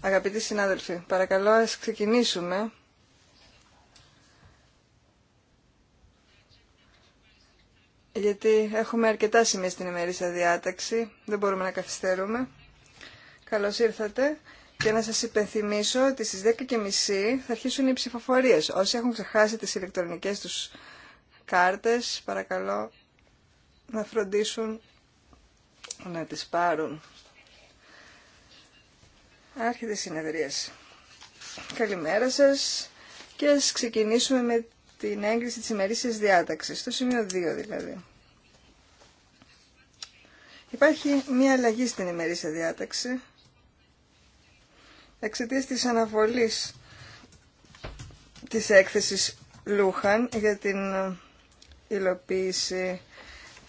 Αγαπητοί συνάδελφοι, παρακαλώ ας ξεκινήσουμε. Γιατί έχουμε αρκετά σημεία στην ημερήσια διάταξη, δεν μπορούμε να καθυστερούμε. Καλώς ήρθατε και να σας υπενθυμίσω ότι στις 10.30 θα αρχίσουν οι ψηφοφορίες. Όσοι έχουν ξεχάσει τις ηλεκτρονικές τους κάρτες, παρακαλώ να φροντίσουν να τις πάρουν. Άρχεται η συνεδρίαση. Καλημέρα σας και ας ξεκινήσουμε με την έγκριση της ημερήσιας διάταξης, το σημείο 2 δηλαδή. Υπάρχει μία αλλαγή στην ημερήσια διάταξη εξαιτίας της αναβολής της έκθεσης Λούχαν για την υλοποίηση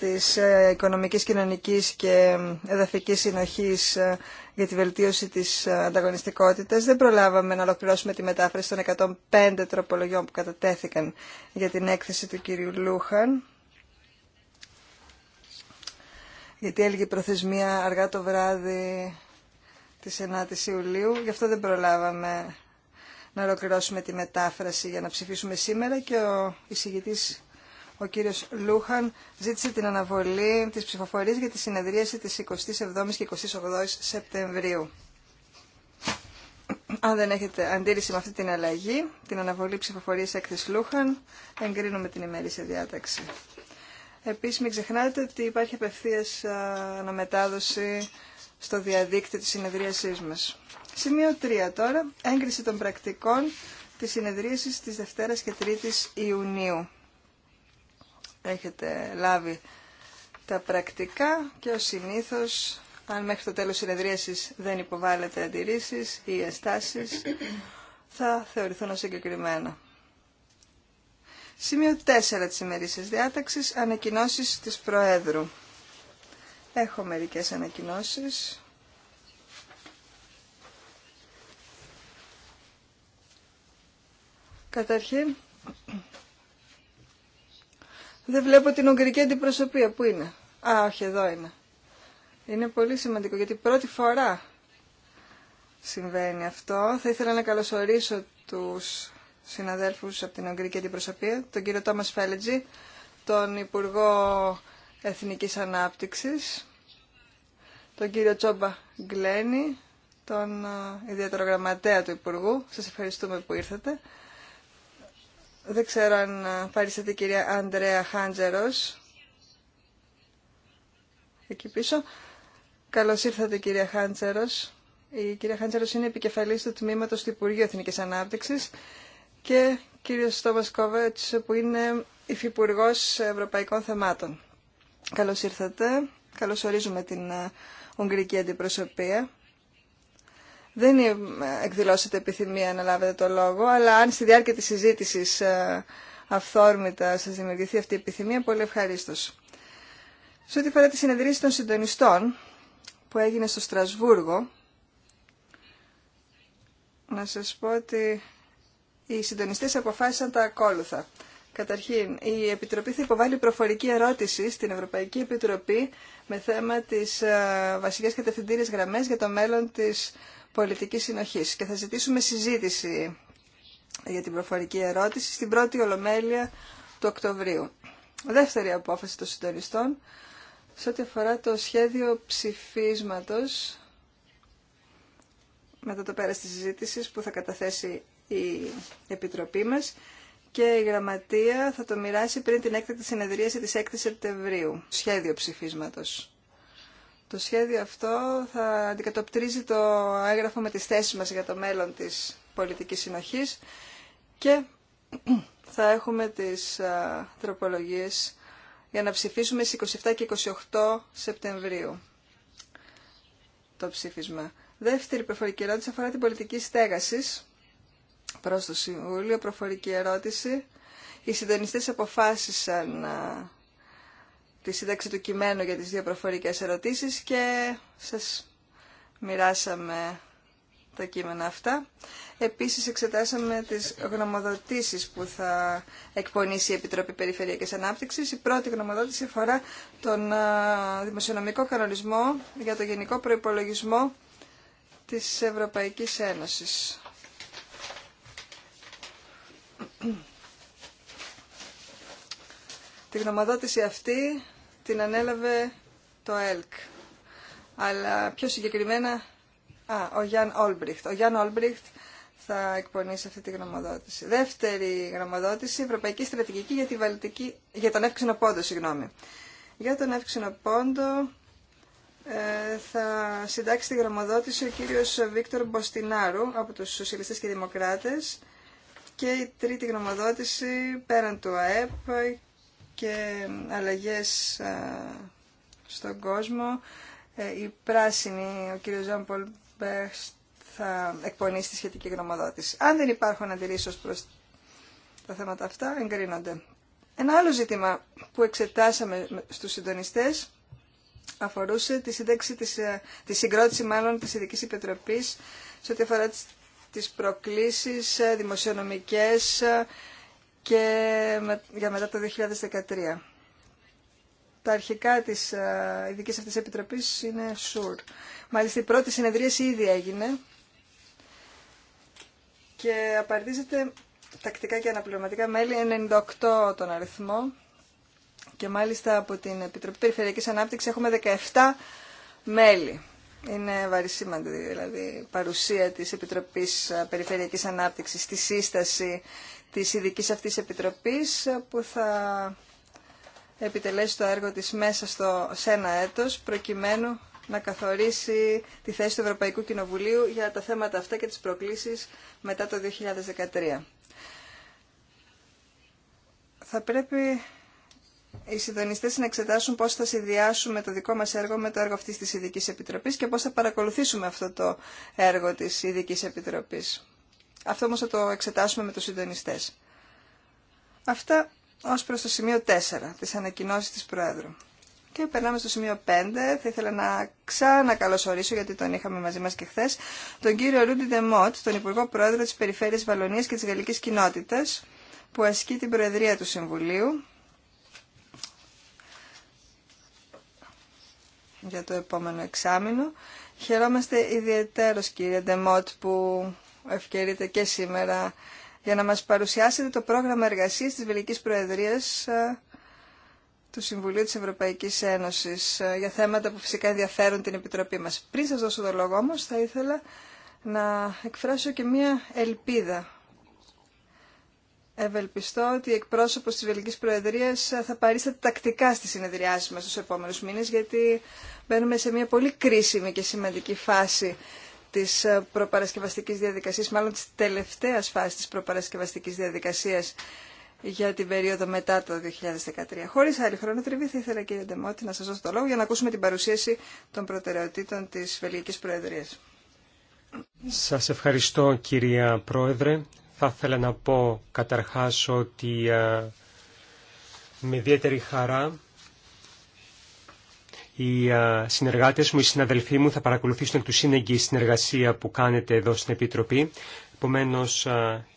της ε, οικονομικής, κοινωνικής και εδαφικής συνοχής ε, για τη βελτίωση της ε, ανταγωνιστικότητας. Δεν προλάβαμε να ολοκληρώσουμε τη μετάφραση των 105 τροπολογιών που κατατέθηκαν για την έκθεση του κυρίου Λούχαν. Γιατί έλεγε προθεσμία αργά το βράδυ της 9ης Ιουλίου. Γι' αυτό δεν προλάβαμε να ολοκληρώσουμε τη μετάφραση για να ψηφίσουμε σήμερα και ο εισηγητής ο κύριος Λούχαν ζήτησε την αναβολή της ψηφοφορίας για τη συνεδρίαση της 27ης και 28ης Σεπτεμβρίου. Αν δεν έχετε αντίρρηση με αυτή την αλλαγή, την αναβολή ψηφοφορίας της Λούχαν, εγκρίνουμε την ημερήσια διάταξη. Επίσης μην ξεχνάτε ότι υπάρχει απευθείας αναμετάδοση στο διαδίκτυο της συνεδρίασής μας. Σημείο 3 τώρα, έγκριση των πρακτικών της συνεδρίασης της Δευτέρας και Τρίτης Ιουνίου έχετε λάβει τα πρακτικά και ο συνήθως αν μέχρι το τέλος συνεδρίασης δεν υποβάλλετε αντιρρήσεις ή εστάσεις θα θεωρηθούν ως εγκεκριμένα. Σημείο 4 της ημερήσιας διάταξης, ανακοινώσεις της Προέδρου. Έχω μερικές ανακοινώσεις. Καταρχήν, δεν βλέπω την Ουγγρική αντιπροσωπεία. Πού είναι. Α, όχι, εδώ είναι. Είναι πολύ σημαντικό γιατί πρώτη φορά συμβαίνει αυτό. Θα ήθελα να καλωσορίσω τους συναδέλφους από την Ουγγρική αντιπροσωπεία, τον κύριο Τόμας Φέλετζη, τον Υπουργό Εθνικής Ανάπτυξης, τον κύριο Τσόμπα Γκλένη, τον ε, ιδιαίτερο γραμματέα του Υπουργού. Σας ευχαριστούμε που ήρθατε. Δεν ξέρω αν ε, παρήσατε κυρία Ανδρέα Χάντζερος. Εκεί πίσω. Καλώς ήρθατε κυρία Χάντζερος. Η κυρία Χάντζερος είναι επικεφαλής του τμήματος του Υπουργείου Εθνικής Ανάπτυξης και κύριος Στόμας Κόβετς που είναι υφυπουργό Ευρωπαϊκών Θεμάτων. Καλώς ήρθατε. Καλώς ορίζουμε την ε, Ουγγρική Αντιπροσωπεία δεν ε, εκδηλώσετε επιθυμία να λάβετε το λόγο, αλλά αν στη διάρκεια της συζήτησης ε, αυθόρμητα σας δημιουργηθεί αυτή η επιθυμία, πολύ ευχαρίστω. Σε ό,τι φορά τη συνεδρίαση των συντονιστών που έγινε στο Στρασβούργο, να σας πω ότι οι συντονιστές αποφάσισαν τα ακόλουθα. Καταρχήν, η Επιτροπή θα υποβάλει προφορική ερώτηση στην Ευρωπαϊκή Επιτροπή με θέμα τις ε, βασικές κατευθυντήριες γραμμές για το μέλλον της Πολιτική συνοχή. και θα ζητήσουμε συζήτηση για την προφορική ερώτηση στην πρώτη ολομέλεια του Οκτωβρίου. Δεύτερη απόφαση των συντονιστών σε ό,τι αφορά το σχέδιο ψηφίσματος μετά το πέρας της συζήτησης που θα καταθέσει η Επιτροπή μας και η Γραμματεία θα το μοιράσει πριν την έκτακτη συνεδρίαση τη 6 Σεπτεμβρίου. Σχέδιο ψηφίσματος. Το σχέδιο αυτό θα αντικατοπτρίζει το έγγραφο με τις θέσεις μας για το μέλλον της πολιτικής συνοχής και θα έχουμε τις α, τροπολογίες για να ψηφίσουμε στις 27 και 28 Σεπτεμβρίου το ψήφισμα. Δεύτερη προφορική ερώτηση αφορά την πολιτική στέγασης προς το Συμβούλιο. Προφορική ερώτηση. Οι συντονιστές αποφάσισαν να τη σύνταξη του κειμένου για τις δύο προφορικές ερωτήσεις και σας μοιράσαμε τα κείμενα αυτά. Επίσης εξετάσαμε τις γνωμοδοτήσεις που θα εκπονήσει η Επιτροπή Περιφερειακής Ανάπτυξης. Η πρώτη γνωμοδότηση αφορά τον δημοσιονομικό κανονισμό για το γενικό προϋπολογισμό της Ευρωπαϊκής Ένωσης. Τη γνωμοδότηση αυτή την ανέλαβε το ΕΛΚ. Αλλά πιο συγκεκριμένα, α, ο Γιάνν Όλμπριχτ. Ο Γιάνν Όλμπριχτ θα εκπονήσει αυτή τη γνωμοδότηση. Δεύτερη γνωμοδότηση, Ευρωπαϊκή Στρατηγική για, τη Βαλτική, για τον Εύξηνο Πόντο. Συγγνώμη. Για τον Εύξηνο Πόντο ε, θα συντάξει τη γνωμοδότηση ο κύριος Βίκτορ Μποστινάρου από τους Σοσιαλιστές και Δημοκράτες και η τρίτη γνωμοδότηση πέραν του ΑΕΠ και αλλαγές ε, στον κόσμο. Ε, η πράσινη, ο κύριος Ζαν θα εκπονήσει τη σχετική γνωμοδότηση. Αν δεν υπάρχουν αντιρρήσεις προς τα θέματα αυτά, εγκρίνονται. Ένα άλλο ζήτημα που εξετάσαμε στους συντονιστές αφορούσε τη, σύνταξη της, ε, τη συγκρότηση μάλλον της Ειδικής Επιτροπής σε ό,τι αφορά τις προκλήσεις δημοσιονομικές και για μετά το 2013. Τα αρχικά της ε, ειδικής αυτής επιτροπής είναι ΣΟΥΡ. Μάλιστα η πρώτη συνεδρίαση ήδη έγινε και απαρτίζεται τακτικά και αναπληρωματικά μέλη 98 τον αριθμό και μάλιστα από την Επιτροπή Περιφερειακής Ανάπτυξης έχουμε 17 μέλη. Είναι βαρισίμαντη δηλαδή παρουσία της Επιτροπής Περιφερειακής Ανάπτυξης στη σύσταση της ειδική αυτής επιτροπής που θα επιτελέσει το έργο της μέσα στο, σε ένα έτος προκειμένου να καθορίσει τη θέση του Ευρωπαϊκού Κοινοβουλίου για τα θέματα αυτά και τις προκλήσεις μετά το 2013. Θα πρέπει οι συντονιστέ να εξετάσουν πώς θα συνδυάσουμε το δικό μας έργο με το έργο αυτής της Ειδική επιτροπής και πώς θα παρακολουθήσουμε αυτό το έργο της Ειδική επιτροπής. Αυτό όμως θα το εξετάσουμε με τους συντονιστές. Αυτά ως προς το σημείο 4, τις ανακοινώσεις της Προέδρου. Και περνάμε στο σημείο 5. Θα ήθελα να ξανακαλωσορίσω, γιατί τον είχαμε μαζί μα και χθε, τον κύριο Ρούντι Ντεμότ, τον Υπουργό Πρόεδρο τη Περιφέρεια Βαλονία και τη Γαλλική Κοινότητα, που ασκεί την Προεδρία του Συμβουλίου για το επόμενο εξάμεινο. Χαιρόμαστε ιδιαίτερος κύριε Ντεμότ που ευκαιρείτε και σήμερα για να μας παρουσιάσετε το πρόγραμμα εργασίας της Βελικής Προεδρίας ε, του Συμβουλίου της Ευρωπαϊκής Ένωσης ε, για θέματα που φυσικά ενδιαφέρουν την Επιτροπή μας. Πριν σας δώσω το λόγο όμως θα ήθελα να εκφράσω και μία ελπίδα. Ευελπιστώ ότι η εκπρόσωπος της Βελικής Προεδρίας ε, θα παρίσταται τακτικά στις συνεδριάσεις μας τους επόμενους μήνες γιατί μπαίνουμε σε μία πολύ κρίσιμη και σημαντική φάση της ε, προπαρασκευαστικής διαδικασίας, μάλλον της τελευταίας φάσης της προπαρασκευαστικής διαδικασίας για την περίοδο μετά το 2013. Χωρίς άλλη χρονοτριβή θα ήθελα κύριε Ντεμότη να σας δώσω το λόγο για να ακούσουμε την παρουσίαση των προτεραιοτήτων της Βελγικής Προεδρίας. Σας ευχαριστώ κυρία Πρόεδρε. Θα ήθελα να πω καταρχάς ότι ε, με ιδιαίτερη χαρά οι συνεργάτες μου, οι συναδελφοί μου θα παρακολουθήσουν του σύνεγγυη συνεργασία που κάνετε εδώ στην Επιτροπή. Επομένω,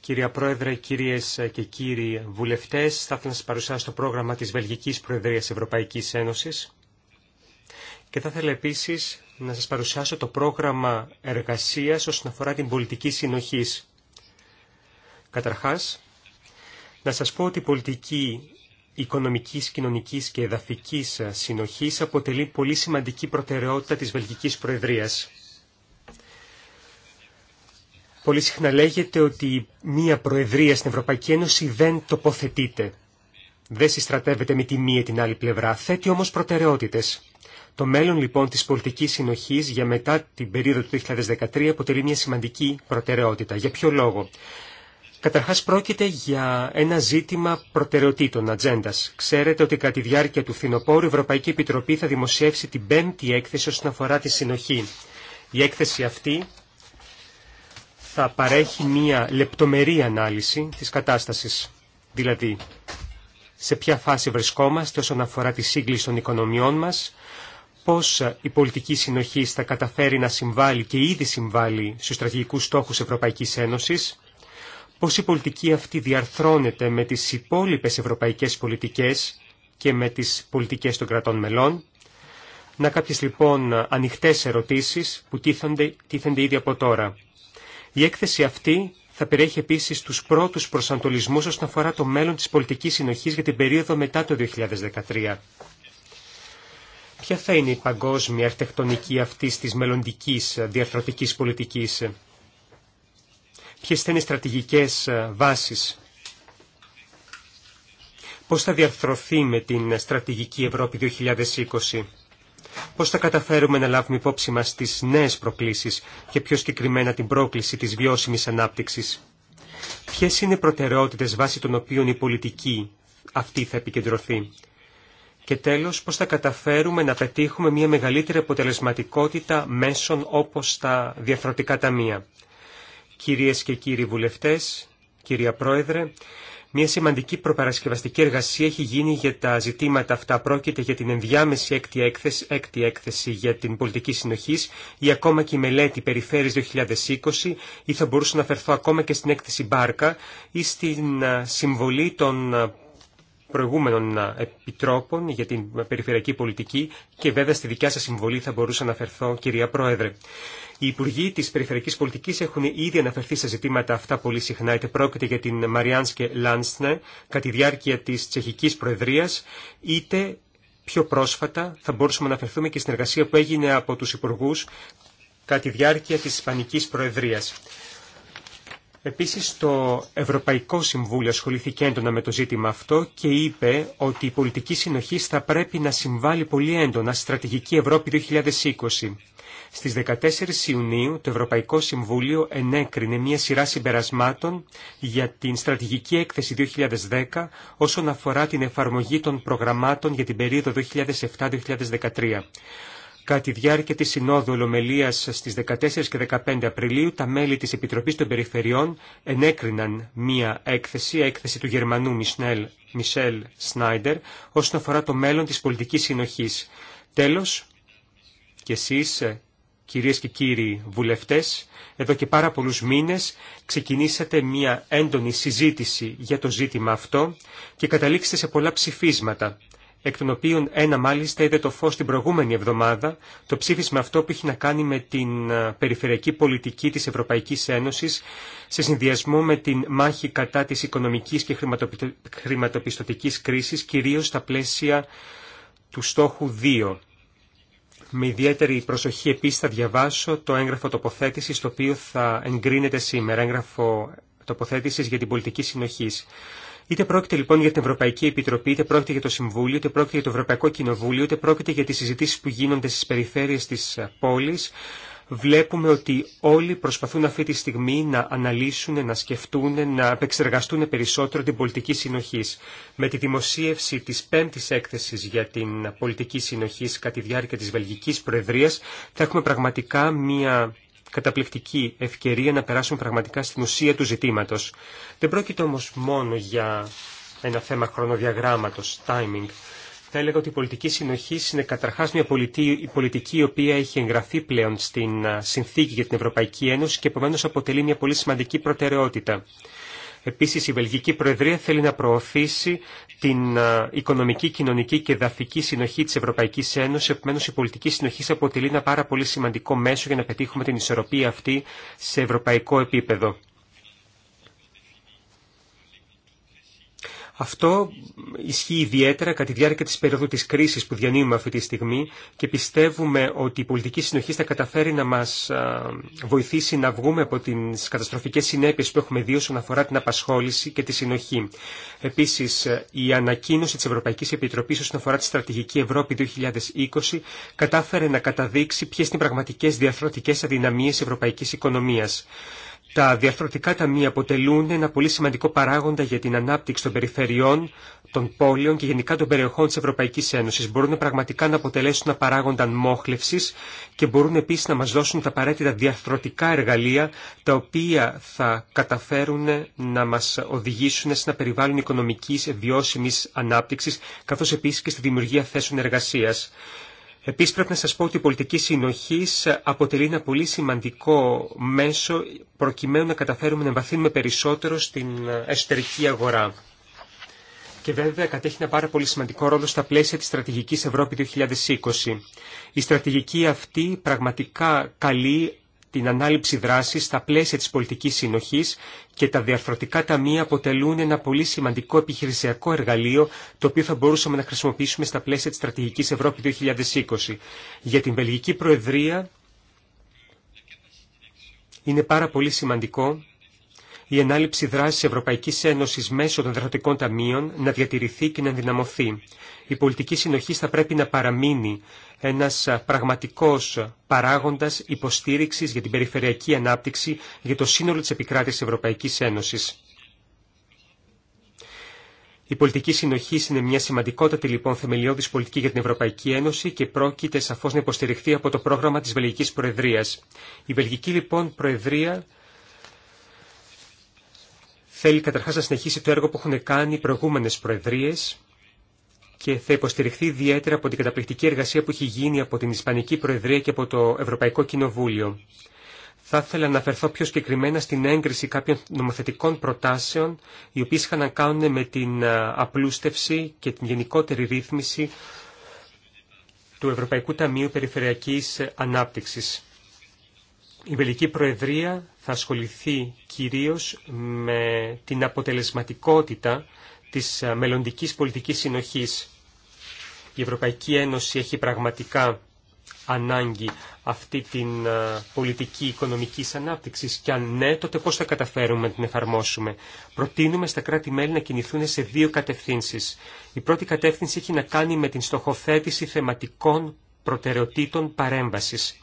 κυρία Πρόεδρε, κυρίε και κύριοι βουλευτέ, θα ήθελα να σα παρουσιάσω το πρόγραμμα τη Βελγική Προεδρία Ευρωπαϊκή Ένωση και θα ήθελα επίση να σα παρουσιάσω το πρόγραμμα εργασία όσον αφορά την πολιτική συνοχή. Καταρχά, να σας πω ότι η πολιτική οικονομικής, κοινωνικής και εδαφικής ε, συνοχής αποτελεί πολύ σημαντική προτεραιότητα της Βελγικής Προεδρίας. Πολύ συχνά λέγεται ότι μία Προεδρία στην Ευρωπαϊκή Ένωση δεν τοποθετείται. Δεν συστρατεύεται με τη μία την άλλη πλευρά, θέτει όμως προτεραιότητες. Το μέλλον λοιπόν της πολιτικής συνοχής για μετά την περίοδο του 2013 αποτελεί μια σημαντική προτεραιότητα. Για ποιο λόγο. Καταρχάς πρόκειται για ένα ζήτημα προτεραιοτήτων ατζέντα. Ξέρετε ότι κατά τη διάρκεια του φθινοπόρου η Ευρωπαϊκή Επιτροπή θα δημοσιεύσει την πέμπτη έκθεση όσον αφορά τη συνοχή. Η έκθεση αυτή θα παρέχει μία λεπτομερή ανάλυση της κατάστασης. Δηλαδή, σε ποια φάση βρισκόμαστε όσον αφορά τη σύγκληση των οικονομιών μας, πώς η πολιτική συνοχή θα καταφέρει να συμβάλλει και ήδη συμβάλλει στους στρατηγικούς στόχους Ευρωπαϊκής Ένωσης, πώς η πολιτική αυτή διαρθρώνεται με τις υπόλοιπες ευρωπαϊκές πολιτικές και με τις πολιτικές των κρατών μελών. Να κάποιες λοιπόν ανοιχτές ερωτήσεις που τίθενται, τίθενται ήδη από τώρα. Η έκθεση αυτή θα περιέχει επίσης τους πρώτους προσανατολισμούς όσον αφορά το μέλλον της πολιτικής συνοχής για την περίοδο μετά το 2013. Ποια θα είναι η παγκόσμια αρχιτεκτονική αυτής της μελλοντικής διαρθρωτικής πολιτικής ποιες θα είναι οι στρατηγικές ε, βάσεις. Πώς θα διαρθρωθεί με την στρατηγική Ευρώπη 2020. Πώς θα καταφέρουμε να λάβουμε υπόψη μας τις νέες προκλήσεις και πιο συγκεκριμένα την πρόκληση της βιώσιμης ανάπτυξης. Ποιες είναι οι προτεραιότητες βάσει των οποίων η πολιτική αυτή θα επικεντρωθεί. Και τέλος, πώς θα καταφέρουμε να πετύχουμε μια μεγαλύτερη αποτελεσματικότητα μέσων όπως τα διαφορετικά ταμεία κυρίες και κύριοι βουλευτές, κυρία Πρόεδρε, μια σημαντική προπαρασκευαστική εργασία έχει γίνει για τα ζητήματα αυτά. Πρόκειται για την ενδιάμεση έκτη έκθεση, για την πολιτική συνοχή ή ακόμα και η μελέτη περιφέρει 2020 ή θα μπορούσα να φερθώ ακόμα και στην έκθεση Μπάρκα ή στην συμβολή των προηγούμενων επιτρόπων για την περιφερειακή πολιτική και βέβαια στη δικιά σας συμβολή θα μπορούσα να αφαιρθώ κυρία Πρόεδρε. Οι υπουργοί τη περιφερειακή πολιτική έχουν ήδη αναφερθεί σε ζητήματα αυτά πολύ συχνά, είτε πρόκειται για την Μαριάνσκε Λάνσνε κατά τη διάρκεια τη τσεχική προεδρία, είτε πιο πρόσφατα θα μπορούσαμε να αναφερθούμε και στην εργασία που έγινε από του υπουργού κατά τη διάρκεια τη Ισπανική προεδρία. Επίση, το Ευρωπαϊκό Συμβούλιο ασχολήθηκε έντονα με το ζήτημα αυτό και είπε ότι η πολιτική συνοχή θα πρέπει να συμβάλλει πολύ έντονα στη στρατηγική Ευρώπη 2020. Στις 14 Ιουνίου το Ευρωπαϊκό Συμβούλιο ενέκρινε μια σειρά συμπερασμάτων για την στρατηγική έκθεση 2010 όσον αφορά την εφαρμογή των προγραμμάτων για την περίοδο 2007-2013. Κατά τη διάρκεια της Συνόδου Ολομελίας στις 14 και 15 Απριλίου, τα μέλη της Επιτροπής των Περιφερειών ενέκριναν μία έκθεση, έκθεση του Γερμανού Μισελ Σνάιντερ, όσον αφορά το μέλλον της πολιτικής συνοχής. Τέλος, και εσείς κυρίες και κύριοι βουλευτές, εδώ και πάρα πολλούς μήνες ξεκινήσατε μια έντονη συζήτηση για το ζήτημα αυτό και καταλήξετε σε πολλά ψηφίσματα, εκ των οποίων ένα μάλιστα είδε το φως την προηγούμενη εβδομάδα, το ψήφισμα αυτό που έχει να κάνει με την ε, περιφερειακή πολιτική της Ευρωπαϊκής Ένωσης σε συνδυασμό με την μάχη κατά της οικονομικής και χρηματοπιστωτικής κρίσης, κυρίως στα πλαίσια του στόχου 2 με ιδιαίτερη προσοχή επίσης θα διαβάσω το έγγραφο τοποθέτησης το οποίο θα εγκρίνεται σήμερα, έγγραφο τοποθέτησης για την πολιτική συνοχή. Είτε πρόκειται λοιπόν για την Ευρωπαϊκή Επιτροπή, είτε πρόκειται για το Συμβούλιο, είτε πρόκειται για το Ευρωπαϊκό Κοινοβούλιο, είτε πρόκειται για τις συζητήσεις που γίνονται στις περιφέρειες της ε, πόλης, βλέπουμε ότι όλοι προσπαθούν αυτή τη στιγμή να αναλύσουν, να σκεφτούν, να επεξεργαστούν περισσότερο την πολιτική συνοχή. Με τη δημοσίευση τη πέμπτη έκθεση για την πολιτική συνοχή κατά τη διάρκεια τη Βελγική Προεδρία, θα έχουμε πραγματικά μία καταπληκτική ευκαιρία να περάσουν πραγματικά στην ουσία του ζητήματο. Δεν πρόκειται όμω μόνο για ένα θέμα χρονοδιαγράμματο, timing θα έλεγα ότι η πολιτική συνοχή είναι καταρχάς μια πολιτική, πολιτική η οποία έχει εγγραφεί πλέον στην συνθήκη για την Ευρωπαϊκή Ένωση και επομένως αποτελεί μια πολύ σημαντική προτεραιότητα. Επίσης η Βελγική Προεδρία θέλει να προωθήσει την οικονομική, κοινωνική και δαφική συνοχή της Ευρωπαϊκής Ένωσης, επομένως η πολιτική συνοχή αποτελεί ένα πάρα πολύ σημαντικό μέσο για να πετύχουμε την ισορροπία αυτή σε ευρωπαϊκό επίπεδο. Αυτό ισχύει ιδιαίτερα κατά τη διάρκεια της περίοδου της κρίσης που διανύουμε αυτή τη στιγμή και πιστεύουμε ότι η πολιτική συνοχή θα καταφέρει να μας βοηθήσει να βγούμε από τις καταστροφικές συνέπειες που έχουμε δει όσον αφορά την απασχόληση και τη συνοχή. Επίσης, η ανακοίνωση της Ευρωπαϊκής Επιτροπής όσον αφορά τη Στρατηγική Ευρώπη 2020 κατάφερε να καταδείξει ποιες είναι οι πραγματικές διαφορετικές αδυναμίες ευρωπαϊκής οικονομίας. Τα διαρθρωτικά ταμεία αποτελούν ένα πολύ σημαντικό παράγοντα για την ανάπτυξη των περιφερειών, των πόλεων και γενικά των περιοχών της Ευρωπαϊκής Ένωσης. Μπορούν πραγματικά να αποτελέσουν ένα παράγοντα μόχλευσης και μπορούν επίσης να μας δώσουν τα απαραίτητα διαρθρωτικά εργαλεία τα οποία θα καταφέρουν να μας οδηγήσουν σε ένα περιβάλλον οικονομικής βιώσιμης ανάπτυξης καθώς επίσης και στη δημιουργία θέσεων εργασίας. Επίση, πρέπει να σα πω ότι η πολιτική συνοχή αποτελεί ένα πολύ σημαντικό μέσο προκειμένου να καταφέρουμε να εμβαθύνουμε περισσότερο στην εσωτερική αγορά. Και βέβαια κατέχει ένα πάρα πολύ σημαντικό ρόλο στα πλαίσια της στρατηγικής Ευρώπη 2020. Η στρατηγική αυτή πραγματικά καλεί την ανάληψη δράσης στα πλαίσια της πολιτικής συνοχής και τα διαρθρωτικά ταμεία αποτελούν ένα πολύ σημαντικό επιχειρησιακό εργαλείο το οποίο θα μπορούσαμε να χρησιμοποιήσουμε στα πλαίσια της στρατηγικής Ευρώπη 2020. Για την Βελγική Προεδρία είναι πάρα πολύ σημαντικό η ενάληψη δράση Ευρωπαϊκή Ένωση μέσω των δραστικών ταμείων να διατηρηθεί και να ενδυναμωθεί. Η πολιτική συνοχή θα πρέπει να παραμείνει ένα πραγματικό παράγοντα υποστήριξη για την περιφερειακή ανάπτυξη για το σύνολο τη επικράτηση Ευρωπαϊκή Ένωση. Η πολιτική συνοχή είναι μια σημαντικότατη λοιπόν θεμελιώδη πολιτική για την Ευρωπαϊκή Ένωση και πρόκειται σαφώ να υποστηριχθεί από το πρόγραμμα τη Βελγική Προεδρία. Η Βελγική λοιπόν Προεδρία θέλει καταρχάς να συνεχίσει το έργο που έχουν κάνει οι προηγούμενες προεδρίες και θα υποστηριχθεί ιδιαίτερα από την καταπληκτική εργασία που έχει γίνει από την Ισπανική Προεδρία και από το Ευρωπαϊκό Κοινοβούλιο. Θα ήθελα να αναφερθώ πιο συγκεκριμένα στην έγκριση κάποιων νομοθετικών προτάσεων, οι οποίε είχαν να κάνουν με την ε, απλούστευση και την γενικότερη ρύθμιση του Ευρωπαϊκού Ταμείου Περιφερειακής Ανάπτυξης. Η Βελική Προεδρία θα ασχοληθεί κυρίως με την αποτελεσματικότητα της μελλοντικής πολιτικής συνοχής. Η Ευρωπαϊκή Ένωση έχει πραγματικά ανάγκη αυτή την πολιτική οικονομικής ανάπτυξης και αν ναι, τότε πώς θα καταφέρουμε να την εφαρμόσουμε. Προτείνουμε στα κράτη-μέλη να κινηθούν σε δύο κατευθύνσεις. Η πρώτη κατεύθυνση έχει να κάνει με την στοχοθέτηση θεματικών προτεραιοτήτων παρέμβασης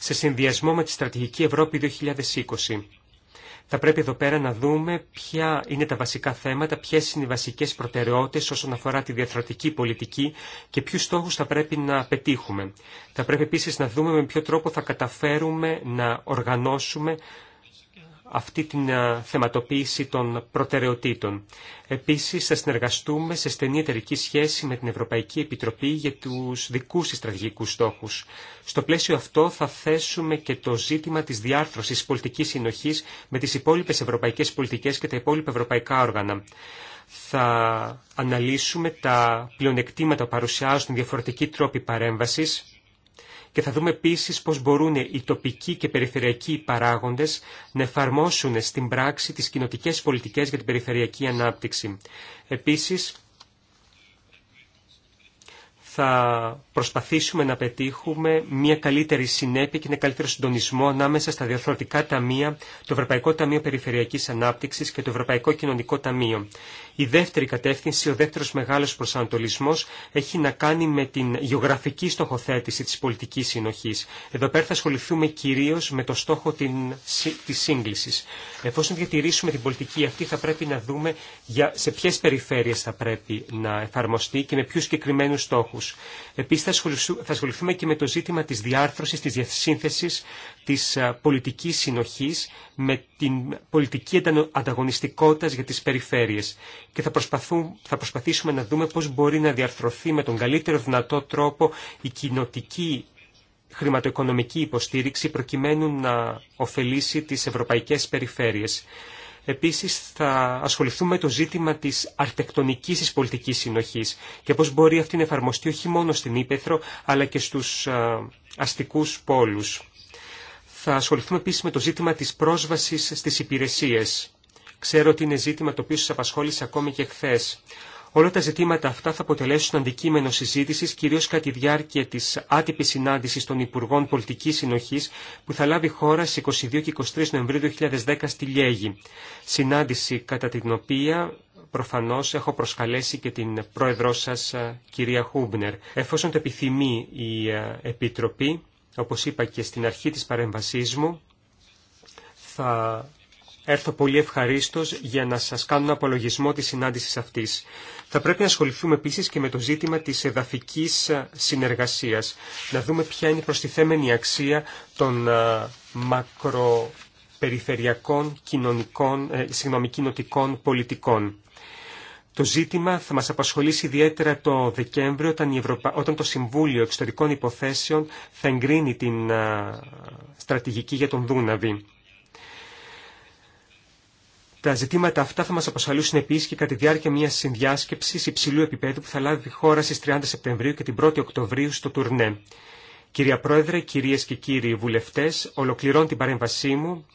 σε συνδυασμό με τη Στρατηγική Ευρώπη 2020. Θα πρέπει εδώ πέρα να δούμε ποια είναι τα βασικά θέματα, ποιες είναι οι βασικές προτεραιότητες όσον αφορά τη διαθρατική πολιτική και ποιους στόχους θα πρέπει να πετύχουμε. Θα πρέπει επίσης να δούμε με ποιο τρόπο θα καταφέρουμε να οργανώσουμε αυτή την θεματοποίηση των προτεραιοτήτων. Επίσης, θα συνεργαστούμε σε στενή εταιρική σχέση με την Ευρωπαϊκή Επιτροπή για τους δικούς στρατηγικούς στόχους. Στο πλαίσιο αυτό θα θέσουμε και το ζήτημα της διάρθρωσης πολιτικής συνοχής με τις υπόλοιπες ευρωπαϊκές πολιτικές και τα υπόλοιπα ευρωπαϊκά όργανα. Θα αναλύσουμε τα πλεονεκτήματα που παρουσιάζουν διαφορετικοί τρόποι παρέμβασης και θα δούμε επίση πώς μπορούν οι τοπικοί και περιφερειακοί παράγοντες να εφαρμόσουν στην πράξη τι κοινοτικέ πολιτικές για την περιφερειακή ανάπτυξη. Επίσης, θα προσπαθήσουμε να πετύχουμε μια καλύτερη συνέπεια και ένα καλύτερο συντονισμό ανάμεσα στα διαφορετικά ταμεία, το Ευρωπαϊκό Ταμείο Περιφερειακή Ανάπτυξη και το Ευρωπαϊκό Κοινωνικό Ταμείο. Η δεύτερη κατεύθυνση, ο δεύτερος μεγάλος προσανατολισμός, έχει να κάνει με την γεωγραφική στοχοθέτηση της πολιτικής συνοχής. Εδώ πέρα θα ασχοληθούμε κυρίως με το στόχο την, της σύγκλησης. Εφόσον διατηρήσουμε την πολιτική αυτή, θα πρέπει να δούμε για, σε ποιες περιφέρειες θα πρέπει να εφαρμοστεί και με ποιους συγκεκριμένου στόχους. Επίσης θα ασχοληθούμε και με το ζήτημα της διάρθρωσης, της διασύνθεσης της ε, πολιτικής συνοχής με την πολιτική ανταγωνιστικότητα για τις περιφέρειες και θα, θα προσπαθήσουμε να δούμε πώς μπορεί να διαρθρωθεί με τον καλύτερο δυνατό τρόπο η κοινοτική χρηματοοικονομική υποστήριξη προκειμένου να ωφελήσει τις ευρωπαϊκές περιφέρειες. Επίσης θα ασχοληθούμε με το ζήτημα της αρχιτεκτονικής της πολιτικής συνοχής και πώς μπορεί αυτή να εφαρμοστεί όχι μόνο στην Ήπεθρο αλλά και στους ε, αστικούς πόλους. Θα ασχοληθούμε επίση με το ζήτημα της πρόσβασης στις υπηρεσίες. Ξέρω ότι είναι ζήτημα το οποίο σας απασχόλησε ακόμη και χθε. Όλα τα ζητήματα αυτά θα αποτελέσουν αντικείμενο συζήτηση κυρίω κατά τη διάρκεια τη άτυπη συνάντηση των Υπουργών Πολιτική Συνοχή που θα λάβει χώρα στι 22 και 23 Νοεμβρίου 2010 στη Λιέγη. Συνάντηση κατά την οποία προφανώ έχω προσκαλέσει και την πρόεδρό σα, κυρία Χούμπνερ. Εφόσον το επιθυμεί η ε, Επιτροπή, όπως είπα και στην αρχή της παρέμβασής μου, θα έρθω πολύ ευχαρίστως για να σας κάνω ένα απολογισμό της συνάντησης αυτής. Θα πρέπει να ασχοληθούμε επίσης και με το ζήτημα της εδαφικής συνεργασίας, να δούμε ποια είναι η προστιθέμενη αξία των μακροπεριφερειακών κοινωνικών, ε, συγγνώμη, κοινοτικών πολιτικών. Το ζήτημα θα μας απασχολήσει ιδιαίτερα το Δεκέμβριο όταν, Ευρωπα... όταν το Συμβούλιο Εξωτερικών Υποθέσεων θα εγκρίνει την στρατηγική για τον Δούναβη. Τα ζητήματα αυτά θα μας απασχολήσουν επίσης και κατά τη διάρκεια μιας συνδιάσκεψης υψηλού επίπεδου που θα λάβει η χώρα στις 30 Σεπτεμβρίου και την 1η Οκτωβρίου στο Τουρνέ. Κυρία Πρόεδρε, κυρίες και κύριοι βουλευτές, ολοκληρώνω την παρέμβασή μου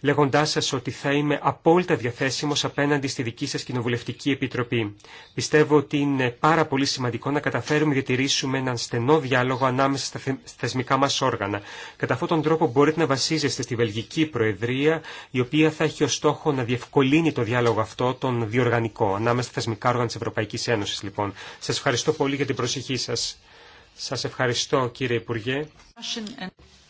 λέγοντά σα ότι θα είμαι απόλυτα διαθέσιμο απέναντι στη δική σα Κοινοβουλευτική Επιτροπή. Πιστεύω ότι είναι πάρα πολύ σημαντικό να καταφέρουμε να διατηρήσουμε έναν στενό διάλογο ανάμεσα στα θεσμικά μα όργανα. Κατά αυτόν τον τρόπο μπορείτε να βασίζεστε στη Βελγική Προεδρία, η οποία θα έχει ω στόχο να διευκολύνει το διάλογο αυτό, τον διοργανικό, ανάμεσα στα θεσμικά όργανα τη Ευρωπαϊκή Ένωση, λοιπόν. Σα ευχαριστώ πολύ για την προσοχή σα. Σας ευχαριστώ κύριε Υπουργέ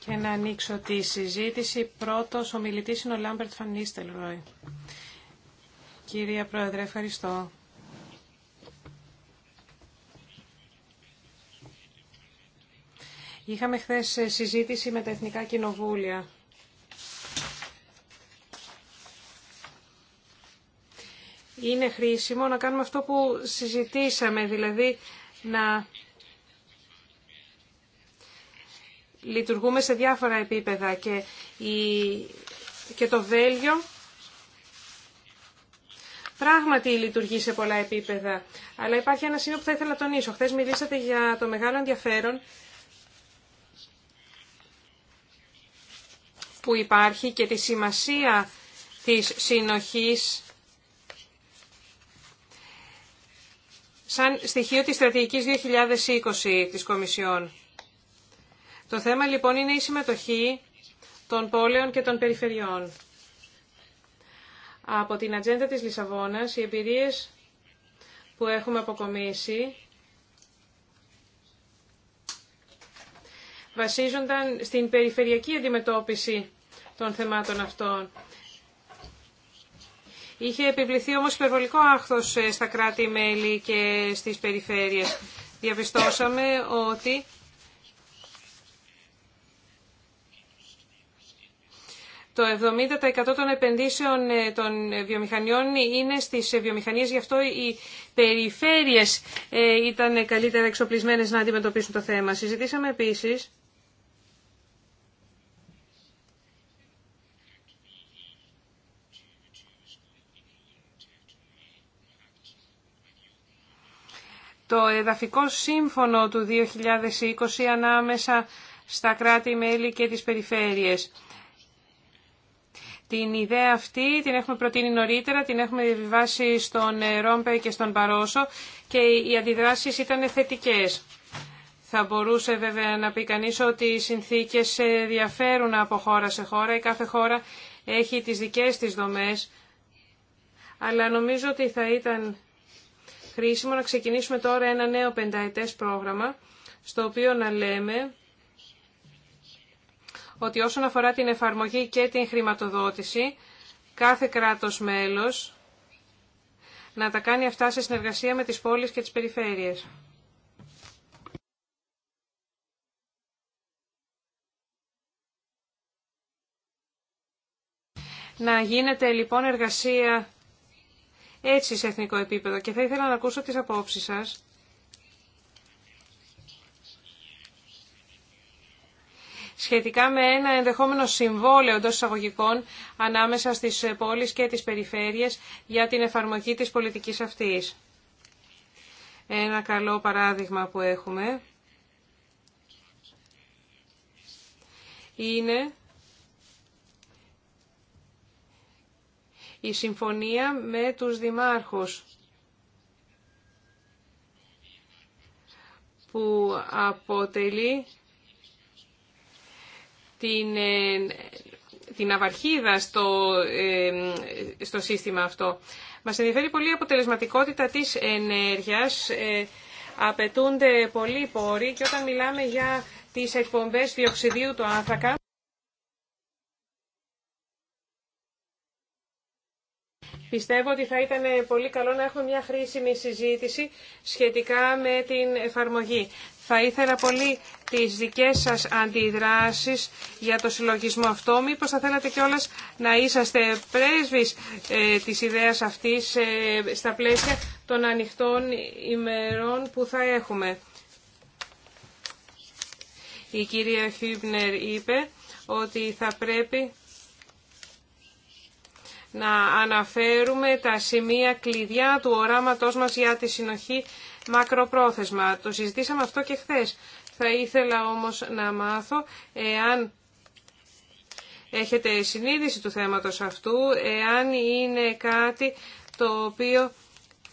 και να ανοίξω τη συζήτηση. Πρώτος ο μιλητής είναι ο Λάμπερτ Φανίστελ Κυρία Πρόεδρε, ευχαριστώ. Είχαμε χθες συζήτηση με τα Εθνικά Κοινοβούλια. Είναι χρήσιμο να κάνουμε αυτό που συζητήσαμε, δηλαδή να λειτουργούμε σε διάφορα επίπεδα και, και το Βέλγιο πράγματι λειτουργεί σε πολλά επίπεδα. Αλλά υπάρχει ένα σημείο που θα ήθελα να τονίσω. Χθε μιλήσατε για το μεγάλο ενδιαφέρον που υπάρχει και τη σημασία της συνοχής σαν στοιχείο της στρατηγικής 2020 της Κομισιόν. Το θέμα λοιπόν είναι η συμμετοχή των πόλεων και των περιφερειών. Από την ατζέντα της Λισαβόνας, οι εμπειρίες που έχουμε αποκομίσει βασίζονταν στην περιφερειακή αντιμετώπιση των θεμάτων αυτών. Είχε επιβληθεί όμως υπερβολικό άχθος ε, στα κράτη-μέλη και στις περιφέρειες. Διαπιστώσαμε ότι Το 70% των επενδύσεων ε, των ε, βιομηχανιών είναι στις ε, βιομηχανίες, γι' αυτό οι περιφέρειες ήταν καλύτερα εξοπλισμένες να αντιμετωπίσουν το θέμα. Συζητήσαμε επίσης το εδαφικό σύμφωνο του 2020 ανάμεσα στα κράτη-μέλη και τις περιφέρειες. Την ιδέα αυτή την έχουμε προτείνει νωρίτερα, την έχουμε διαβιβάσει στον ε, Ρόμπε και στον Παρόσο και οι αντιδράσεις ήταν θετικές. Θα μπορούσε βέβαια να πει κανείς ότι οι συνθήκες διαφέρουν από χώρα σε χώρα. Η κάθε χώρα έχει τις δικές της δομές. Αλλά νομίζω ότι θα ήταν χρήσιμο να ξεκινήσουμε τώρα ένα νέο πενταετές πρόγραμμα, στο οποίο να λέμε ότι όσον αφορά την εφαρμογή και την χρηματοδότηση, κάθε κράτος μέλος να τα κάνει αυτά σε συνεργασία με τις πόλεις και τις περιφέρειες. Να γίνεται λοιπόν εργασία έτσι σε εθνικό επίπεδο και θα ήθελα να ακούσω τις απόψεις σας σχετικά με ένα ενδεχόμενο συμβόλαιο εντό εισαγωγικών ανάμεσα στις πόλεις και τις περιφέρειες για την εφαρμογή της πολιτικής αυτής. Ένα καλό παράδειγμα που έχουμε είναι η συμφωνία με τους δημάρχους που αποτελεί την, ε, την αυαρχίδα στο, ε, στο σύστημα αυτό. Μας ενδιαφέρει πολύ η αποτελεσματικότητα της ενέργειας. Ε, απαιτούνται πολλοί πόροι και όταν μιλάμε για τις εκπομπές διοξιδίου του άνθρακα, Πιστεύω ότι θα ήταν πολύ καλό να έχουμε μια χρήσιμη συζήτηση σχετικά με την εφαρμογή. Θα ήθελα πολύ τις δικές σας αντιδράσεις για το συλλογισμό αυτό. Μήπως θα θέλατε κιόλας να είσαστε πρέσβεις ε, της ιδέας αυτής ε, στα πλαίσια των ανοιχτών ημερών που θα έχουμε. Η κυρία Χίμπνερ είπε ότι θα πρέπει να αναφέρουμε τα σημεία κλειδιά του οράματός μας για τη συνοχή μακροπρόθεσμα. Το συζητήσαμε αυτό και χθες. Θα ήθελα όμως να μάθω εάν έχετε συνείδηση του θέματος αυτού, εάν είναι κάτι το οποίο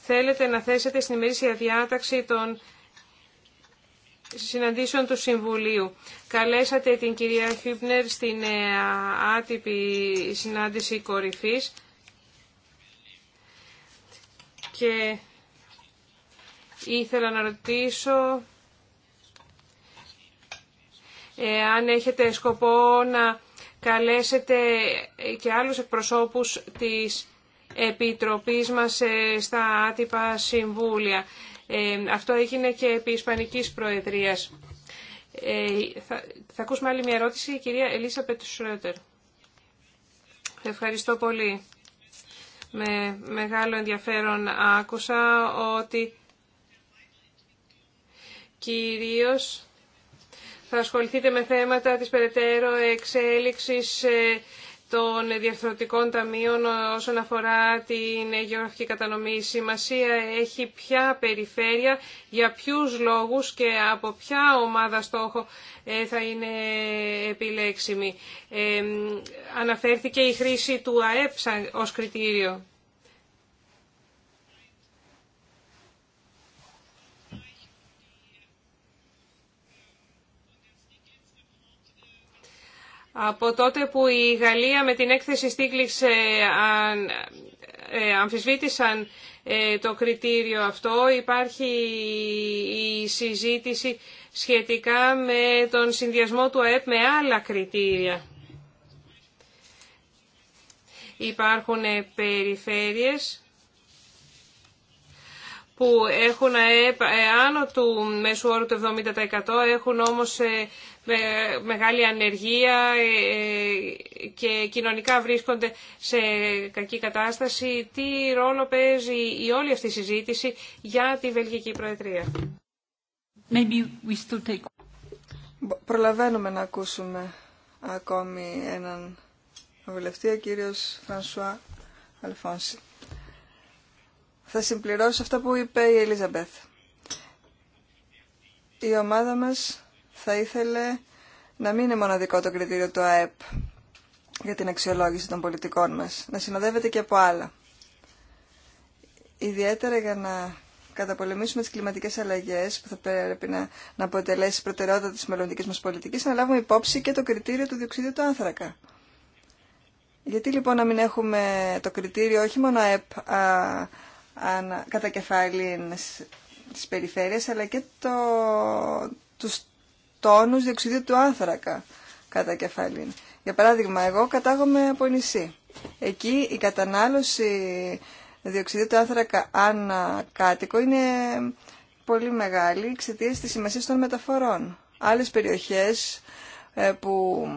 θέλετε να θέσετε στην ημερήσια διάταξη των συναντήσεων του Συμβουλίου. Καλέσατε την κυρία Χίπνερ στην ε, άτυπη συνάντηση κορυφής και ήθελα να ρωτήσω ε, αν έχετε σκοπό να καλέσετε και άλλους εκπροσώπους της Επιτροπής μας ε, στα άτυπα συμβούλια. Ε, αυτό έγινε και επί Ισπανικής Προεδρίας. Ε, θα, θα ακούσουμε άλλη μια ερώτηση, η κυρία Ελίσα Πετσουρέτερ. Ευχαριστώ πολύ. Με μεγάλο ενδιαφέρον άκουσα ότι κυρίως θα ασχοληθείτε με θέματα της περαιτέρω εξέλιξης των διαρθρωτικών ταμείων όσον αφορά την γεωγραφική κατανομή. Η σημασία έχει ποια περιφέρεια, για ποιους λόγους και από ποια ομάδα στόχο ε, θα είναι επιλέξιμη. Ε, αναφέρθηκε η χρήση του ΑΕΠ ως κριτήριο. Από τότε που η Γαλλία με την έκθεση Στίγκλης ε, ε, αμφισβήτησαν ε, το κριτήριο αυτό, υπάρχει η συζήτηση σχετικά με τον συνδυασμό του ΑΕΠ με άλλα κριτήρια. Υπάρχουν περιφέρειες που έχουν ΑΕΠ άνω του μέσου όρου του 70%, έχουν όμως με μεγάλη ανεργία ε, ε, και κοινωνικά βρίσκονται σε κακή κατάσταση. Τι ρόλο παίζει η όλη αυτή η συζήτηση για τη Βελγική Προεδρία. Maybe Προλαβαίνουμε να ακούσουμε ακόμη έναν βουλευτή, ο κύριος Φρανσουά Αλφόνση. Θα συμπληρώσω αυτά που είπε η Ελίζαμπεθ. Η ομάδα μας θα ήθελε να μην είναι μοναδικό το κριτήριο του ΑΕΠ για την αξιολόγηση των πολιτικών μας, να συνοδεύεται και από άλλα. Ιδιαίτερα για να καταπολεμήσουμε τις κλιματικές αλλαγές που θα πρέπει να, να αποτελέσει προτεραιότητα της μελλοντικής μας πολιτικής, να λάβουμε υπόψη και το κριτήριο του διοξιδίου του άνθρακα. Γιατί λοιπόν να μην έχουμε το κριτήριο όχι μόνο ΑΕΠ α, α, κατά κεφάλι της περιφέρειας, αλλά και το, τους τόνους διοξιδίου του άνθρακα κατά κεφαλήν. Για παράδειγμα, εγώ κατάγομαι από νησί. Εκεί η κατανάλωση διοξιδίου του άνθρακα ανά κάτοικο είναι πολύ μεγάλη εξαιτία της σημασία των μεταφορών. Άλλες περιοχές ε, που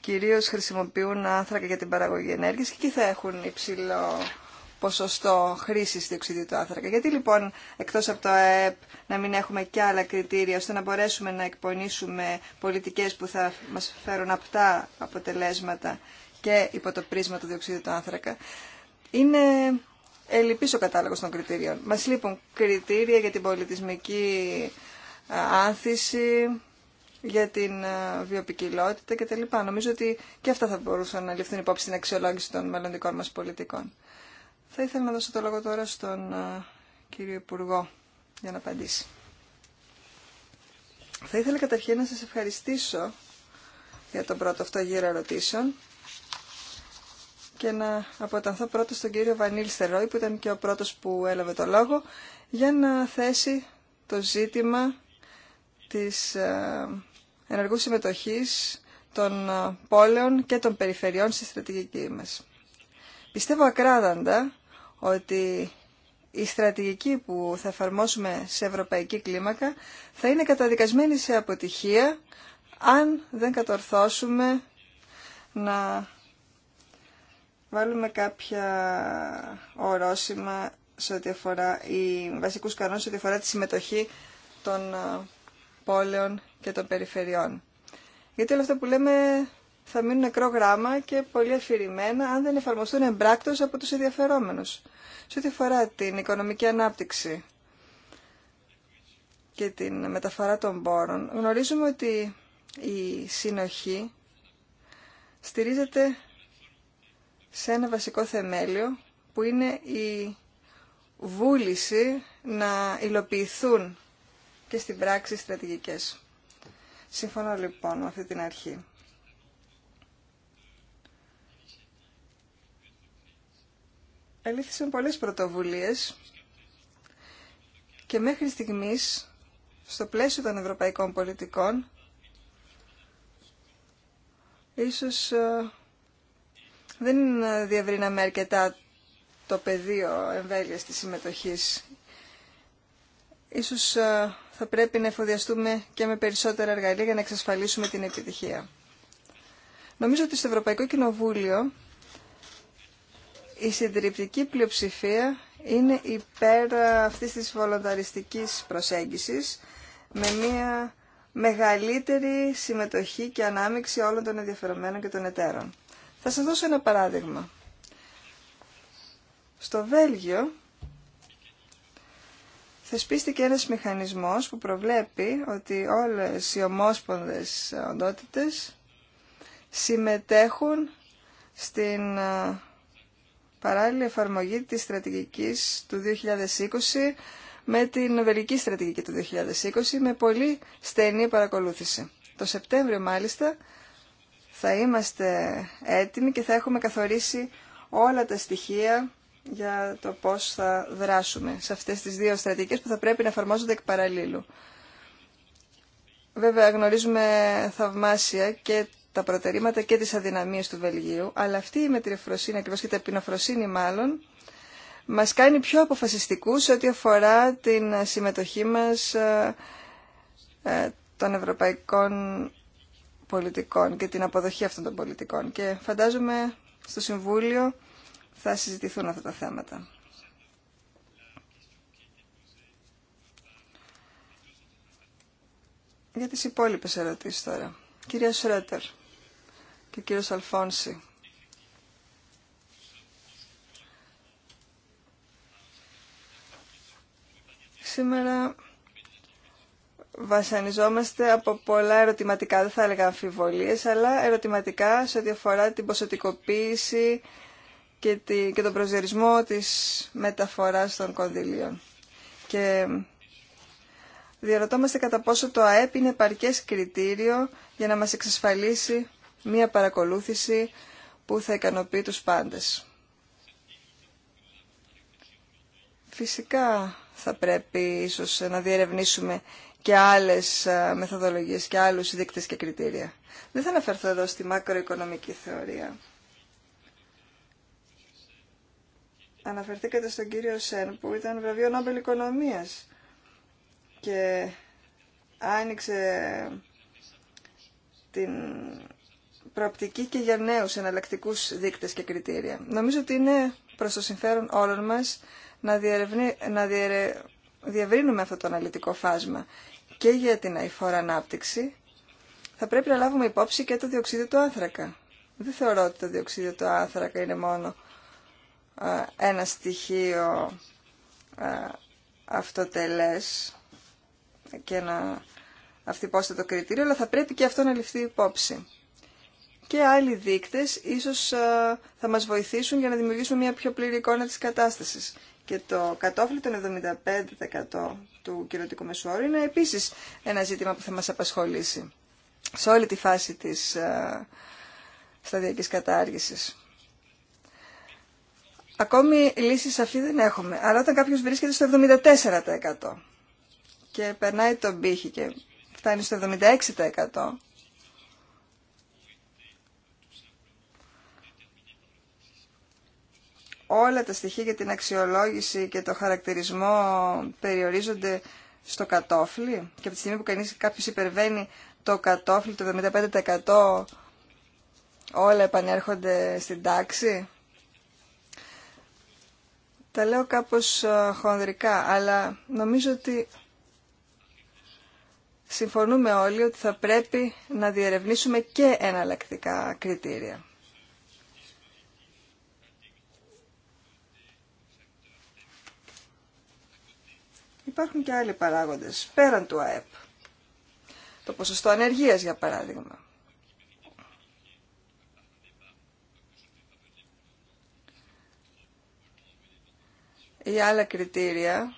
κυρίως χρησιμοποιούν άνθρακα για την παραγωγή ενέργειας και εκεί θα έχουν υψηλό ποσοστό χρήσης διοξιδίου του άνθρακα. Γιατί λοιπόν εκτός από το ΑΕΠ να μην έχουμε και άλλα κριτήρια ώστε να μπορέσουμε να εκπονήσουμε πολιτικές που θα μας φέρουν απτά αποτελέσματα και υπό το πρίσμα του διοξιδίου του άνθρακα. Είναι ελλειπής ο κατάλογος των κριτήριων. Μας λείπουν κριτήρια για την πολιτισμική άνθηση, για την βιοπικιλότητα κτλ. Νομίζω ότι και αυτά θα μπορούσαν να ληφθούν υπόψη στην αξιολόγηση των μελλοντικών μας πολιτικών. Θα ήθελα να δώσω το λόγο τώρα στον κύριο Υπουργό για να απαντήσει. Θα ήθελα καταρχήν να σας ευχαριστήσω για τον πρώτο αυτό γύρο ερωτήσεων και να αποτανθώ πρώτα στον κύριο Βανίλ Στερόη που ήταν και ο πρώτος που έλαβε το λόγο για να θέσει το ζήτημα της ενεργού συμμετοχής των πόλεων και των περιφερειών στη στρατηγική μας. Πιστεύω ακράδαντα ότι η στρατηγική που θα εφαρμόσουμε σε ευρωπαϊκή κλίμακα θα είναι καταδικασμένη σε αποτυχία αν δεν κατορθώσουμε να βάλουμε κάποια ορόσημα σε ό,τι αφορά οι βασικούς κανόνες σε ό,τι αφορά τη συμμετοχή των ε, πόλεων και των περιφερειών. Γιατί όλα αυτά που λέμε θα μείνουν νεκρό γράμμα και πολύ αφηρημένα αν δεν εφαρμοστούν εμπράκτο από του ενδιαφερόμενους. Σε ό,τι αφορά την οικονομική ανάπτυξη και την μεταφορά των πόρων, γνωρίζουμε ότι η συνοχή στηρίζεται σε ένα βασικό θεμέλιο που είναι η βούληση να υλοποιηθούν και στην πράξη στρατηγικές. Συμφωνώ λοιπόν με αυτή την αρχή. ελήφθησαν πολλές πρωτοβουλίες και μέχρι στιγμής στο πλαίσιο των ευρωπαϊκών πολιτικών ίσως ε, δεν διαβρίναμε αρκετά το πεδίο εμβέλειας της συμμετοχής. Ίσως ε, θα πρέπει να εφοδιαστούμε και με περισσότερα εργαλεία για να εξασφαλίσουμε την επιτυχία. Νομίζω ότι στο Ευρωπαϊκό Κοινοβούλιο η συντριπτική πλειοψηφία είναι υπέρ αυτής της βολονταριστικής προσέγγισης με μια μεγαλύτερη συμμετοχή και ανάμειξη όλων των ενδιαφερομένων και των εταίρων. Θα σας δώσω ένα παράδειγμα. Στο Βέλγιο θεσπίστηκε ένας μηχανισμός που προβλέπει ότι όλες οι ομόσπονδες οντότητες συμμετέχουν στην ε, παράλληλη εφαρμογή της στρατηγικής του 2020 με την βελική στρατηγική του 2020 με πολύ στενή παρακολούθηση. Το Σεπτέμβριο μάλιστα θα είμαστε έτοιμοι και θα έχουμε καθορίσει όλα τα στοιχεία για το πώς θα δράσουμε σε αυτές τις δύο στρατηγικές που θα πρέπει να εφαρμόζονται εκ παραλλήλου. Βέβαια γνωρίζουμε θαυμάσια και τα προτερήματα και τις αδυναμίες του Βελγίου, αλλά αυτή η μετριοφροσύνη ακριβώς και τα επινοφροσύνη μάλλον μας κάνει πιο αποφασιστικούς ό,τι αφορά την συμμετοχή μας ε, ε, των ευρωπαϊκών πολιτικών και την αποδοχή αυτών των πολιτικών. Και φαντάζομαι στο Συμβούλιο θα συζητηθούν αυτά τα θέματα. Για τις υπόλοιπες ερωτήσεις τώρα. Κυρία Σρέτερ κύριος Αλφόνση. Σήμερα βασανιζόμαστε από πολλά ερωτηματικά, δεν θα έλεγα αμφιβολίες, αλλά ερωτηματικά σε ό,τι αφορά την ποσοτικοποίηση και, τη, και τον προσδιορισμό της μεταφοράς των κονδυλίων. Και διαρωτόμαστε κατά πόσο το ΑΕΠ είναι παρκές κριτήριο για να μας εξασφαλίσει μία παρακολούθηση που θα ικανοποιεί τους πάντες. Φυσικά θα πρέπει ίσως να διερευνήσουμε και άλλες ε, μεθοδολογίες και άλλους δείκτες και κριτήρια. Δεν θα αναφερθώ εδώ στη μακροοικονομική θεωρία. Αναφερθήκατε στον κύριο Σεν που ήταν βραβείο Νόμπελ Οικονομίας και άνοιξε την προοπτική και για νέους εναλλακτικού δείκτες και κριτήρια. Νομίζω ότι είναι προς το συμφέρον όλων μας να, να διευρύνουμε αυτό το αναλυτικό φάσμα και για την αηφόρα ανάπτυξη. Θα πρέπει να λάβουμε υπόψη και το διοξίδιο του άνθρακα. Δεν θεωρώ ότι το διοξίδιο του άνθρακα είναι μόνο ένα στοιχείο αυτοτελές και ένα το κριτήριο, αλλά θα πρέπει και αυτό να ληφθεί υπόψη και άλλοι δείκτες ίσως ε, θα μας βοηθήσουν για να δημιουργήσουμε μια πιο πλήρη εικόνα της κατάστασης. Και το κατόφλι των 75% του κυρωτικού μεσουόρου είναι επίσης ένα ζήτημα που θα μας απασχολήσει σε όλη τη φάση της ε, σταδιακής κατάργησης. Ακόμη λύσεις αφή δεν έχουμε, αλλά όταν κάποιος βρίσκεται στο 74% και περνάει τον πύχη και φτάνει στο 76%, όλα τα στοιχεία για την αξιολόγηση και το χαρακτηρισμό περιορίζονται στο κατόφλι και από τη στιγμή που κανείς κάποιος υπερβαίνει το κατόφλι το 75% όλα επανέρχονται στην τάξη. Τα λέω κάπως χονδρικά, αλλά νομίζω ότι συμφωνούμε όλοι ότι θα πρέπει να διερευνήσουμε και εναλλακτικά κριτήρια. υπάρχουν και άλλοι παράγοντες, πέραν του ΑΕΠ. Το ποσοστό ανεργίας, για παράδειγμα. Ή άλλα κριτήρια,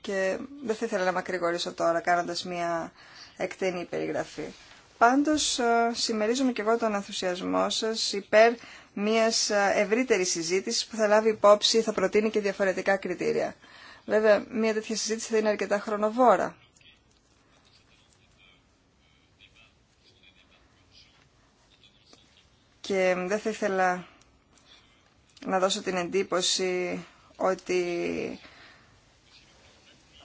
και δεν θα ήθελα να μακρηγορήσω τώρα κάνοντας μια εκτενή περιγραφή. Πάντως, ε, συμμερίζομαι και εγώ τον ενθουσιασμό σας υπέρ μιας ε, ευρύτερης συζήτησης που θα λάβει υπόψη, θα προτείνει και διαφορετικά κριτήρια. Βέβαια, μια τέτοια συζήτηση θα είναι αρκετά χρονοβόρα. Και δεν θα ήθελα να δώσω την εντύπωση ότι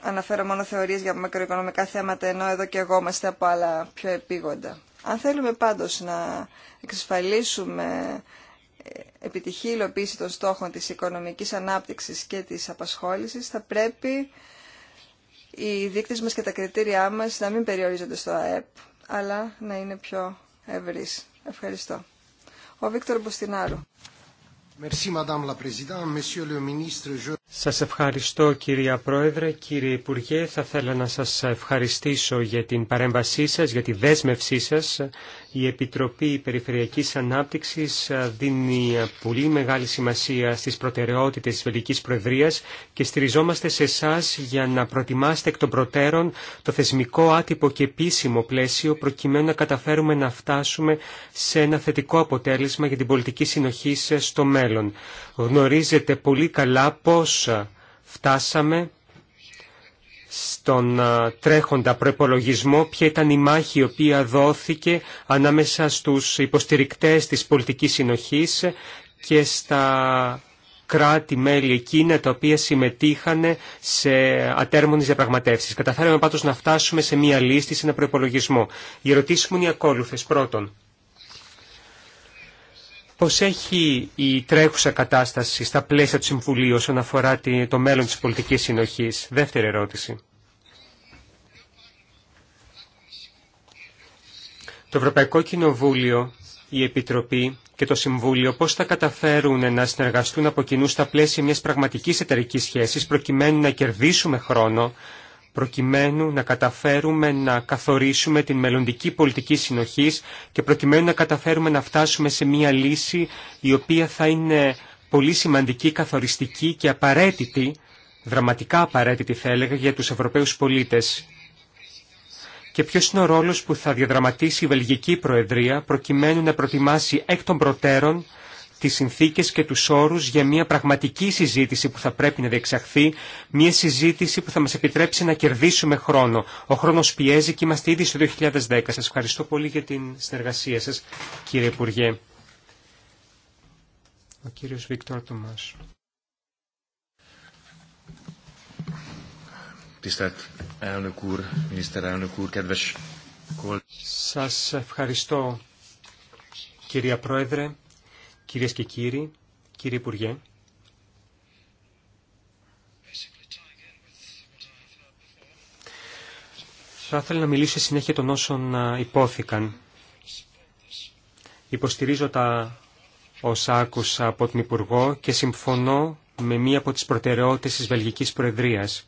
αναφέρω μόνο θεωρίες για μακροοικονομικά θέματα, ενώ εδώ και εγώ είμαστε από άλλα πιο επίγοντα. Αν θέλουμε πάντως να εξασφαλίσουμε επιτυχή υλοποίηση των στόχων της οικονομικής ανάπτυξης και της απασχόλησης, θα πρέπει οι δείκτες μας και τα κριτήριά μας να μην περιορίζονται στο ΑΕΠ, αλλά να είναι πιο ευρύς. Ευχαριστώ. Ο Βίκτορ Μποστινάρου. Σας ευχαριστώ κυρία Πρόεδρε, κύριε Υπουργέ. Θα θέλω να σας ευχαριστήσω για την παρέμβασή σας, για τη δέσμευσή σας. Η Επιτροπή Περιφερειακής Ανάπτυξης δίνει πολύ μεγάλη σημασία στις προτεραιότητες της Βελικής Προεδρίας και στηριζόμαστε σε εσά για να προετοιμάσετε εκ των προτέρων το θεσμικό άτυπο και επίσημο πλαίσιο προκειμένου να καταφέρουμε να φτάσουμε σε ένα θετικό αποτέλεσμα για την πολιτική συνοχή στο μέλλον. Γνωρίζετε πολύ καλά πώς φτάσαμε στον τρέχοντα προπολογισμό, ποια ήταν η μάχη η οποία δόθηκε ανάμεσα στους υποστηρικτές της πολιτικής συνοχής και στα κράτη-μέλη εκείνα τα οποία συμμετείχαν σε ατέρμονες διαπραγματεύσεις. Καταφέραμε πάντως να φτάσουμε σε μία λίστη, σε ένα προπολογισμό. Οι ερωτήσεις μου είναι οι ακόλουθες. Πρώτον, πώς έχει η τρέχουσα κατάσταση στα πλαίσια του Συμβουλίου όσον αφορά το μέλλον της πολιτικής συνοχής. Δεύτερη ερώτηση. Το Ευρωπαϊκό Κοινοβούλιο, η Επιτροπή και το Συμβούλιο πώς θα καταφέρουν να συνεργαστούν από κοινού στα πλαίσια μιας πραγματικής εταιρικής σχέσης προκειμένου να κερδίσουμε χρόνο προκειμένου να καταφέρουμε να καθορίσουμε την μελλοντική πολιτική συνοχής και προκειμένου να καταφέρουμε να φτάσουμε σε μια λύση η οποία θα είναι πολύ σημαντική, καθοριστική και απαραίτητη, δραματικά απαραίτητη θα έλεγα, για τους Ευρωπαίους πολίτες. Και ποιος είναι ο ρόλος που θα διαδραματίσει η Βελγική Προεδρία προκειμένου να προτιμάσει εκ των προτέρων τις συνθήκες και τους όρους για μια πραγματική συζήτηση που θα πρέπει να διεξαχθεί, μια συζήτηση που θα μας επιτρέψει να κερδίσουμε χρόνο. Ο χρόνος πιέζει και είμαστε ήδη στο 2010. Σας ευχαριστώ πολύ για την συνεργασία σας, κύριε Υπουργέ. Ο κύριος Βίκτορ Τομάς. Σας ευχαριστώ, κυρία Πρόεδρε. Κυρίες και κύριοι, κύριε Υπουργέ, θα ήθελα να μιλήσω συνέχεια των όσων υπόθηκαν. Υποστηρίζω τα όσα άκουσα από τον Υπουργό και συμφωνώ με μία από τις προτεραιότητες της Βελγικής Προεδρίας,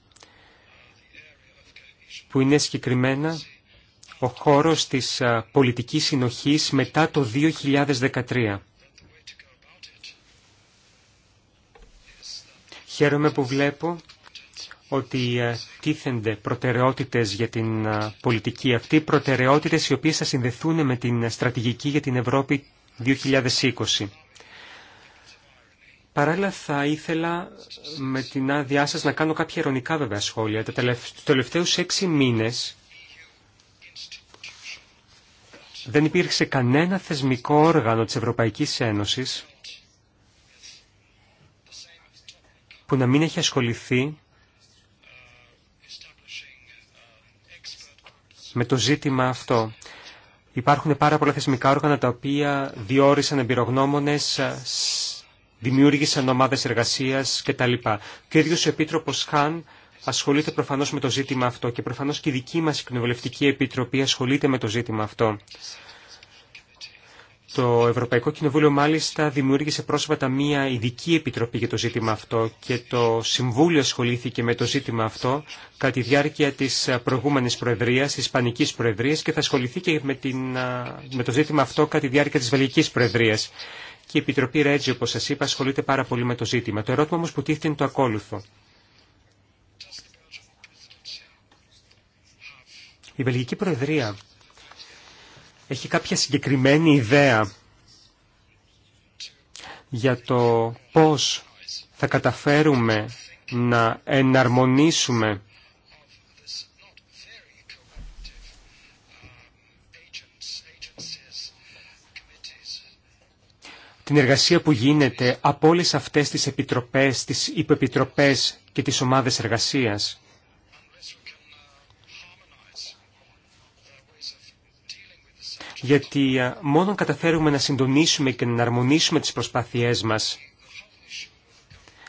που είναι συγκεκριμένα ο χώρος της πολιτικής συνοχής μετά το 2013. Χαίρομαι που βλέπω ότι ε, τίθενται προτεραιότητες για την ε, πολιτική αυτή, προτεραιότητες οι οποίες θα συνδεθούν με την στρατηγική για την Ευρώπη 2020. Παράλληλα θα ήθελα με την άδειά σας να κάνω κάποια ειρωνικά βέβαια σχόλια. Τα τελευταίους έξι μήνες δεν υπήρξε κανένα θεσμικό όργανο της Ευρωπαϊκής Ένωσης που να μην έχει ασχοληθεί με το ζήτημα αυτό. Υπάρχουν πάρα πολλά θεσμικά όργανα τα οποία διόρισαν εμπειρογνώμονε, δημιούργησαν ομάδε εργασίας κτλ. Και ο ίδιο ο Επίτροπος Χάν ασχολείται προφανώς με το ζήτημα αυτό και προφανώς και η δική μας Κοινοβουλευτική Επιτροπή ασχολείται με το ζήτημα αυτό. Το Ευρωπαϊκό Κοινοβούλιο μάλιστα δημιούργησε πρόσφατα μία ειδική επιτροπή για το ζήτημα αυτό και το Συμβούλιο ασχολήθηκε με το ζήτημα αυτό κατά τη διάρκεια της προηγούμενης Προεδρίας, της Ισπανικής Προεδρίας και θα ασχοληθεί και με, την, με το ζήτημα αυτό κατά τη διάρκεια της Βελγικής Προεδρίας. Και η Επιτροπή Ρέτζι, όπως σας είπα, ασχολείται πάρα πολύ με το ζήτημα. Το ερώτημα όμως που τίθεται είναι το ακόλουθο. Η Βελγική Προεδρία έχει κάποια συγκεκριμένη ιδέα για το πώς θα καταφέρουμε να εναρμονίσουμε την εργασία που γίνεται από όλες αυτές τις επιτροπές, τις υποεπιτροπές και τις ομάδες εργασίας. γιατί μόνο καταφέρουμε να συντονίσουμε και να εναρμονίσουμε τις προσπάθειές μας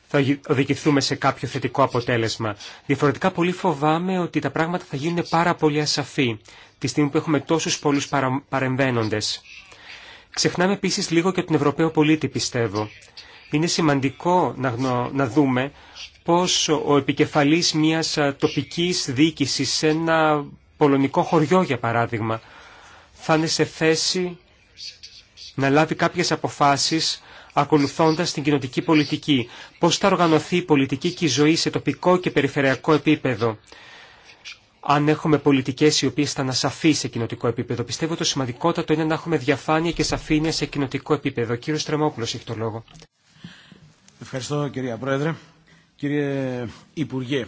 θα οδηγηθούμε σε κάποιο θετικό αποτέλεσμα. Διαφορετικά πολύ φοβάμαι ότι τα πράγματα θα γίνουν πάρα πολύ ασαφή, τη στιγμή που έχουμε τόσους πολλούς παρεμβαίνοντες. Ξεχνάμε επίσης λίγο και τον Ευρωπαίο πολίτη, πιστεύω. Είναι σημαντικό να, να δούμε πώς ο επικεφαλής μιας τοπικής διοίκησης σε ένα πολωνικό χωριό, για παράδειγμα, θα είναι σε θέση να λάβει κάποιες αποφάσεις ακολουθώντας την κοινοτική πολιτική. Πώς θα οργανωθεί η πολιτική και η ζωή σε τοπικό και περιφερειακό επίπεδο. Αν έχουμε πολιτικές οι οποίες θα ανασαφεί σε κοινοτικό επίπεδο. Πιστεύω το σημαντικότατο είναι να έχουμε διαφάνεια και σαφήνεια σε κοινοτικό επίπεδο. Κύριο Στρεμόπουλο, έχει το λόγο. Ευχαριστώ κυρία Πρόεδρε. Κύριε Υπουργέ,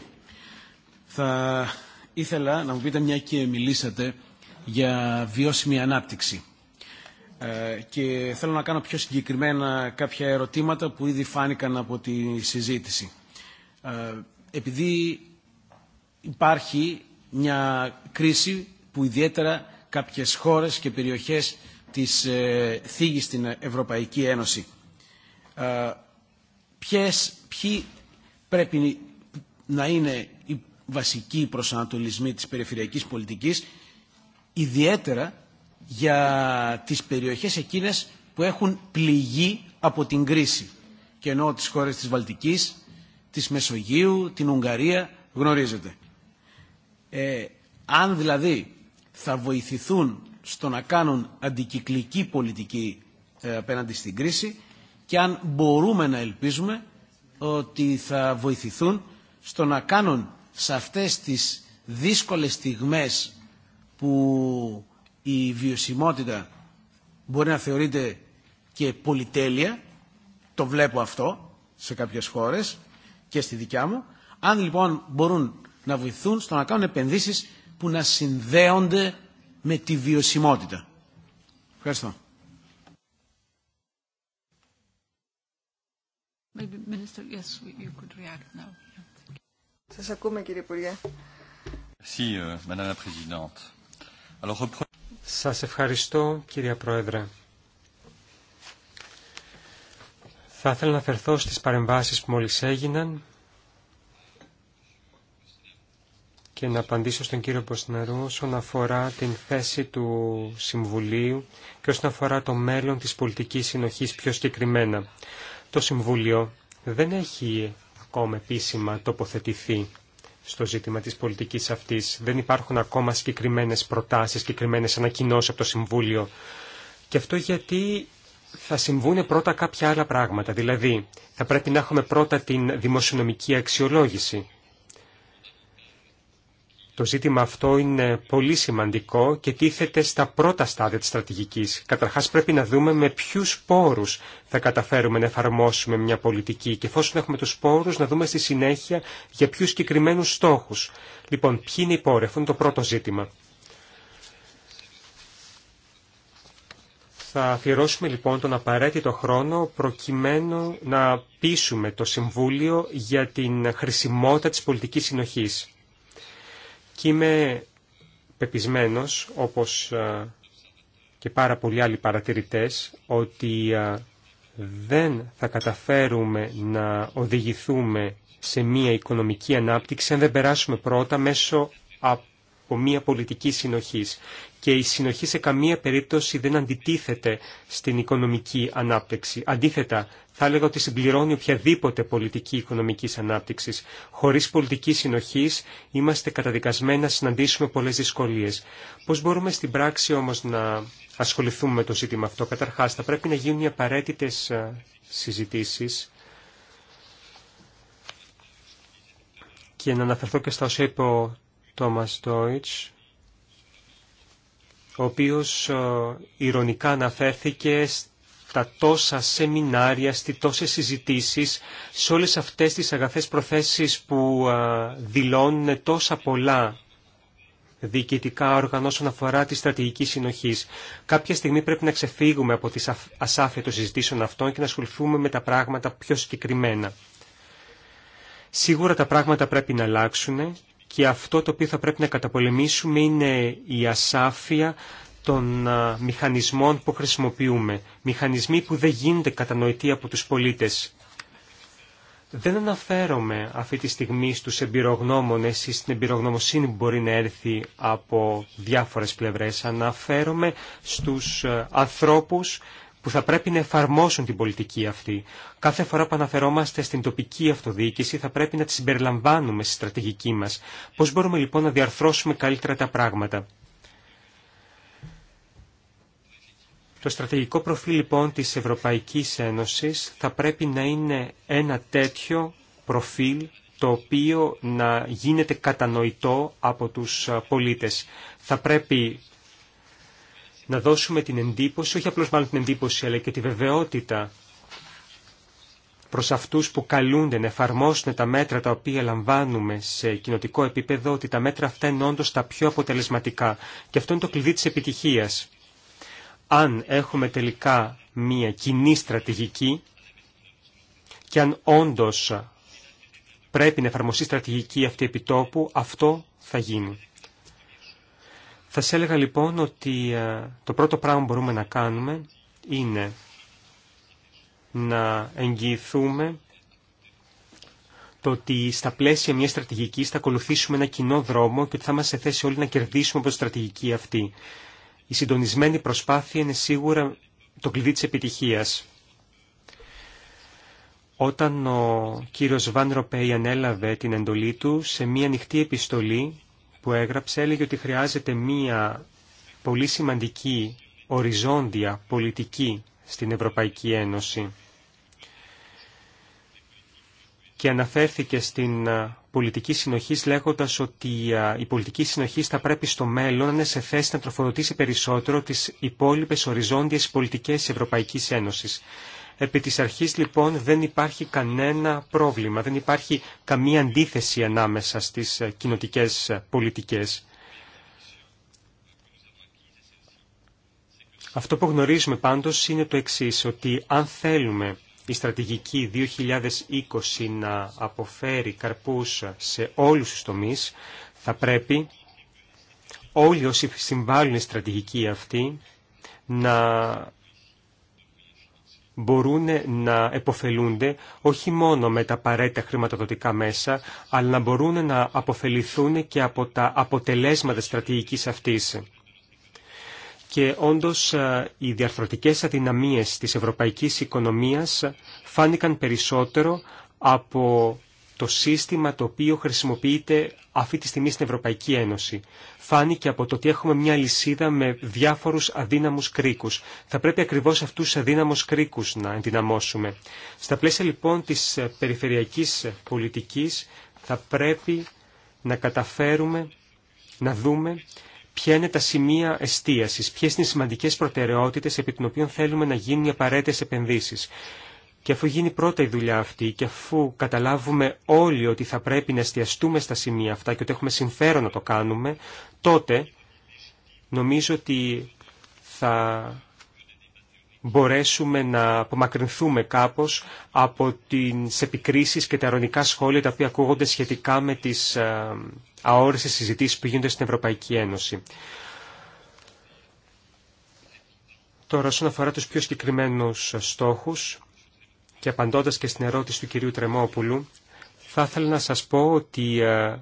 θα ήθελα να μου πείτε μια και μιλήσατε για βιώσιμη ανάπτυξη. Ε, και θέλω να κάνω πιο συγκεκριμένα κάποια ερωτήματα που ήδη φάνηκαν από τη συζήτηση. Ε, επειδή υπάρχει μια κρίση που ιδιαίτερα κάποιες χώρες και περιοχές της ε, θίγει στην Ευρωπαϊκή Ένωση, ποιες, ποιοι πρέπει να είναι οι βασικοί προσανατολισμοί της περιφερειακής πολιτικής ιδιαίτερα για τις περιοχές εκείνες που έχουν πληγεί από την κρίση. Και ενώ τις χώρες της Βαλτικής, της Μεσογείου, την Ουγγαρία γνωρίζετε. Ε, αν δηλαδή θα βοηθηθούν στο να κάνουν αντικυκλική πολιτική ε, απέναντι στην κρίση και αν μπορούμε να ελπίζουμε ότι θα βοηθηθούν στο να κάνουν σε αυτές τις δύσκολες στιγμές που η βιωσιμότητα μπορεί να θεωρείται και πολυτέλεια, το βλέπω αυτό σε κάποιες χώρες και στη δικιά μου, αν λοιπόν μπορούν να βοηθούν στο να κάνουν επενδύσεις που να συνδέονται με τη βιωσιμότητα. Ευχαριστώ. Σας ακούμε κύριε Υπουργέ. Merci, euh, Madame la Présidente. Σας ευχαριστώ κυρία Πρόεδρε. Θα ήθελα να αφαιρθώ στις παρεμβάσεις που μόλις έγιναν και να απαντήσω στον κύριο Ποσνερού όσον αφορά την θέση του Συμβουλίου και όσον αφορά το μέλλον της πολιτικής συνοχής πιο συγκεκριμένα. Το Συμβούλιο δεν έχει ακόμα επίσημα τοποθετηθεί στο ζήτημα της πολιτικής αυτής. Δεν υπάρχουν ακόμα συγκεκριμένες προτάσεις, συγκεκριμένες ανακοινώσεις από το Συμβούλιο. Και αυτό γιατί θα συμβούν πρώτα κάποια άλλα πράγματα. Δηλαδή, θα πρέπει να έχουμε πρώτα την δημοσιονομική αξιολόγηση. Το ζήτημα αυτό είναι πολύ σημαντικό και τίθεται στα πρώτα στάδια της στρατηγικής. Καταρχάς πρέπει να δούμε με ποιους πόρους θα καταφέρουμε να εφαρμόσουμε μια πολιτική και εφόσον έχουμε τους πόρους να δούμε στη συνέχεια για ποιους συγκεκριμένου στόχους. Λοιπόν, ποιοι είναι οι πόροι, αυτό είναι το πρώτο ζήτημα. Θα αφιερώσουμε λοιπόν τον απαραίτητο χρόνο προκειμένου να πείσουμε το Συμβούλιο για την χρησιμότητα της πολιτικής συνοχής. Και είμαι πεπισμένος, όπως ε, και πάρα πολλοί άλλοι παρατηρητές, ότι ε, δεν θα καταφέρουμε να οδηγηθούμε σε μια οικονομική ανάπτυξη αν δεν περάσουμε πρώτα μέσω από από μια πολιτική συνοχής. Και η συνοχή σε καμία περίπτωση δεν αντιτίθεται στην οικονομική ανάπτυξη. Αντίθετα, θα έλεγα ότι συμπληρώνει οποιαδήποτε πολιτική οικονομικής ανάπτυξης. Χωρίς πολιτική συνοχής είμαστε καταδικασμένοι να συναντήσουμε πολλές δυσκολίες. Πώς μπορούμε στην πράξη όμως να ασχοληθούμε με το ζήτημα αυτό. Καταρχάς, θα πρέπει να γίνουν οι απαραίτητε ε, συζητήσεις και να αναφερθώ και στα όσα είπε ο Τόμας Ντόιτς, ο οποίος ε, ηρωνικά αναφέρθηκε στα τόσα σεμινάρια, στι τόσες συζητήσεις, σε όλες αυτές τις αγαθές προθέσεις που ε, δηλώνουν τόσα πολλά διοικητικά όργανα όσον αφορά τη στρατηγική συνοχή. Κάποια στιγμή πρέπει να ξεφύγουμε από τις ασάφεια των συζητήσεων αυτών και να ασχοληθούμε με τα πράγματα πιο συγκεκριμένα. Σίγουρα τα πράγματα πρέπει να αλλάξουν και αυτό το οποίο θα πρέπει να καταπολεμήσουμε είναι η ασάφεια των μηχανισμών που χρησιμοποιούμε. Μηχανισμοί που δεν γίνονται κατανοητοί από τους πολίτες. Δεν αναφέρομαι αυτή τη στιγμή στους εμπειρογνώμονες ή στην εμπειρογνωμοσύνη που μπορεί να έρθει από διάφορες πλευρές. Αναφέρομαι στους ανθρώπους που θα πρέπει να εφαρμόσουν την πολιτική αυτή. Κάθε φορά που αναφερόμαστε στην τοπική αυτοδιοίκηση θα πρέπει να τη συμπεριλαμβάνουμε στη στρατηγική μας. Πώς μπορούμε λοιπόν να διαρθρώσουμε καλύτερα τα πράγματα. Το στρατηγικό προφίλ λοιπόν της Ευρωπαϊκής Ένωσης θα πρέπει να είναι ένα τέτοιο προφίλ το οποίο να γίνεται κατανοητό από τους πολίτες. Θα πρέπει να δώσουμε την εντύπωση, όχι απλώς μάλλον την εντύπωση, αλλά και τη βεβαιότητα προς αυτούς που καλούνται να εφαρμόσουν τα μέτρα τα οποία λαμβάνουμε σε κοινοτικό επίπεδο, ότι τα μέτρα αυτά είναι όντως τα πιο αποτελεσματικά. Και αυτό είναι το κλειδί της επιτυχίας. Αν έχουμε τελικά μία κοινή στρατηγική και αν όντως πρέπει να εφαρμοστεί στρατηγική αυτή επιτόπου, αυτό θα γίνει. Θα σε έλεγα λοιπόν ότι ε, το πρώτο πράγμα που μπορούμε να κάνουμε είναι να εγγυηθούμε το ότι στα πλαίσια μιας στρατηγικής θα ακολουθήσουμε ένα κοινό δρόμο και ότι θα μας θέσει όλοι να κερδίσουμε από τη στρατηγική αυτή. Η συντονισμένη προσπάθεια είναι σίγουρα το κλειδί της επιτυχίας. Όταν ο κύριος Βαν Ροπέι ανέλαβε την εντολή του, σε μία ανοιχτή επιστολή που έγραψε έλεγε ότι χρειάζεται μία πολύ σημαντική οριζόντια πολιτική στην Ευρωπαϊκή Ένωση και αναφέρθηκε στην πολιτική συνοχή λέγοντας ότι η πολιτική συνοχή θα πρέπει στο μέλλον να είναι σε θέση να τροφοδοτήσει περισσότερο τις υπόλοιπες οριζόντιες πολιτικές της Ευρωπαϊκής Ένωσης. Επί της αρχής λοιπόν δεν υπάρχει κανένα πρόβλημα, δεν υπάρχει καμία αντίθεση ανάμεσα στις ε, κοινοτικέ ε, πολιτικές. Αυτό που γνωρίζουμε πάντως είναι το εξής, ότι αν θέλουμε η στρατηγική 2020 να αποφέρει καρπούς σε όλους τους τομείς, θα πρέπει όλοι όσοι συμβάλλουν στη στρατηγική αυτή να μπορούν να επωφελούνται όχι μόνο με τα απαραίτητα χρηματοδοτικά μέσα, αλλά να μπορούν να αποφεληθούν και από τα αποτελέσματα στρατηγικής αυτής. Και όντως ε, οι διαρθρωτικές αδυναμίες της ευρωπαϊκής οικονομίας φάνηκαν περισσότερο από το σύστημα το οποίο χρησιμοποιείται αυτή τη στιγμή στην Ευρωπαϊκή Ένωση. Φάνηκε από το ότι έχουμε μια λυσίδα με διάφορους αδύναμους κρίκους. Θα πρέπει ακριβώς αυτούς τους αδύναμους κρίκους να ενδυναμώσουμε. Στα πλαίσια λοιπόν της ε, περιφερειακής ε, πολιτικής θα πρέπει να καταφέρουμε να δούμε ποια είναι τα σημεία εστίασης, ποιες είναι οι σημαντικές προτεραιότητες επί των οποίων θέλουμε να γίνουν οι απαραίτητες επενδύσεις. Και αφού γίνει πρώτα η δουλειά αυτή και αφού καταλάβουμε όλοι ότι θα πρέπει να εστιαστούμε στα σημεία αυτά και ότι έχουμε συμφέρον να το κάνουμε, τότε νομίζω ότι θα μπορέσουμε να απομακρυνθούμε κάπως από τις επικρίσεις και τα αρωνικά σχόλια τα οποία ακούγονται σχετικά με τις ε, αόρισες συζητήσεις που γίνονται στην Ευρωπαϊκή Ένωση. Τώρα, όσον αφορά τους πιο συγκεκριμένους στόχους, και απαντώντας και στην ερώτηση του κυρίου Τρεμόπουλου, θα ήθελα να σας πω ότι ε,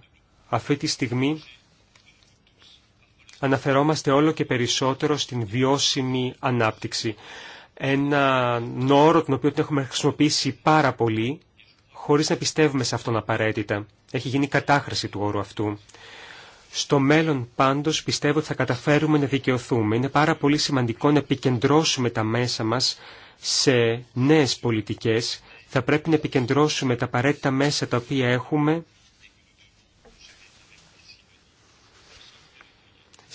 αυτή τη στιγμή αναφερόμαστε όλο και περισσότερο στην βιώσιμη ανάπτυξη. Ένα όρο τον οποίο τον έχουμε χρησιμοποιήσει πάρα πολύ, χωρίς να πιστεύουμε σε αυτόν απαραίτητα. Έχει γίνει κατάχρηση του όρου αυτού. Στο μέλλον πάντως πιστεύω ότι θα καταφέρουμε να δικαιωθούμε. Είναι πάρα πολύ σημαντικό να επικεντρώσουμε τα μέσα μας σε νέες πολιτικές. Θα πρέπει να επικεντρώσουμε τα απαραίτητα μέσα τα οποία έχουμε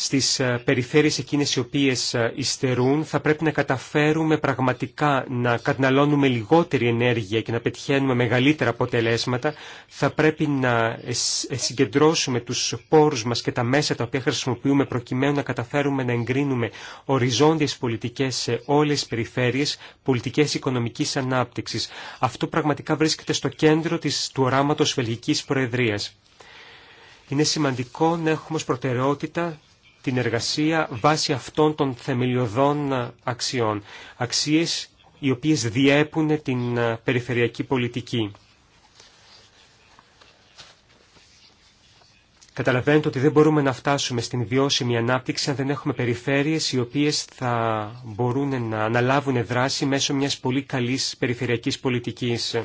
στις ε, περιφέρειες εκείνες οι οποίες ε, υστερούν θα πρέπει να καταφέρουμε πραγματικά να καταναλώνουμε λιγότερη ενέργεια και να πετυχαίνουμε μεγαλύτερα αποτελέσματα. Θα πρέπει να ε, συγκεντρώσουμε τους πόρους μας και τα μέσα τα οποία χρησιμοποιούμε προκειμένου να καταφέρουμε να εγκρίνουμε οριζόντιες πολιτικές σε όλες τις περιφέρειες, πολιτικές οικονομικής ανάπτυξης. Αυτό πραγματικά βρίσκεται στο κέντρο της, του οράματος Βελγικής Προεδρίας. Είναι σημαντικό να έχουμε ως προτεραιότητα την βάσει αυτών των θεμελιωδών αξιών. Αξίες οι οποίες διέπουν την ε, περιφερειακή πολιτική. Καταλαβαίνετε ότι δεν μπορούμε να φτάσουμε στην βιώσιμη ανάπτυξη αν δεν έχουμε περιφέρειες οι οποίες θα μπορούν να αναλάβουν δράση μέσω μιας πολύ καλής περιφερειακής πολιτικής.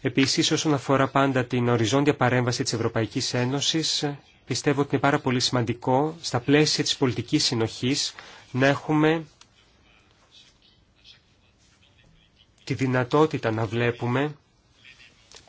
Επίσης, όσον αφορά πάντα την οριζόντια παρέμβαση της Ευρωπαϊκής Ένωσης, πιστεύω ότι είναι πάρα πολύ σημαντικό στα πλαίσια της πολιτικής συνοχής να έχουμε τη δυνατότητα να βλέπουμε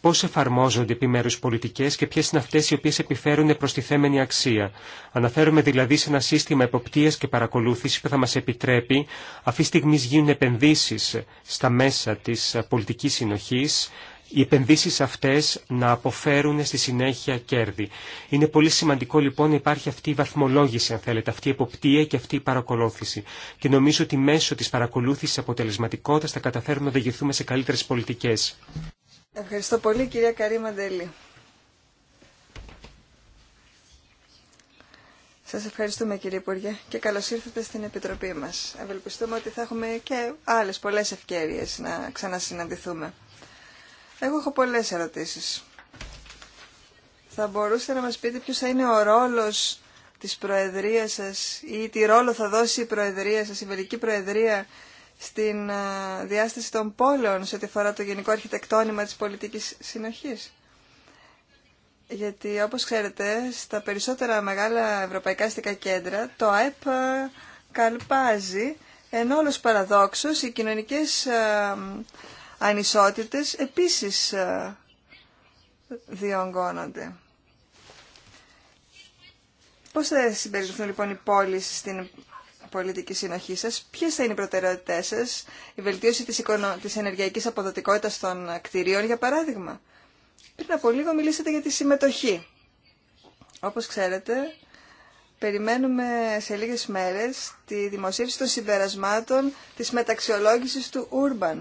πώς εφαρμόζονται επιμέρους πολιτικές και ποιες είναι αυτές οι οποίες επιφέρουν τη θέμενη αξία. Αναφέρομαι δηλαδή σε ένα σύστημα εποπτείας και παρακολούθησης που θα μας επιτρέπει αυτή τη γίνουν επενδύσεις στα μέσα της πολιτικής συνοχής, οι επενδύσεις αυτές να αποφέρουν στη συνέχεια κέρδη. Είναι πολύ σημαντικό λοιπόν να υπάρχει αυτή η βαθμολόγηση, αν θέλετε, αυτή η εποπτεία και αυτή η παρακολούθηση. Και νομίζω ότι μέσω της παρακολούθησης αποτελεσματικότητας θα καταφέρουμε να οδηγηθούμε σε καλύτερες πολιτικές. Ευχαριστώ πολύ κυρία Καρή Μαντελή. Σας ευχαριστούμε κύριε Υπουργέ και καλώς ήρθατε στην Επιτροπή μας. Ευελπιστούμε ότι θα έχουμε και άλλες πολλές ευκαιρίες να ξανασυναντηθούμε. Εγώ έχω πολλές ερωτήσεις. Θα μπορούσατε να μας πείτε ποιος θα είναι ο ρόλος της Προεδρίας σας ή τι ρόλο θα δώσει η Προεδρία σας, η Βελική Προεδρία, στην διάσταση των πόλεων σε ό,τι αφορά το γενικό αρχιτεκτόνημα της πολιτικής συνοχής. Γιατί όπως ξέρετε στα περισσότερα μεγάλα ευρωπαϊκά αστικά κέντρα το ΑΕΠ καλπάζει ενώ όλος παραδόξως οι κοινωνικές ανισότητες επίσης ε, διονγκώνονται. Πώς θα συμπεριληφθούν λοιπόν οι πόλεις στην πολιτική συνοχή σας, ποιες θα είναι οι προτεραιότητές σας, η βελτίωση της, οικονο... της ενεργειακής αποδοτικότητας των κτηρίων για παράδειγμα. Πριν από λίγο μιλήσατε για τη συμμετοχή. Όπως ξέρετε, περιμένουμε σε λίγες μέρες τη δημοσίευση των συμπερασμάτων της μεταξιολόγησης του Urban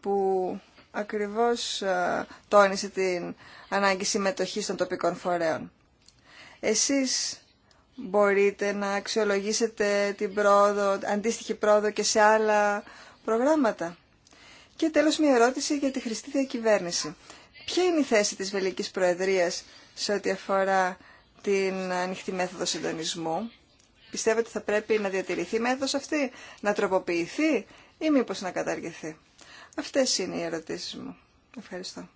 που ακριβώς ε, τόνισε την ανάγκη συμμετοχής των τοπικών φορέων. Εσείς μπορείτε να αξιολογήσετε την πρόοδο, αντίστοιχη πρόοδο και σε άλλα προγράμματα. Και τέλος μια ερώτηση για τη χρηστή διακυβέρνηση. Ποια είναι η θέση της Βελικής Προεδρίας σε ό,τι αφορά την ανοιχτή μέθοδο συντονισμού. Πιστεύετε θα πρέπει να διατηρηθεί η μέθοδος αυτή, να τροποποιηθεί ή μήπως να καταργηθεί. Αυτές είναι οι ερωτήσεις μου. Ευχαριστώ.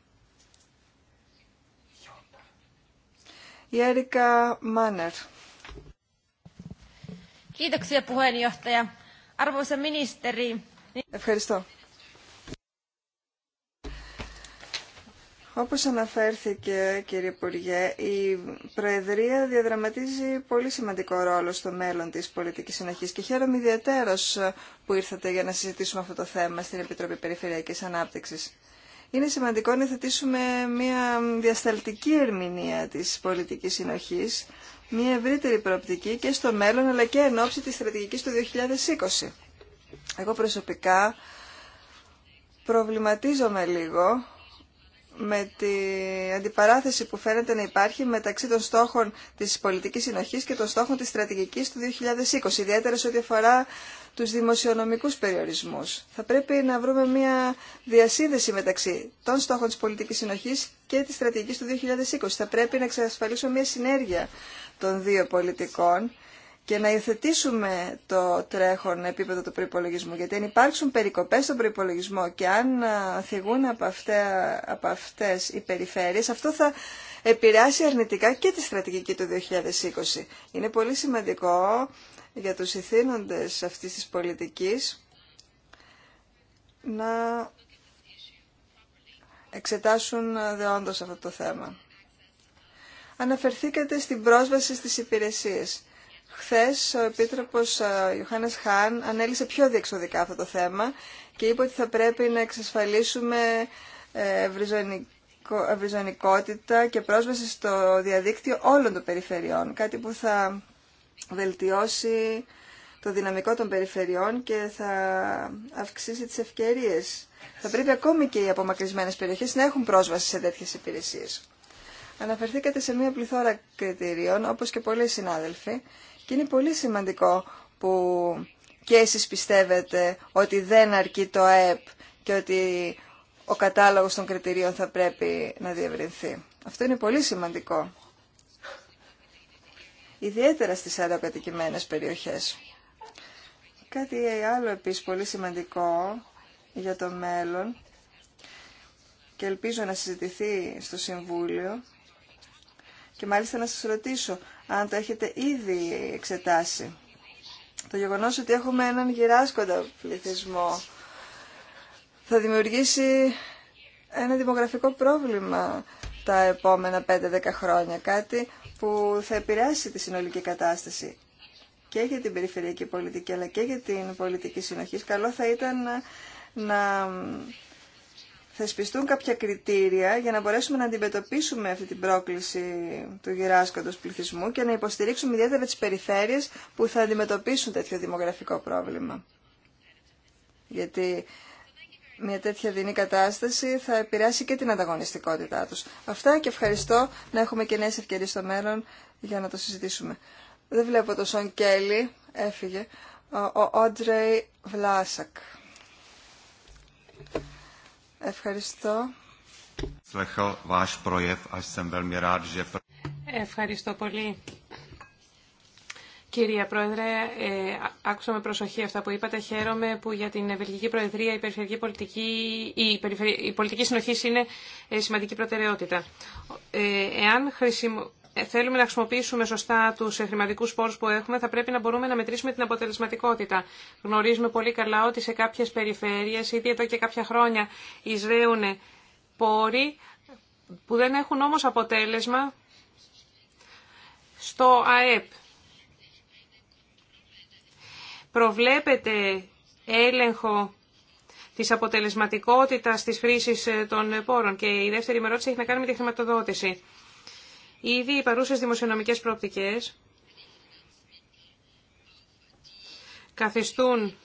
Η Έρικα Μάνερ. Ευχαριστώ. Όπως αναφέρθηκε κύριε Υπουργέ, η Προεδρία διαδραματίζει πολύ σημαντικό ρόλο στο μέλλον της πολιτικής συνοχής και χαίρομαι ιδιαίτερος που ήρθατε για να συζητήσουμε αυτό το θέμα στην Επιτροπή Περιφερειακής Ανάπτυξης. Είναι σημαντικό να θετήσουμε μια διασταλτική ερμηνεία της πολιτικής συνοχής, μια ευρύτερη προοπτική και στο μέλλον αλλά και εν ώψη της στρατηγικής του 2020. Εγώ προσωπικά προβληματίζομαι λίγο με την αντιπαράθεση που φαίνεται να υπάρχει μεταξύ των στόχων της πολιτικής συνοχής και των στόχων της στρατηγικής του 2020, ιδιαίτερα σε ό,τι αφορά τους δημοσιονομικούς περιορισμούς. Θα πρέπει να βρούμε μια διασύνδεση μεταξύ των στόχων της πολιτικής συνοχής και της στρατηγικής του 2020. Θα πρέπει να εξασφαλίσουμε μια συνέργεια των δύο πολιτικών και να υιοθετήσουμε το τρέχον επίπεδο του προπολογισμού. Γιατί αν υπάρξουν περικοπές στον προπολογισμό και αν θυγούν από, αυτέ, από αυτές οι περιφέρειες, αυτό θα επηρεάσει αρνητικά και τη στρατηγική του 2020. Είναι πολύ σημαντικό για τους ηθήνοντες αυτής της πολιτικής να εξετάσουν δεόντως αυτό το θέμα. Αναφερθήκατε στην πρόσβαση στις υπηρεσίες. Χθες ο Επίτροπος ε, Ιωάννης Χάν ανέλησε πιο διεξοδικά αυτό το θέμα και είπε ότι θα πρέπει να εξασφαλίσουμε ε, ευρυζωνικότητα και πρόσβαση στο διαδίκτυο όλων των περιφερειών, κάτι που θα βελτιώσει το δυναμικό των περιφερειών και θα αυξήσει τις ευκαιρίες. Θα πρέπει ακόμη και οι απομακρυσμένες περιοχές να έχουν πρόσβαση σε τέτοιες υπηρεσίες. Αναφερθήκατε σε μία πληθώρα κριτηρίων, όπως και πολλοί συνάδελφοι, και είναι πολύ σημαντικό που και εσείς πιστεύετε ότι δεν αρκεί το ΑΕΠ και ότι ο κατάλογος των κριτηρίων θα πρέπει να διευρυνθεί. Αυτό είναι πολύ σημαντικό. Ιδιαίτερα στις αεροκατοικημένες περιοχές. Κάτι άλλο επίσης πολύ σημαντικό για το μέλλον και ελπίζω να συζητηθεί στο Συμβούλιο και μάλιστα να σας ρωτήσω αν το έχετε ήδη εξετάσει. Το γεγονός ότι έχουμε έναν γυράσκοντα πληθυσμό θα δημιουργήσει ένα δημογραφικό πρόβλημα τα επόμενα 5-10 χρόνια. Κάτι που θα επηρεάσει τη συνολική κατάσταση και για την περιφερειακή πολιτική αλλά και για την πολιτική συνοχή. Καλό θα ήταν να θεσπιστούν κάποια κριτήρια για να μπορέσουμε να αντιμετωπίσουμε αυτή την πρόκληση του γυράσκοντος πληθυσμού και να υποστηρίξουμε ιδιαίτερα τις περιφέρειες που θα αντιμετωπίσουν τέτοιο δημογραφικό πρόβλημα. Γιατί μια τέτοια δινή κατάσταση θα επηρεάσει και την ανταγωνιστικότητά τους. Αυτά και ευχαριστώ να έχουμε και νέες ευκαιρίες στο μέλλον για να το συζητήσουμε. Δεν βλέπω τον Σον Κέλλη, έφυγε, ο Όντρεϊ Βλάσακ. Ευχαριστώ. Ευχαριστώ πολύ. Κυρία Πρόεδρε, ε, άκουσα με προσοχή αυτά που είπατε. Χαίρομαι που για την Βελγική Προεδρία η, περιφερειακή πολιτική, η, η πολιτική συνοχή είναι ε, σημαντική προτεραιότητα. Ε, εάν χρησιμο... Ε, θέλουμε να χρησιμοποιήσουμε σωστά του χρηματικού πόρου που έχουμε, θα πρέπει να μπορούμε να μετρήσουμε την αποτελεσματικότητα. Γνωρίζουμε πολύ καλά ότι σε κάποιε περιφέρειε, ήδη εδώ και κάποια χρόνια, εισραίουν πόροι που δεν έχουν όμω αποτέλεσμα στο ΑΕΠ. Προβλέπεται έλεγχο της αποτελεσματικότητας της χρήσης ε, των ε, πόρων και η δεύτερη ερώτηση έχει να κάνει με τη χρηματοδότηση. Ήδη οι παρούσες δημοσιονομικές προοπτικές καθιστούν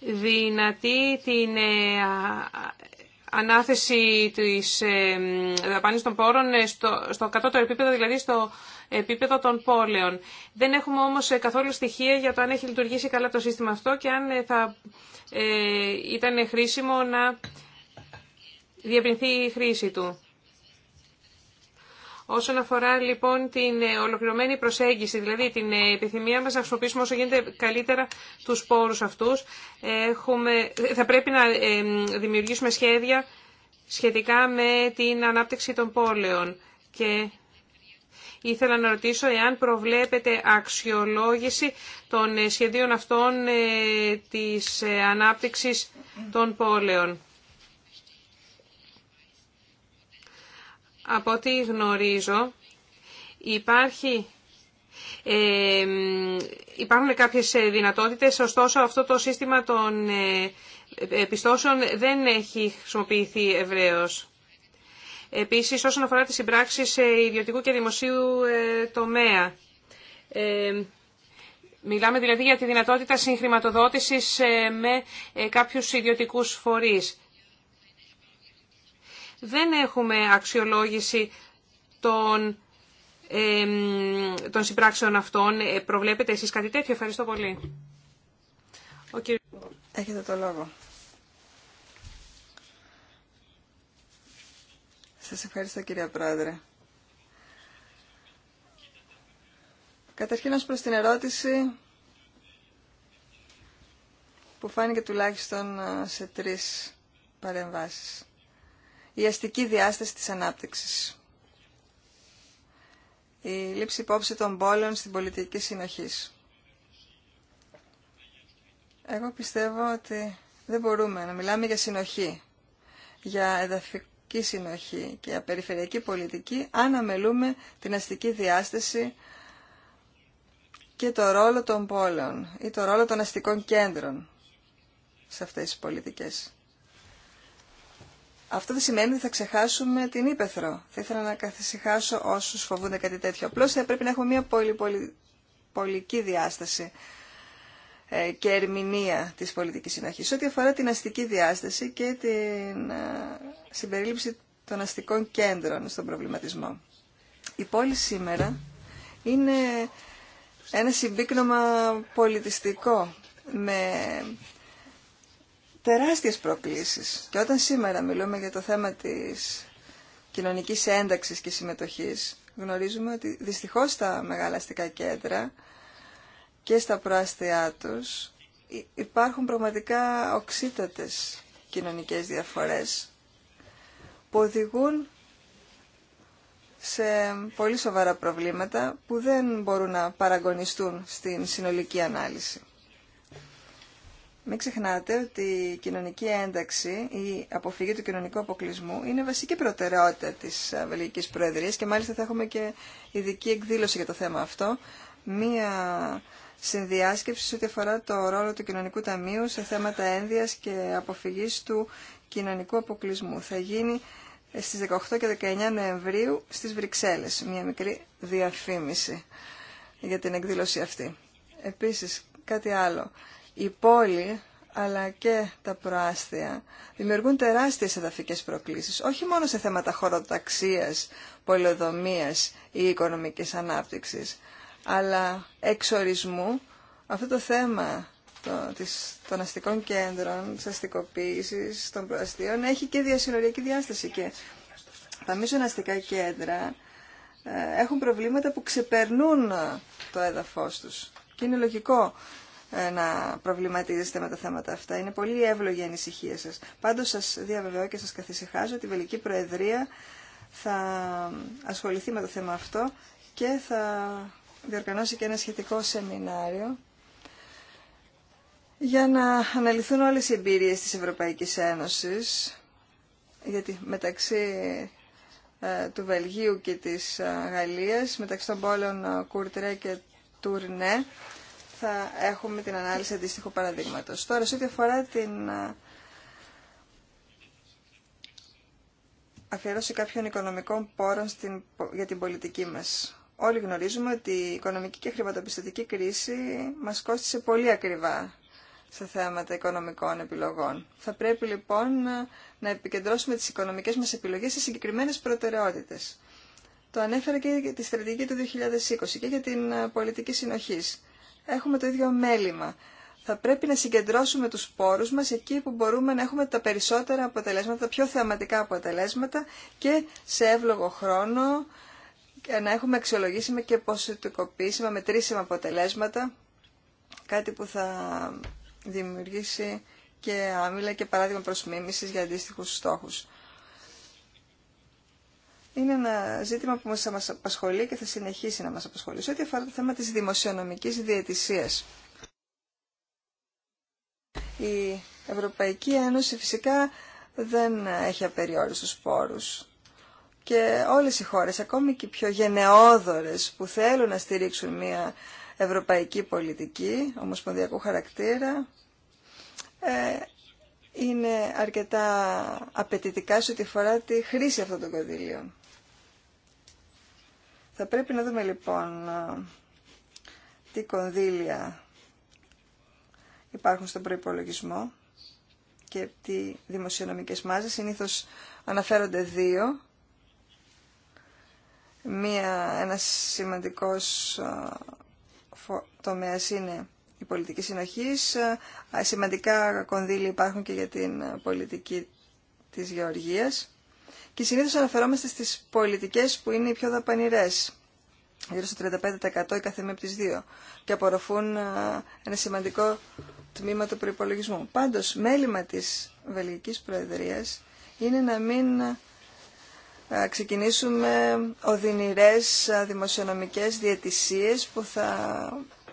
δυνατή την ε, ανάθεση της ε, δαπάνης των πόρων ε, στο, στο κατώτερο επίπεδο, δηλαδή στο επίπεδο των πόλεων. Δεν έχουμε όμως καθόλου στοιχεία για το αν έχει λειτουργήσει καλά το σύστημα αυτό και αν θα ε, ήταν χρήσιμο να διαπληθεί η χρήση του. Όσον αφορά λοιπόν την ε, ολοκληρωμένη προσέγγιση, δηλαδή την ε, επιθυμία μας να χρησιμοποιήσουμε όσο γίνεται καλύτερα τους πόρους αυτούς, έχουμε, θα πρέπει να ε, δημιουργήσουμε σχέδια σχετικά με την ανάπτυξη των πόλεων. Και ήθελα να ρωτήσω εάν προβλέπετε αξιολόγηση των σχεδίων αυτών της ανάπτυξης των πόλεων. Από ό,τι γνωρίζω υπάρχει ε, υπάρχουν κάποιες δυνατότητες, ωστόσο αυτό το σύστημα των ε, ε, πιστώσεων δεν έχει χρησιμοποιηθεί ευρέως. Επίσης, όσον αφορά τις συμπράξεις ιδιωτικού και δημοσίου ε, τομέα, μιλάμε δηλαδή για τη δυνατότητα συγχρηματοδότησης με κάποιους ιδιωτικούς φορείς δεν έχουμε αξιολόγηση των, των συμπράξεων αυτών. Ε, προβλέπετε εσείς κάτι τέτοιο. Ευχαριστώ πολύ. Ο κύρι... Έχετε το λόγο. Σας ευχαριστώ κυρία Πρόεδρε. Καταρχήν ως προς την ερώτηση που φάνηκε τουλάχιστον ε, σε τρεις παρεμβάσεις η αστική διάσταση της ανάπτυξης. Η λήψη υπόψη των πόλεων στην πολιτική συνοχής. Εγώ πιστεύω ότι δεν μπορούμε να μιλάμε για συνοχή, για εδαφική συνοχή και για περιφερειακή πολιτική, αν αμελούμε την αστική διάσταση και το ρόλο των πόλεων ή το ρόλο των αστικών κέντρων σε αυτές τις πολιτικές. Αυτό δεν σημαίνει ότι θα ξεχάσουμε την Ήπεθρο. Θα ήθελα να καθησυχάσω όσους φοβούνται κάτι τέτοιο. Απλώ θα πρέπει να έχουμε μια πολυπολική διάσταση ε, και ερμηνεία της πολιτικής συνοχή. Ό,τι αφορά την αστική διάσταση και την ε, συμπερίληψη των αστικών κέντρων στον προβληματισμό. Η πόλη σήμερα είναι ένα συμπίκνομα πολιτιστικό με τεράστιες προκλήσεις. Και όταν σήμερα μιλούμε για το θέμα της κοινωνικής ένταξης και συμμετοχής, γνωρίζουμε ότι δυστυχώς στα μεγάλα κέντρα και στα προάστια τους υπάρχουν πραγματικά οξύτατες κοινωνικές διαφορές που οδηγούν σε πολύ σοβαρά προβλήματα που δεν μπορούν να παραγωνιστούν στην συνολική ανάλυση. Μην ξεχνάτε ότι η κοινωνική ένταξη, η αποφυγή του κοινωνικού αποκλεισμού είναι βασική προτεραιότητα τη Βελγική προεδρία και μάλιστα θα έχουμε και ειδική εκδήλωση για το θέμα αυτό. Μία συνδιάσκεψη σε ό,τι αφορά το ρόλο του κοινωνικού ταμείου σε θέματα ένδυας και αποφυγής του κοινωνικού αποκλεισμού. Θα γίνει στις 18 και 19 Νοεμβρίου στις Βρυξέλλες, μια μικρή διαφήμιση για την εκδήλωση αυτή. Επίσης, κάτι άλλο. Η πόλη αλλά και τα προάστια δημιουργούν τεράστιες εδαφικές προκλήσεις, όχι μόνο σε θέματα χωροταξίας, πολεοδομίας ή οικονομικής ανάπτυξης, αλλά εξορισμού αυτό το θέμα των αστικών κέντρων, της αστικοποίησης των προαστίων έχει και διασυνοριακή διάσταση και τα μείζωνα αστικά κέντρα ε, έχουν προβλήματα που ξεπερνούν το έδαφος τους. Και είναι λογικό ε, να προβληματίζεστε με τα θέματα αυτά. Είναι πολύ εύλογη η ανησυχία σας. Πάντως σας διαβεβαιώ και σας καθησυχάζω ότι η Βελική Προεδρία θα ασχοληθεί με το θέμα αυτό και θα διοργανώσει και ένα σχετικό σεμινάριο για να αναλυθούν όλες οι εμπειρίες της Ευρωπαϊκής Ένωσης γιατί μεταξύ ε, του Βελγίου και της ε, Γαλλίας μεταξύ των πόλεων Κουρτρέ και Τουρνέ θα έχουμε την ανάλυση αντίστοιχου παραδείγματος. Τώρα, σε ό,τι αφορά την αφιέρωση κάποιων οικονομικών πόρων στην, για την πολιτική μας. Όλοι γνωρίζουμε ότι η οικονομική και χρηματοπιστωτική κρίση μας κόστησε πολύ ακριβά σε θέματα οικονομικών επιλογών. Θα πρέπει λοιπόν να επικεντρώσουμε τις οικονομικές μας επιλογές σε συγκεκριμένες προτεραιότητες. Το ανέφερα και για τη στρατηγική του 2020 και για την πολιτική συνοχής έχουμε το ίδιο μέλημα. Θα πρέπει να συγκεντρώσουμε τους πόρους μας εκεί που μπορούμε να έχουμε τα περισσότερα αποτελέσματα, τα πιο θεαματικά αποτελέσματα και σε εύλογο χρόνο να έχουμε αξιολογήσιμα και ποσοτικοποιήσιμα, μετρήσιμα αποτελέσματα, κάτι που θα δημιουργήσει και άμυλα και παράδειγμα προς για αντίστοιχους στόχους είναι ένα ζήτημα που μας απασχολεί και θα συνεχίσει να μας απασχολεί. ό,τι αφορά το θέμα της δημοσιονομικής διαιτησίας. Η Ευρωπαϊκή Ένωση φυσικά δεν έχει απεριόριστους πόρους. Και όλες οι χώρες, ακόμη και οι πιο γενναιόδορες που θέλουν να στηρίξουν μια ευρωπαϊκή πολιτική, ομοσπονδιακού χαρακτήρα, ε, είναι αρκετά απαιτητικά σε ό,τι αφορά τη χρήση αυτών των κονδύλιων. Θα πρέπει να δούμε λοιπόν τι κονδύλια υπάρχουν στον προϋπολογισμό και τι δημοσιονομικές μάζες. Συνήθως αναφέρονται δύο. Μία, ένας σημαντικός τομέας είναι η πολιτική συνοχής. Σημαντικά κονδύλια υπάρχουν και για την πολιτική της γεωργίας. Και συνήθω αναφερόμαστε στις πολιτικές που είναι οι πιο δαπανηρές, γύρω στο 35% η καθεμία από τις δύο, και απορροφούν ένα σημαντικό τμήμα του προπολογισμού. Πάντως, μέλημα τη Βελγικής προεδρία είναι να μην ξεκινήσουμε οδυνηρές δημοσιονομικές διαιτησίες που θα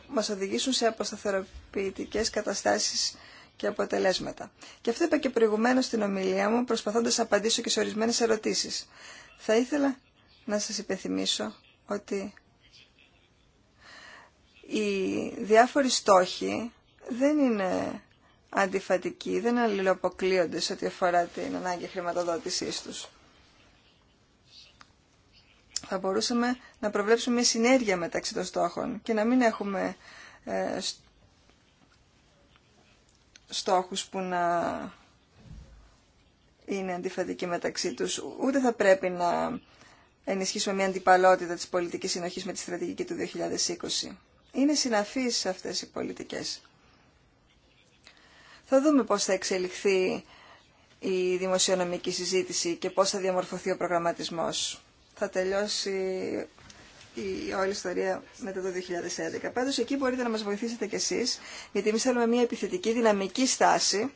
μας οδηγήσουν σε αποσταθεροποιητικές καταστάσεις και αποτελέσματα. Και αυτό είπα και προηγουμένως στην ομιλία μου, προσπαθώντας να απαντήσω και σε ορισμένες ερωτήσεις. Θα ήθελα να σας υπενθυμίσω ότι οι διάφοροι στόχοι δεν είναι αντιφατικοί, δεν αλληλοποκλείονται σε ό,τι αφορά την ανάγκη χρηματοδότησής τους. Θα μπορούσαμε να προβλέψουμε μια συνέργεια μεταξύ των στόχων και να μην έχουμε ε, στόχους που να είναι αντιφατικοί μεταξύ τους. Ούτε θα πρέπει να ενισχύσουμε μια αντιπαλότητα της πολιτικής συνοχής με τη στρατηγική του 2020. Είναι συναφείς αυτές οι πολιτικές. Θα δούμε πώς θα εξελιχθεί η δημοσιονομική συζήτηση και πώς θα διαμορφωθεί ο προγραμματισμός. Θα τελειώσει η όλη ιστορία μετά το 2011. Πάντως εκεί μπορείτε να μας βοηθήσετε κι εσείς, γιατί εμείς θέλουμε μια επιθετική, δυναμική στάση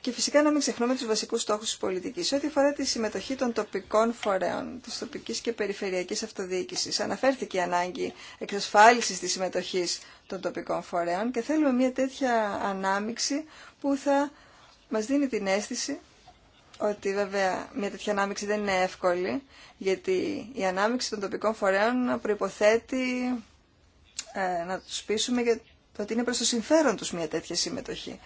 και φυσικά να μην ξεχνούμε τους βασικούς στόχους της πολιτικής. Ό,τι αφορά τη συμμετοχή των τοπικών φορέων, της τοπικής και περιφερειακής αυτοδιοίκησης, αναφέρθηκε η ανάγκη εξασφάλισης της συμμετοχής των τοπικών φορέων και θέλουμε μια τέτοια ανάμιξη που θα μας δίνει την αίσθηση ότι βέβαια μια τέτοια ανάμειξη δεν είναι εύκολη, γιατί η ανάμειξη των τοπικών φορέων προϋποθέτει ε, να τους πείσουμε για το ότι είναι προς το συμφέρον τους μια τέτοια συμμετοχή.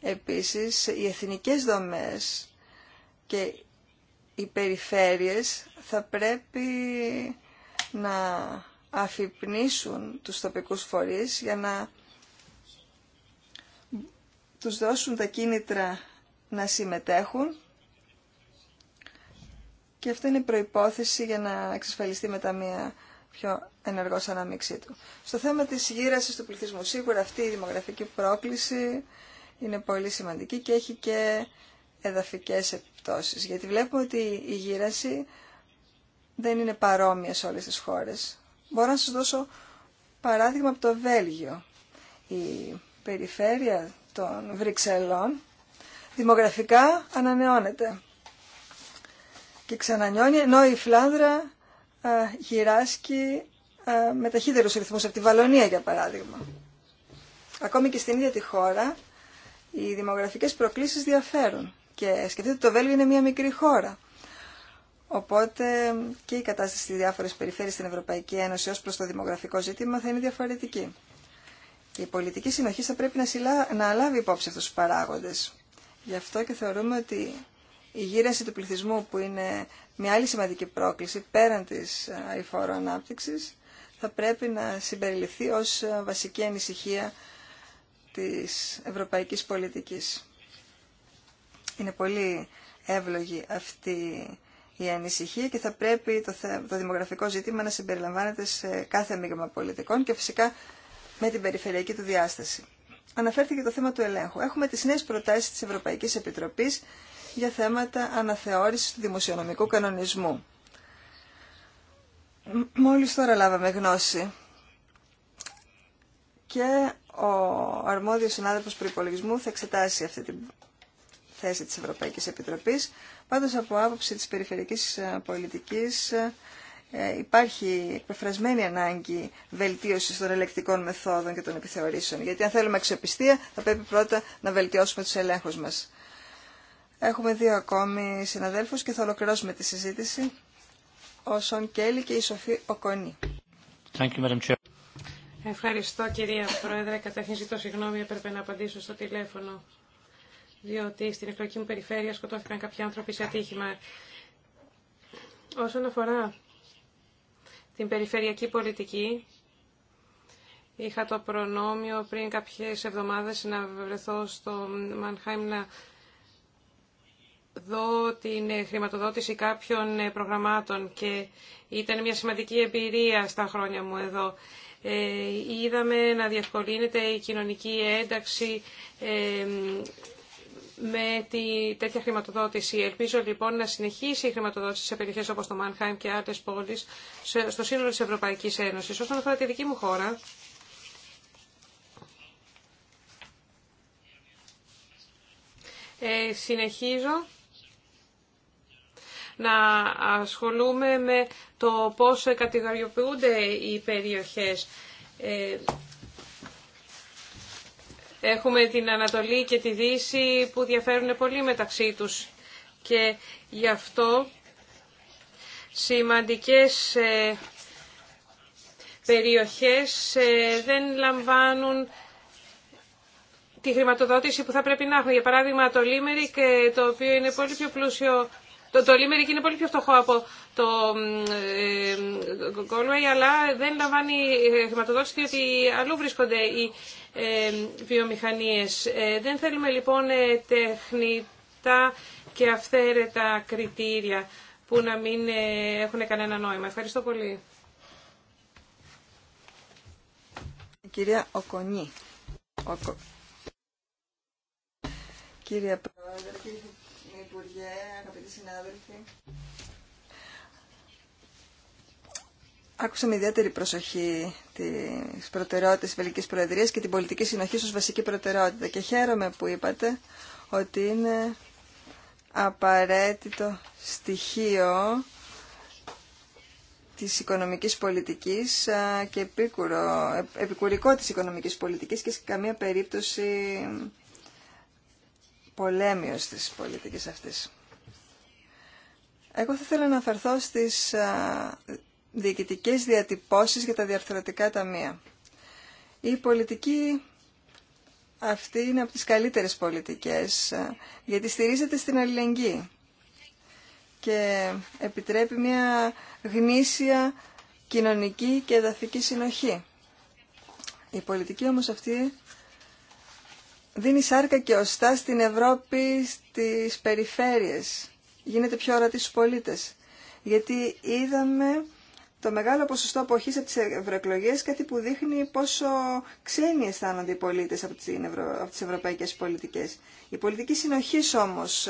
Επίσης, οι εθνικές δομές και οι περιφέρειες θα πρέπει να αφυπνίσουν τους τοπικούς φορείς για να τους δώσουν τα κίνητρα να συμμετέχουν και αυτή είναι η προϋπόθεση για να εξασφαλιστεί μετά μια πιο ενεργός αναμίξή του. Στο θέμα της γύρασης του πληθυσμού, σίγουρα αυτή η δημογραφική πρόκληση είναι πολύ σημαντική και έχει και εδαφικές επιπτώσεις, γιατί βλέπουμε ότι η γύραση δεν είναι παρόμοια σε όλες τις χώρες. Μπορώ να σας δώσω παράδειγμα από το Βέλγιο. Η περιφέρεια των Βρυξελών δημογραφικά ανανεώνεται και ξανανιώνει, ενώ η Φλάνδρα α, ε, γυράσκει α, ε, με ταχύτερους ρυθμούς, από τη Βαλονία για παράδειγμα. Ακόμη και στην ίδια τη χώρα οι δημογραφικές προκλήσεις διαφέρουν και σκεφτείτε ότι το Βέλγιο είναι μια μικρή χώρα. Οπότε και η κατάσταση στις διάφορες περιφέρειες στην Ευρωπαϊκή Ένωση ως προς το δημογραφικό ζήτημα θα είναι διαφορετική. Και η πολιτική συνοχή θα πρέπει να, συλλα... να λάβει υπόψη αυτούς τους παράγοντες. Γι' αυτό και θεωρούμε ότι η γύρανση του πληθυσμού που είναι μια άλλη σημαντική πρόκληση πέραν της ε, αηφόρου ανάπτυξης θα πρέπει να συμπεριληφθεί ως ε, βασική ανησυχία της ευρωπαϊκής πολιτικής. Είναι πολύ εύλογη αυτή η ανησυχία και θα πρέπει το, το δημογραφικό ζήτημα να συμπεριλαμβάνεται σε κάθε μείγμα πολιτικών και φυσικά με την περιφερειακή του διάσταση. Αναφέρθηκε το θέμα του ελέγχου. Έχουμε τις νέες προτάσεις της Ευρωπαϊκής Επιτροπής για θέματα αναθεώρησης του δημοσιονομικού κανονισμού. Μόλις τώρα λάβαμε γνώση και ο αρμόδιος συνάδελφος προϋπολογισμού θα εξετάσει αυτή τη θέση της Ευρωπαϊκής Επιτροπής. Πάντως από άποψη της περιφερειακής ε, πολιτικής ε, ε, υπάρχει εκπεφρασμένη ανάγκη βελτίωσης των ελεκτικών μεθόδων και των επιθεωρήσεων. Γιατί αν θέλουμε αξιοπιστία θα πρέπει πρώτα να βελτιώσουμε τους ελέγχους μας. Έχουμε δύο ακόμη συναδέλφους και θα ολοκληρώσουμε τη συζήτηση. Ο Σον Κέλλη και η Σοφή Οκονή. Ευχαριστώ κυρία Πρόεδρε. Καταρχήν ζητώ συγγνώμη, έπρεπε να απαντήσω στο τηλέφωνο. Διότι στην εκλογική μου περιφέρεια σκοτώθηκαν κάποιοι άνθρωποι σε ατύχημα. Όσον αφορά την περιφερειακή πολιτική, είχα το προνόμιο πριν κάποιες εβδομάδες να βρεθώ στο Μανχάιμ να δω την χρηματοδότηση κάποιων ε, προγραμμάτων και ήταν μια σημαντική εμπειρία στα χρόνια μου εδώ. Ε, είδαμε να διευκολύνεται η κοινωνική ένταξη ε, με τη, τέτοια χρηματοδότηση. Ελπίζω λοιπόν να συνεχίσει η χρηματοδότηση σε περιοχές όπως το Μάνχαιμ και άλλες πόλεις στο σύνολο της Ευρωπαϊκής Ένωσης. Όσον αφορά τη δική μου χώρα, ε, συνεχίζω να ασχολούμε με το πώς κατηγοριοποιούνται οι περιοχές. Ε, έχουμε την Ανατολή και τη Δύση που διαφέρουν πολύ μεταξύ τους και γι' αυτό σημαντικές ε, περιοχές ε, δεν λαμβάνουν τη χρηματοδότηση που θα πρέπει να έχουν. Για παράδειγμα το Λίμερικ, το οποίο είναι πολύ πιο πλούσιο το Τολίμερικ είναι πολύ πιο φτωχό από το Γκόλουεϊ, αλλά δεν λαμβάνει ε, χρηματοδότηση διότι αλλού βρίσκονται οι ε, βιομηχανίες. Ε, δεν θέλουμε λοιπόν τεχνητά και αυθαίρετα κριτήρια που να μην έχουν κανένα νόημα. Ευχαριστώ πολύ. Κυρία Οκονή. Κύριε Πρόεδρε, αγαπητοί συνάδελφοι. Άκουσα με ιδιαίτερη προσοχή τι προτεραιότητε. της Βελικής Προεδρίας και την πολιτική συνοχή ω βασική προτεραιότητα και χαίρομαι που είπατε ότι είναι απαραίτητο στοιχείο της οικονομικής πολιτικής και επίκουρο, επικουρικό της οικονομικής πολιτικής και σε καμία περίπτωση πολέμιος της πολιτικής αυτής. Εγώ θα ήθελα να αναφερθώ στις διοικητικές διατυπώσεις για τα διαρθρωτικά ταμεία. Η πολιτική αυτή είναι από τις καλύτερες πολιτικές, γιατί στηρίζεται στην αλληλεγγύη και επιτρέπει μια γνήσια κοινωνική και εδαφική συνοχή. Η πολιτική όμως αυτή δίνει σάρκα και οστά στην Ευρώπη, στις περιφέρειες. Γίνεται πιο ορατή στους πολίτες. Γιατί είδαμε το μεγάλο ποσοστό αποχής από τις ευρωεκλογέ κάτι που δείχνει πόσο ξένοι αισθάνονται οι πολίτες από τις, ευρω... από τις ευρωπαϊκές πολιτικές. Η πολιτική συνοχή όμως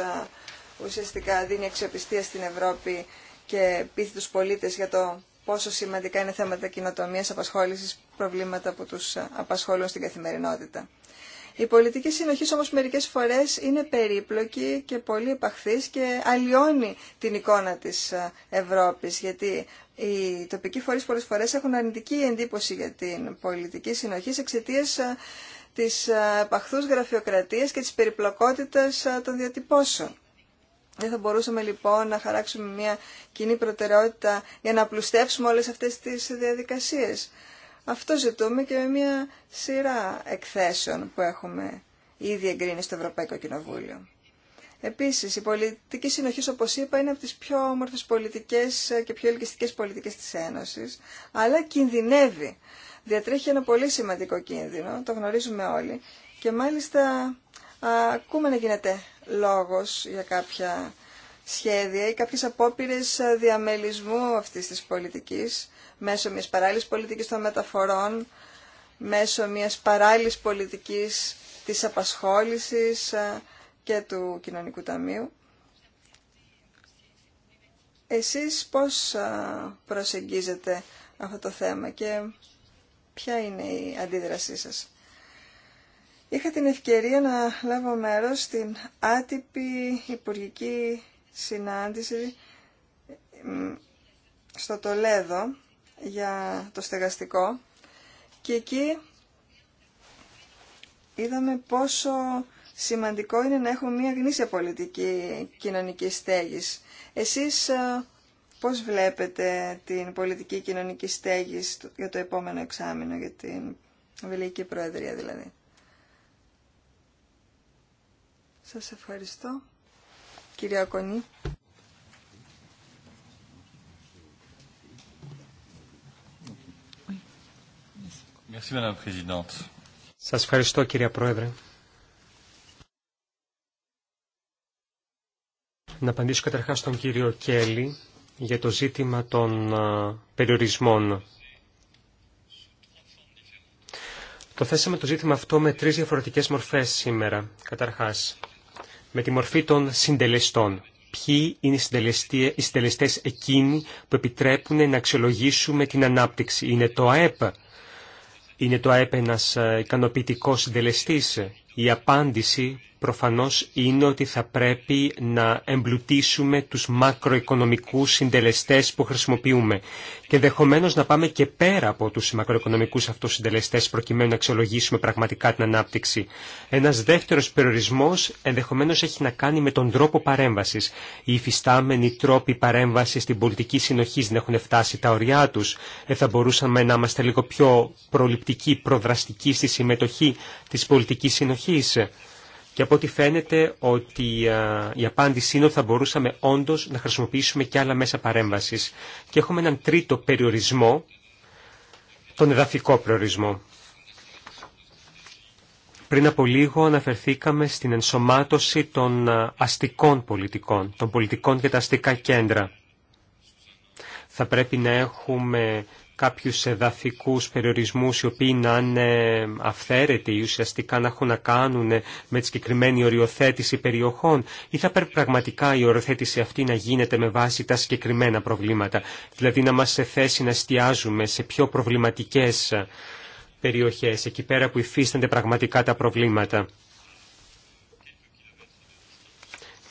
ουσιαστικά δίνει αξιοπιστία στην Ευρώπη και πείθει τους πολίτες για το πόσο σημαντικά είναι θέματα κοινοτομίας, απασχόλησης, προβλήματα που τους απασχολούν στην καθημερινότητα. Η πολιτική συνοχή όμως μερικέ φορέ είναι περίπλοκη και πολύ επαχθή και αλλοιώνει την εικόνα της ε, Ευρώπης γιατί οι τοπικοί φορείς πολλέ φορέ έχουν αρνητική εντύπωση για την πολιτική συνοχή εξαιτία ε, της ε, επαχθούς γραφειοκρατίας και της περιπλοκότητας των διατυπώσεων. Δεν θα μπορούσαμε λοιπόν να χαράξουμε μια κοινή προτεραιότητα για να απλουστεύσουμε όλες αυτές τις διαδικασίες. Αυτό ζητούμε και με μια σειρά εκθέσεων που έχουμε ήδη εγκρίνει στο Ευρωπαϊκό Κοινοβούλιο. Επίσης, η πολιτική συνοχή, όπω είπα, είναι από τι πιο ομορφε πολιτικέ και πιο ελκυστικέ πολιτικές της Ένωσης, αλλά κινδυνεύει. Διατρέχει ένα πολύ σημαντικό κίνδυνο, το γνωρίζουμε όλοι, και μάλιστα ακούμε να γίνεται λόγο για κάποια σχέδια ή κάποιε απόπειρες διαμελισμού αυτής της πολιτικής, μέσω μιας παράλληλης πολιτικής των μεταφορών, μέσω μιας παράλληλης πολιτικής της απασχόλησης ε, και του κοινωνικού ταμείου. Εσείς πώς ε, προσεγγίζετε αυτό το θέμα και ποια είναι η αντίδρασή σας. Είχα την ευκαιρία να λάβω μέρος στην άτυπη υπουργική συνάντηση στο Τολέδο για το στεγαστικό και εκεί είδαμε πόσο σημαντικό είναι να έχουμε μια γνήσια πολιτική κοινωνική στέγης. Εσείς ε, πώς βλέπετε την πολιτική κοινωνική στέγης για το επόμενο εξάμεινο, για την Βελική Προεδρία δηλαδή. Σας ευχαριστώ. Κυρία Κονή. Σας ευχαριστώ κυρία Πρόεδρε. Να απαντήσω καταρχάς στον κύριο Κέλλη για το ζήτημα των περιορισμών. Το θέσαμε το ζήτημα αυτό με τρεις διαφορετικές μορφές σήμερα, καταρχάς. Με τη μορφή των συντελεστών. Ποιοι είναι οι συντελεστές εκείνοι που επιτρέπουν να αξιολογήσουμε την ανάπτυξη. Είναι το ΑΕΠ, είναι το ΑΕΠ ένας ε, ικανοποιητικός συντελεστής. Η απάντηση προφανώς είναι ότι θα πρέπει να εμπλουτίσουμε τους μακροοικονομικούς συντελεστές που χρησιμοποιούμε και δεχομένως να πάμε και πέρα από τους μακροοικονομικούς αυτούς συντελεστές προκειμένου να αξιολογήσουμε πραγματικά την ανάπτυξη. Ένας δεύτερος περιορισμός ενδεχομένως έχει να κάνει με τον τρόπο παρέμβασης. Οι υφιστάμενοι τρόποι παρέμβασης στην πολιτική συνοχή δεν έχουν φτάσει τα ωριά τους. Ε, θα μπορούσαμε να είμαστε λίγο πιο προληπτικοί, προδραστικοί στη συμμετοχή της πολιτικής συνοχής. Και από ό,τι φαίνεται ότι η απάντηση είναι ότι θα μπορούσαμε όντως να χρησιμοποιήσουμε και άλλα μέσα παρέμβασης. Και έχουμε έναν τρίτο περιορισμό, τον εδαφικό περιορισμό. Πριν από λίγο αναφερθήκαμε στην ενσωμάτωση των αστικών πολιτικών, των πολιτικών για τα αστικά κέντρα. Θα πρέπει να έχουμε κάποιους εδαφικούς περιορισμούς οι οποίοι να είναι αυθαίρετοι ουσιαστικά να έχουν να κάνουν με τη συγκεκριμένη οριοθέτηση περιοχών ή θα πρέπει πραγματικά η οριοθέτηση αυτή να γίνεται με βάση τα συγκεκριμένα προβλήματα δηλαδή να μας σε θέση να εστιάζουμε σε πιο προβληματικές περιοχές εκεί πέρα που υφίστανται πραγματικά τα προβλήματα.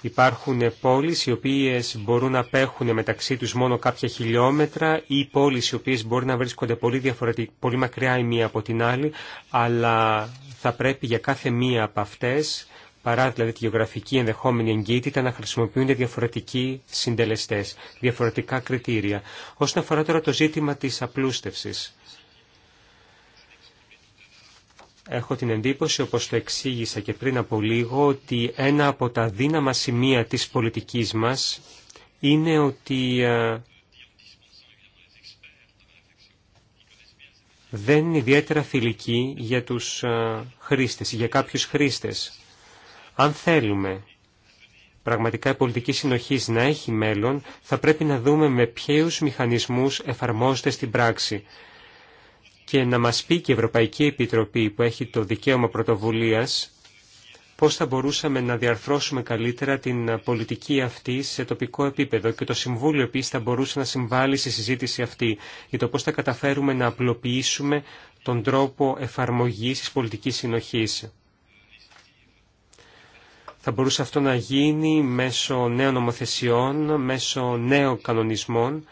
Υπάρχουν πόλεις οι οποίες μπορούν να απέχουν μεταξύ τους μόνο κάποια χιλιόμετρα ή πόλεις οι οποίες μπορεί να βρίσκονται πολύ, διαφορετικ... πολύ μακριά η μία από την άλλη, αλλά θα πρέπει για κάθε μία από αυτές, παρά δηλαδή τη γεωγραφική ενδεχόμενη εγκύτητα, να βρισκονται πολυ πολυ μακρια διαφορετικοί συντελεστές, διαφορετικά κριτήρια. Όσον αφορά τώρα το ζήτημα της απλούστευσης. Έχω την εντύπωση, όπως το εξήγησα και πριν από λίγο, ότι ένα από τα δύναμα σημεία της πολιτικής μας είναι ότι ε, δεν είναι ιδιαίτερα φιλική για τους ε, χρήστες, για κάποιους χρήστες. Αν θέλουμε πραγματικά η πολιτική συνοχή να έχει μέλλον, θα πρέπει να δούμε με ποιους μηχανισμούς εφαρμόζεται στην πράξη και να μας πει και η Ευρωπαϊκή Επιτροπή που έχει το δικαίωμα πρωτοβουλίας πώς θα μπορούσαμε να διαρθρώσουμε καλύτερα την πολιτική αυτή σε τοπικό επίπεδο και το Συμβούλιο επίσης θα μπορούσε να συμβάλλει στη συζήτηση αυτή για το πώς θα καταφέρουμε να απλοποιήσουμε τον τρόπο εφαρμογής της πολιτικής συνοχής. Θα μπορούσε αυτό να γίνει μέσω νέων νομοθεσιών, μέσω νέων κανονισμών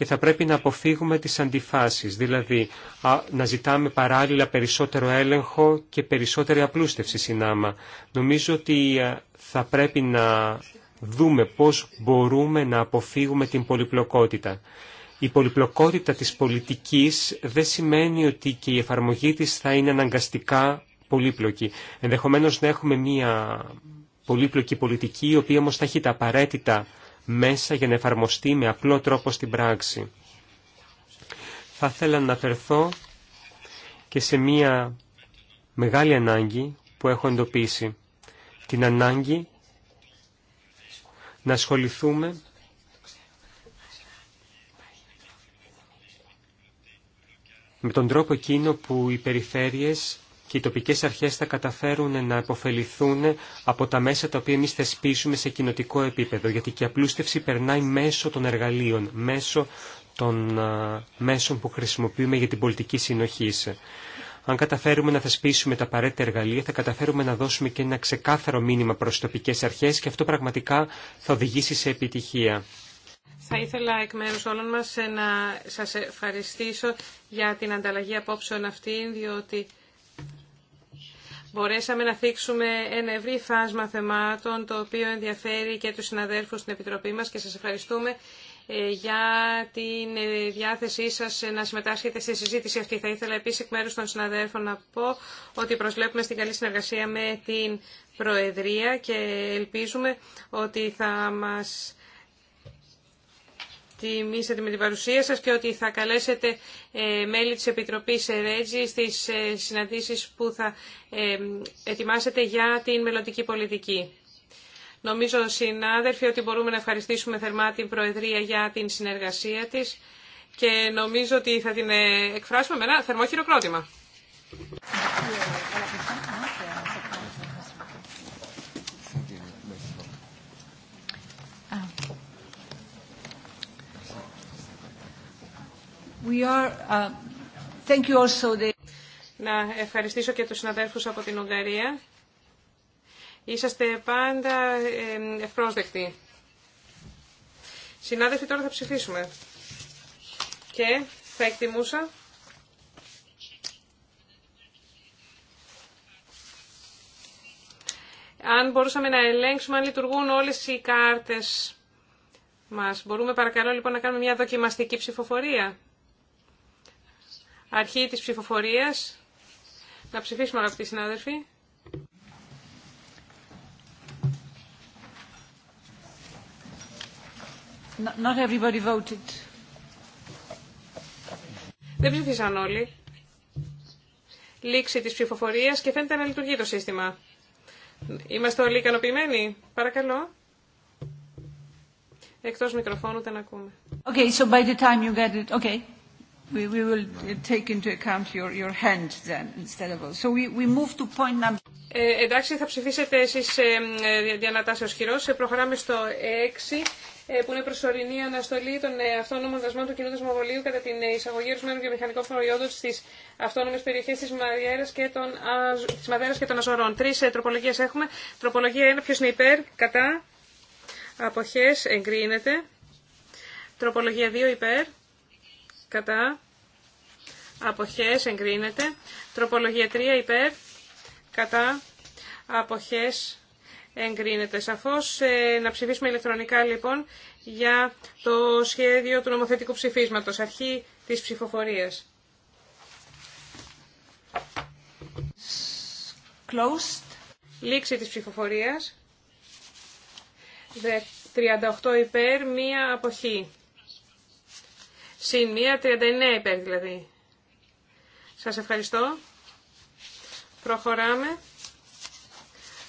και θα πρέπει να αποφύγουμε τις αντιφάσεις, δηλαδή να ζητάμε παράλληλα περισσότερο έλεγχο και περισσότερη απλούστευση συνάμα. Νομίζω ότι ε, θα πρέπει να δούμε πώς μπορούμε να αποφύγουμε την πολυπλοκότητα. Η πολυπλοκότητα της πολιτικής δεν σημαίνει ότι και η εφαρμογή της θα είναι αναγκαστικά πολύπλοκη. Ενδεχομένως να έχουμε μία πολύπλοκη πολιτική, η οποία όμως θα έχει τα απαραίτητα μέσα για να εφαρμοστεί με απλό τρόπο στην πράξη. Θα ήθελα να αναφερθώ και σε μία μεγάλη ανάγκη που έχω εντοπίσει. Την ανάγκη να ασχοληθούμε με τον τρόπο εκείνο που οι περιφέρειες και οι τοπικές αρχές θα καταφέρουν να υποφεληθούν από τα μέσα τα οποία εμείς θεσπίσουμε σε κοινοτικό επίπεδο, γιατί και η απλούστευση περνάει μέσω των εργαλείων, μέσω των μέσων που χρησιμοποιούμε για την πολιτική συνοχή. Αν καταφέρουμε να θεσπίσουμε τα απαραίτητα εργαλεία, θα καταφέρουμε να δώσουμε και ένα ξεκάθαρο μήνυμα προς τοπικές αρχές και αυτό πραγματικά θα οδηγήσει σε επιτυχία. Θα ήθελα εκ μέρους όλων μας να σας ευχαριστήσω για την ανταλλαγή απόψεων αυτήν διότι μπορέσαμε να θίξουμε ένα ευρύ φάσμα θεμάτων το οποίο ενδιαφέρει και τους συναδέλφους στην Επιτροπή μας και σας ευχαριστούμε ε, για την ε, διάθεσή σας ε, να συμμετάσχετε στη συζήτηση αυτή. Θα ήθελα επίσης εκ μέρους των συναδέλφων να πω ότι προσβλέπουμε στην καλή συνεργασία με την Προεδρία και ελπίζουμε ότι θα μας τιμήσατε με την παρουσία σας και ότι θα καλέσετε ε, μέλη της Επιτροπής Ρέτζη στις ε, συναντήσεις που θα ε, ετοιμάσετε για την μελλοντική πολιτική. Νομίζω, συνάδελφοι, ότι μπορούμε να ευχαριστήσουμε θερμά την Προεδρία για την συνεργασία της και νομίζω ότι θα την εκφράσουμε με ένα θερμό χειροκρότημα. Uh, να ευχαριστήσω και τους συναδέλφους από την Ουγγαρία. Είσαστε πάντα ευπρόσδεκτοι. Συνάδελφοι, τώρα θα ψηφίσουμε. Και θα εκτιμούσα... Αν μπορούσαμε να ελέγξουμε αν λειτουργούν όλες οι κάρτες μας. Μπορούμε παρακαλώ λοιπόν να κάνουμε μια δοκιμαστική ψηφοφορία. Αρχή της ψηφοφορίας. Να ψηφίσουμε αγαπητοί συνάδελφοι. Not everybody voted. Δεν ψήφισαν όλοι. Λήξη της ψηφοφορίας και φαίνεται να λειτουργεί το σύστημα. Είμαστε όλοι ικανοποιημένοι. Παρακαλώ. Εκτός μικροφώνου δεν ακούμε. Okay, so by the time you get it, okay. We will take into account your, hand then instead of... So we, move to point number... Ε, εντάξει, θα ψηφίσετε εσεί ε, ε, διανατάσσεω χειρό. χειρός. προχωράμε στο 6, που είναι προσωρινή αναστολή των αυτόνομων δασμών του κοινού δασμοβολίου κατά την εισαγωγή ορισμένων βιομηχανικών προϊόντων στι αυτόνομες περιοχέ τη Μαδέρας και των, και Αζωρών. Τρει τροπολογίε έχουμε. Τροπολογία 1, ποιο είναι υπέρ, κατά, αποχέ, εγκρίνεται. Τροπολογία 2, υπέρ κατά αποχές εγκρίνεται. Τροπολογία 3 υπέρ κατά αποχές εγκρίνεται. Σαφώς ε, να ψηφίσουμε ηλεκτρονικά λοιπόν για το σχέδιο του νομοθετικού ψηφίσματος, αρχή της ψηφοφορίας. Closed. Λήξη της ψηφοφορίας. 38 υπέρ, μία αποχή. Συν 39 υπέρ δηλαδή. Σας ευχαριστώ. Προχωράμε.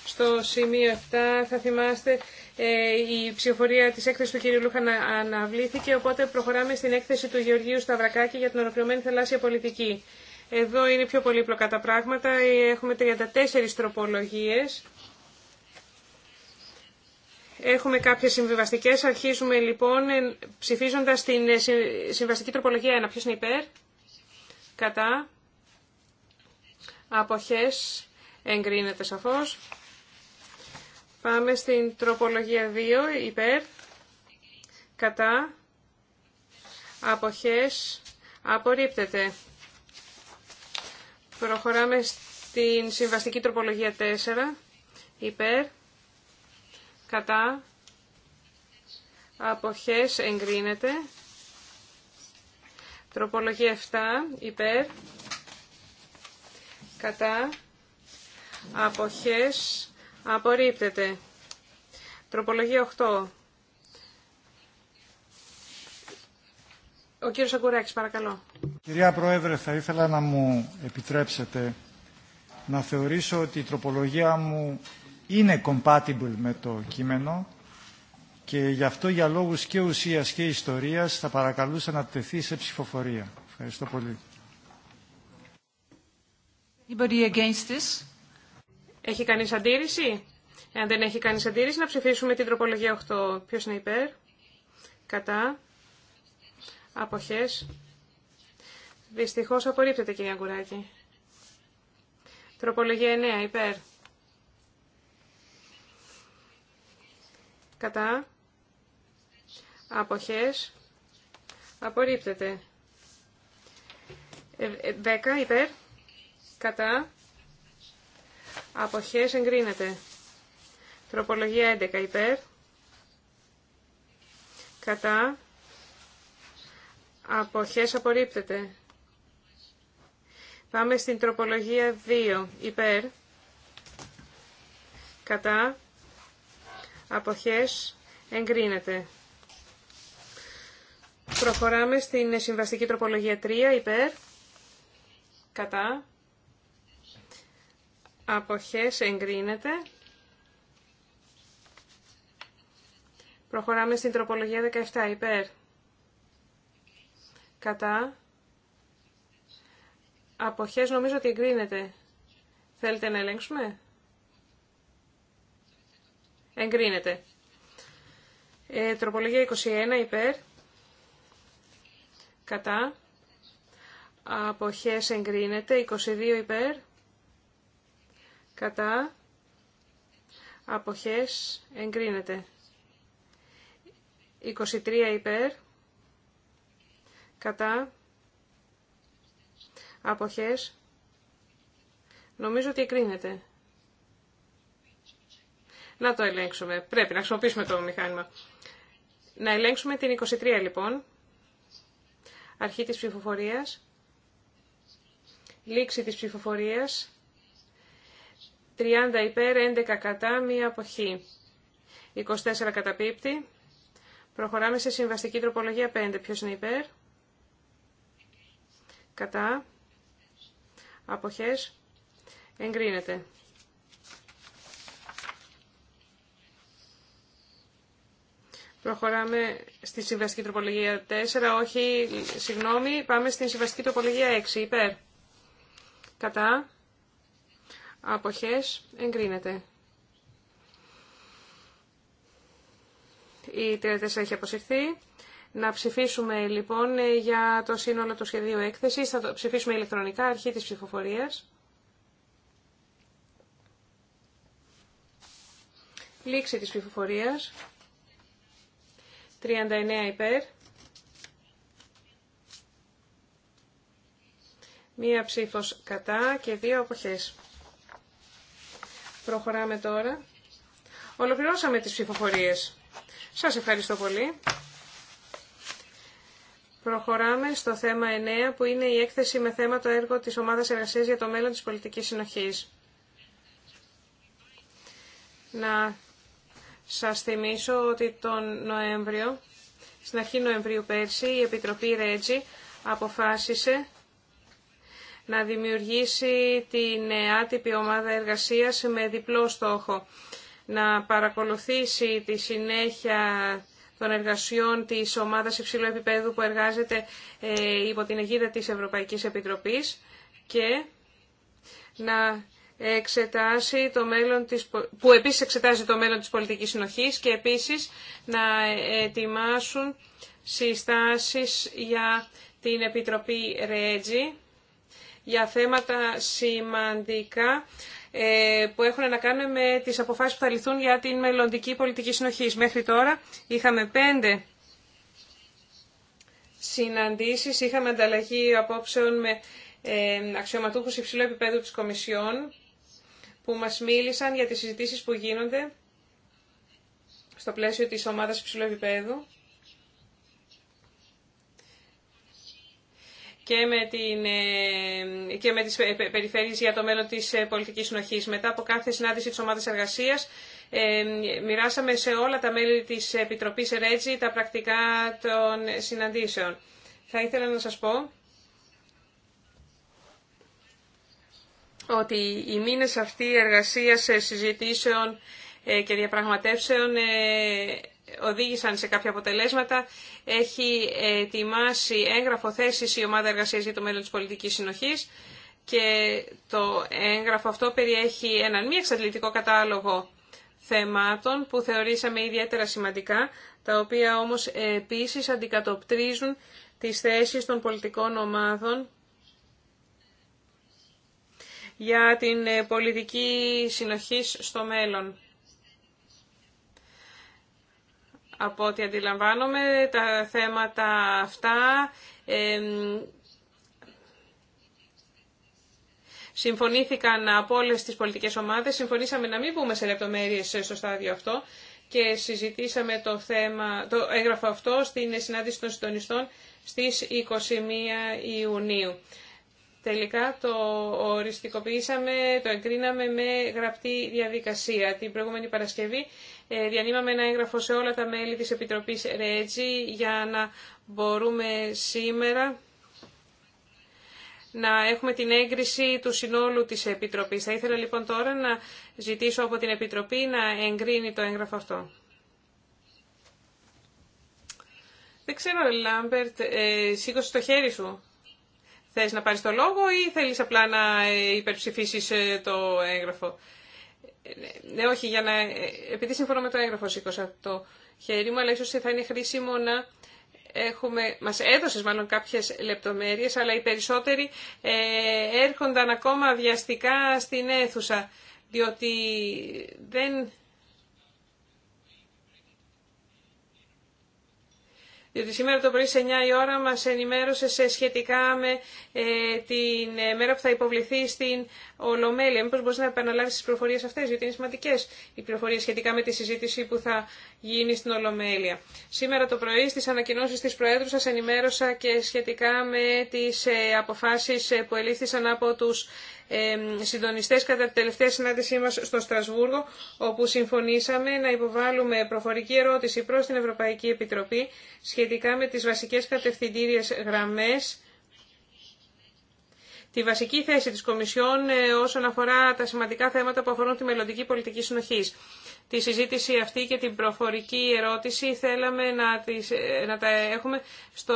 Στο σημείο 7 θα θυμάστε ε, η ψηφοφορία της έκθεσης του κύριου Λούχα αναβλήθηκε, οπότε προχωράμε στην έκθεση του Γεωργίου Σταυρακάκη για την ολοκληρωμένη θελάσσια πολιτική. Εδώ είναι πιο πολύπλοκα τα πράγματα. Έχουμε 34 τροπολογίες. Έχουμε κάποιες συμβιβαστικέ. Αρχίζουμε λοιπόν ψηφίζοντας την ε, συμβαστική τροπολογία 1. Ποιο είναι υπέρ, κατά, αποχές, εγκρίνεται σαφώ. Πάμε στην τροπολογία 2, υπέρ, κατά, αποχές, απορρίπτεται. Προχωράμε στην συμβαστική τροπολογία 4, υπέρ, κατά αποχές εγκρίνεται. Τροπολογία 7 υπέρ κατά αποχές απορρίπτεται. Τροπολογία 8. Ο κύριος Αγκουράκης, παρακαλώ. Κυρία Πρόεδρε, θα ήθελα να μου επιτρέψετε να θεωρήσω ότι η τροπολογία μου είναι compatible με το κείμενο και γι' αυτό για λόγους και ουσίας και ιστορίας θα παρακαλούσα να τεθεί σε ψηφοφορία. Ευχαριστώ πολύ. Έχει κάνει αντίρρηση? Εάν δεν έχει κάνει αντίρρηση να ψηφίσουμε την τροπολογία 8. Ποιος είναι υπέρ? Κατά. Αποχές. Δυστυχώς απορρίπτεται κυρία Αγκουράκη. Τροπολογία 9 υπέρ. κατά, αποχές, απορρίπτεται. Ε, ε, δέκα υπέρ, κατά, αποχές εγκρίνεται. Τροπολογία 11 υπέρ, κατά, αποχές απορρίπτεται. Πάμε στην τροπολογία 2 υπέρ, κατά, αποχές εγκρίνεται. Προχωράμε στην συμβαστική τροπολογία 3 υπέρ κατά αποχές εγκρίνεται. Προχωράμε στην τροπολογία 17 υπέρ κατά αποχές νομίζω ότι εγκρίνεται. Θέλετε να ελέγξουμε. Εγκρίνεται. Ε, τροπολογία 21 υπέρ. Κατά. Αποχές εγκρίνεται. 22 υπέρ. Κατά. Αποχές εγκρίνεται. 23 υπέρ. Κατά. Αποχές. Νομίζω ότι εγκρίνεται να το ελέγξουμε. Πρέπει να χρησιμοποιήσουμε το μηχάνημα. Να ελέγξουμε την 23 λοιπόν. Αρχή της ψηφοφορίας. Λήξη της ψηφοφορίας. 30 υπέρ, 11 κατά, μία αποχή. 24 καταπίπτει. Προχωράμε σε συμβαστική τροπολογία 5. Ποιος είναι υπέρ. Κατά. Αποχές. Εγκρίνεται. Προχωράμε στη συμβαστική τροπολογία 4, όχι, συγγνώμη, πάμε στη συμβαστική τροπολογία 6, υπέρ. Κατά. Αποχές, εγκρίνεται. Η 34 έχει αποσυρθεί. Να ψηφίσουμε λοιπόν για το σύνολο του σχεδίου έκθεσης. Θα το ψηφίσουμε ηλεκτρονικά, αρχή της ψηφοφορίας. Λήξη της ψηφοφορίας. 39 υπέρ. Μία ψήφος κατά και δύο αποχές. Προχωράμε τώρα. Ολοκληρώσαμε τις ψηφοφορίες. Σας ευχαριστώ πολύ. Προχωράμε στο θέμα 9 που είναι η έκθεση με θέμα το έργο της Ομάδας Εργασίας για το μέλλον της πολιτικής συνοχής. Να σας θυμίσω ότι τον Νοέμβριο, στην αρχή Νοεμβρίου πέρσι, η Επιτροπή Ρέτζι αποφάσισε να δημιουργήσει την άτυπη ομάδα εργασίας με διπλό στόχο. Να παρακολουθήσει τη συνέχεια των εργασιών της ομάδας υψηλού επίπεδου που εργάζεται ε, υπό την αιγίδα της Ευρωπαϊκής Επιτροπής και να εξετάσει το μέλλον της, που επίσης εξετάζει το μέλλον της πολιτικής συνοχής και επίσης να ετοιμάσουν συστάσεις για την Επιτροπή ΡΕΤΖΙ για θέματα σημαντικά ε, που έχουν να κάνουν με τις αποφάσεις που θα λυθούν για την μελλοντική πολιτική συνοχή. Μέχρι τώρα είχαμε πέντε συναντήσεις, είχαμε ανταλλαγή απόψεων με ε, αξιωματούχους υψηλού επίπεδου της Κομισιόν που μας μίλησαν για τις συζητήσεις που γίνονται στο πλαίσιο της ομάδας υψηλού επίπεδου και με, την, ε, και με τις περιφέρειες για το μέλλον της ε, πολιτικής συνοχής. Μετά από κάθε συνάντηση της ομάδας εργασίας, ε, μοιράσαμε σε όλα τα μέλη της Επιτροπής Ρέτζη τα πρακτικά των συναντήσεων. Θα ήθελα να σας πω ότι οι μήνες αυτή εργασίας ε, συζητήσεων ε, και διαπραγματεύσεων ε, οδήγησαν σε κάποια αποτελέσματα. Έχει ετοιμάσει έγγραφο θέση η ομάδα εργασίας για το μέλλον της πολιτικής συνοχής και το έγγραφο αυτό περιέχει έναν μη εξαντλητικό κατάλογο θεμάτων που θεωρήσαμε ιδιαίτερα σημαντικά, τα οποία όμως επίσης αντικατοπτρίζουν τις θέσεις των πολιτικών ομάδων για την ε, πολιτική συνοχή στο μέλλον. Από ό,τι αντιλαμβάνομαι, τα θέματα αυτά συμφωνήθηκαν από όλε τις πολιτικές ομάδες. Συμφωνήσαμε να μην μπούμε σε λεπτομέρειες στο στάδιο αυτό και συζητήσαμε το, θέμα, το έγγραφο αυτό στην συνάντηση των συντονιστών στις 21 Ιουνίου. Τελικά το οριστικοποιήσαμε, το εγκρίναμε με γραπτή διαδικασία. Την προηγούμενη Παρασκευή ε, διανύμαμε ένα έγγραφο σε όλα τα μέλη της Επιτροπής ΡΕΤΖΙ για να μπορούμε σήμερα να έχουμε την έγκριση του συνόλου της Επιτροπής. Θα ήθελα λοιπόν τώρα να ζητήσω από την Επιτροπή να εγκρίνει το έγγραφο αυτό. Δεν ξέρω, Λάμπερτ, ε, σήκωσε το χέρι σου. Θες να πάρεις το λόγο ή θέλεις απλά να υπερψηφίσεις ε, το έγγραφο. Ε, ναι, όχι, για να... Ε, επειδή συμφωνώ με το έγγραφο σήκωσα το χέρι μου, αλλά ίσως θα είναι χρήσιμο να έχουμε... Μας έδωσες μάλλον κάποιες λεπτομέρειες, αλλά οι περισσότεροι έρχονταν ακόμα βιαστικά στην αίθουσα, διότι δεν διότι σήμερα το πρωί σε 9 η ώρα μας ενημέρωσε σε σχετικά με ε, την ε, μέρα που θα υποβληθεί στην Ολομέλεια. Μήπως μπορείς να επαναλάβει τι πληροφορίε αυτέ, γιατί είναι σημαντικέ οι πληροφορίε σχετικά με τη συζήτηση που θα γίνει στην Ολομέλεια. Σήμερα το πρωί στις ανακοινώσει τη Προέδρου σα ενημέρωσα και σχετικά με τις ε, αποφάσεις ε, που ελήφθησαν από τους ε, συντονιστέ κατά τη τελευταία συνάντησή μα στο Στρασβούργο, όπου συμφωνήσαμε να υποβάλουμε προφορική ερώτηση προ την Ευρωπαϊκή Επιτροπή σχετικά με τι βασικέ κατευθυντήριε γραμμέ τη βασική θέση της Κομισιόν ε, όσον αφορά τα σημαντικά θέματα που αφορούν τη μελλοντική πολιτική συνοχής. Τη συζήτηση αυτή και την προφορική ερώτηση θέλαμε να, τις, ε, να τα έχουμε στο,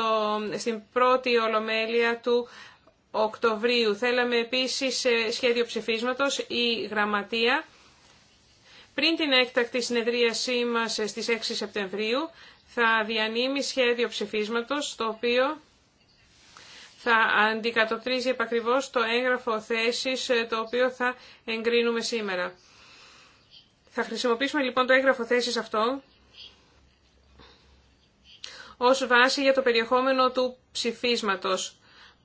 στην πρώτη ολομέλεια του Οκτωβρίου. Θέλαμε επίσης ε, σχέδιο ψηφίσματος η Γραμματεία πριν την έκτακτη συνεδρίασή μας στις 6 Σεπτεμβρίου θα διανύμει σχέδιο ψηφίσματος, το οποίο θα αντικατοπτρίζει επακριβώς το έγγραφο θέσης ε, το οποίο θα εγκρίνουμε σήμερα. Θα χρησιμοποιήσουμε λοιπόν το έγγραφο θέσης αυτό ως βάση για το περιεχόμενο του ψηφίσματος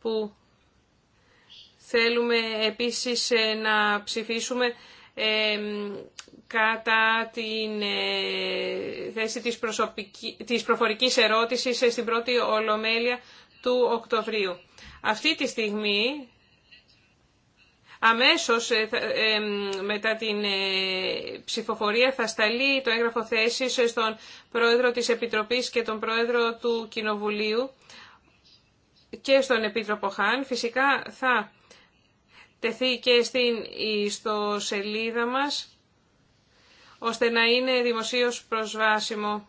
που θέλουμε επίσης ε, να ψηφίσουμε κατά τη ε, θέση της, προσωπική, της προφορικής ερώτησης στην πρώτη ολομέλεια του Οκτωβρίου. Αυτή τη στιγμή, αμέσως ε, ε, μετά την ε, ψηφοφορία, θα σταλεί το έγγραφο θέσης στον Πρόεδρο της Επιτροπής και τον Πρόεδρο του Κοινοβουλίου και στον Επίτροπο Χάν. Φυσικά θα τεθεί και στην ιστοσελίδα μας, ώστε να είναι δημοσίως προσβάσιμο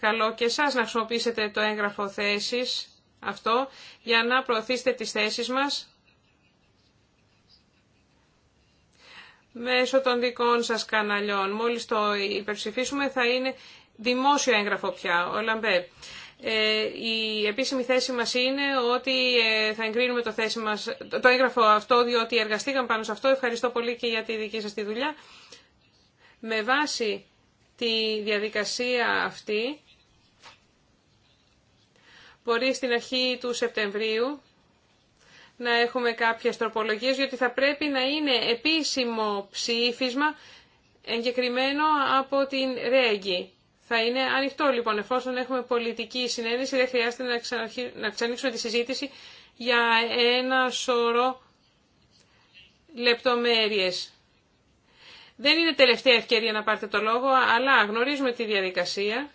Καλό και εσάς να χρησιμοποιήσετε το έγγραφο θέσης αυτό για να προωθήσετε τις θέσεις μας μέσω των δικών σας καναλιών. Μόλις το υπερψηφίσουμε θα είναι δημόσιο έγγραφο πια, ο Ε, η επίσημη θέση μας είναι ότι ε, θα εγκρίνουμε το, θέση μας, το έγγραφο αυτό διότι εργαστήκαμε πάνω σε αυτό. Ευχαριστώ πολύ και για τη δική σας τη δουλειά. Με βάση τη διαδικασία αυτή Μπορεί στην αρχή του Σεπτεμβρίου να έχουμε κάποιες τροπολογίες, γιατί θα πρέπει να είναι επίσημο ψήφισμα εγκεκριμένο από την Ρέγι. Θα είναι ανοιχτό λοιπόν, εφόσον έχουμε πολιτική συνένεση, δεν χρειάζεται να, ξαναρχί... να τη συζήτηση για ένα σωρό λεπτομέρειες. Δεν είναι τελευταία ευκαιρία να πάρετε το λόγο, αλλά γνωρίζουμε τη διαδικασία.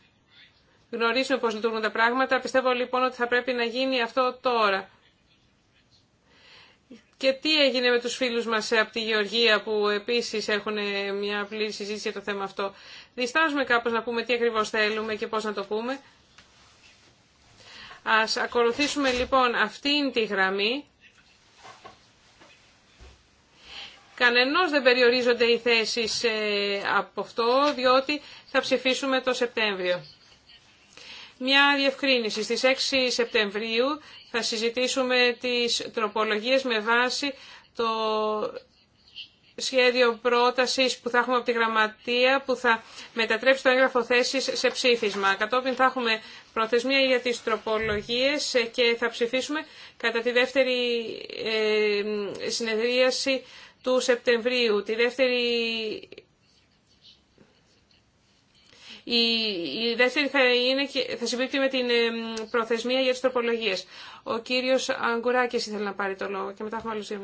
Γνωρίζουμε πώς λειτουργούν τα πράγματα. Πιστεύω λοιπόν ότι θα πρέπει να γίνει αυτό τώρα. Και τι έγινε με τους φίλους μας ε, από τη Γεωργία που επίσης έχουν ε, μια πλήρη συζήτηση για το θέμα αυτό. Διστάζουμε κάπως να πούμε τι ακριβώς θέλουμε και πώς να το πούμε. Ας ακολουθήσουμε λοιπόν αυτήν τη γραμμή. Κανενός δεν περιορίζονται οι θέσεις ε, από αυτό, διότι θα ψηφίσουμε το Σεπτέμβριο. Μια διευκρίνηση. Στις 6 Σεπτεμβρίου θα συζητήσουμε τις τροπολογίες με βάση το σχέδιο πρότασης που θα έχουμε από τη Γραμματεία που θα μετατρέψει το έγγραφο θέσης σε ψήφισμα. Κατόπιν θα έχουμε προθεσμία για τις τροπολογίες και θα ψηφίσουμε κατά τη δεύτερη ε, συνεδρίαση του Σεπτεμβρίου. Τη δεύτερη η, δεύτερη θα, είναι, θα συμπίπτει με την προθεσμία για τις τροπολογίες. Ο κύριος Αγκουράκης ήθελε να πάρει το λόγο και μετά έχουμε άλλους δύο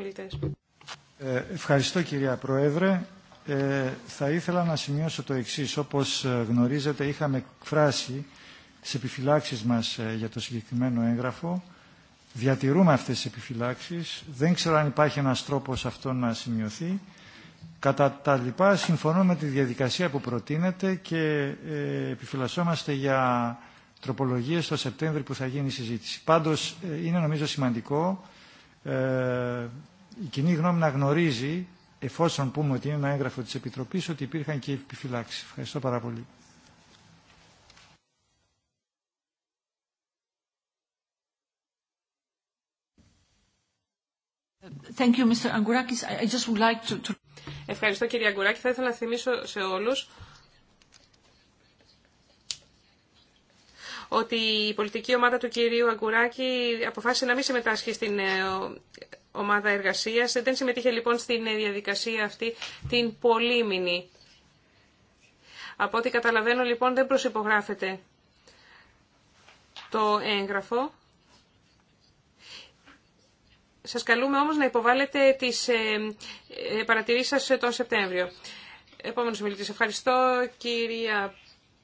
ε, ευχαριστώ κυρία Πρόεδρε. Ε, θα ήθελα να σημειώσω το εξής. Όπως ε, γνωρίζετε είχαμε εκφράσει τις επιφυλάξεις μας για το συγκεκριμένο έγγραφο. Διατηρούμε αυτές τις επιφυλάξεις. Δεν ξέρω αν υπάρχει ένας τρόπος αυτό να σημειωθεί. Κατά τα λοιπά, συμφωνώ με τη διαδικασία που προτείνεται και ε, επιφυλασσόμαστε για τροπολογίες το Σεπτέμβριο που θα γίνει η συζήτηση. Πάντως, ε, είναι νομίζω σημαντικό ε, η κοινή γνώμη να γνωρίζει, εφόσον πούμε ότι είναι ένα έγγραφο της Επιτροπής, ότι υπήρχαν και επιφυλάξεις. Ευχαριστώ πάρα πολύ. Thank you, Mr. Angourakis. I just would like to... Ευχαριστώ κύριε Αγκουράκη. Θα ήθελα να θυμίσω σε όλους ότι η πολιτική ομάδα του κυρίου Αγκουράκη αποφάσισε να μην συμμετάσχει στην ε, ομάδα εργασίας. Δεν συμμετείχε λοιπόν στην ε, διαδικασία αυτή την πολύμηνη. Από ό,τι καταλαβαίνω λοιπόν δεν προσυπογράφεται το έγγραφο. Σας καλούμε όμως να υποβάλλετε τις ε, ε, παρατηρήσεις σας τον Σεπτέμβριο. Επόμενος μιλητής. Ευχαριστώ κυρία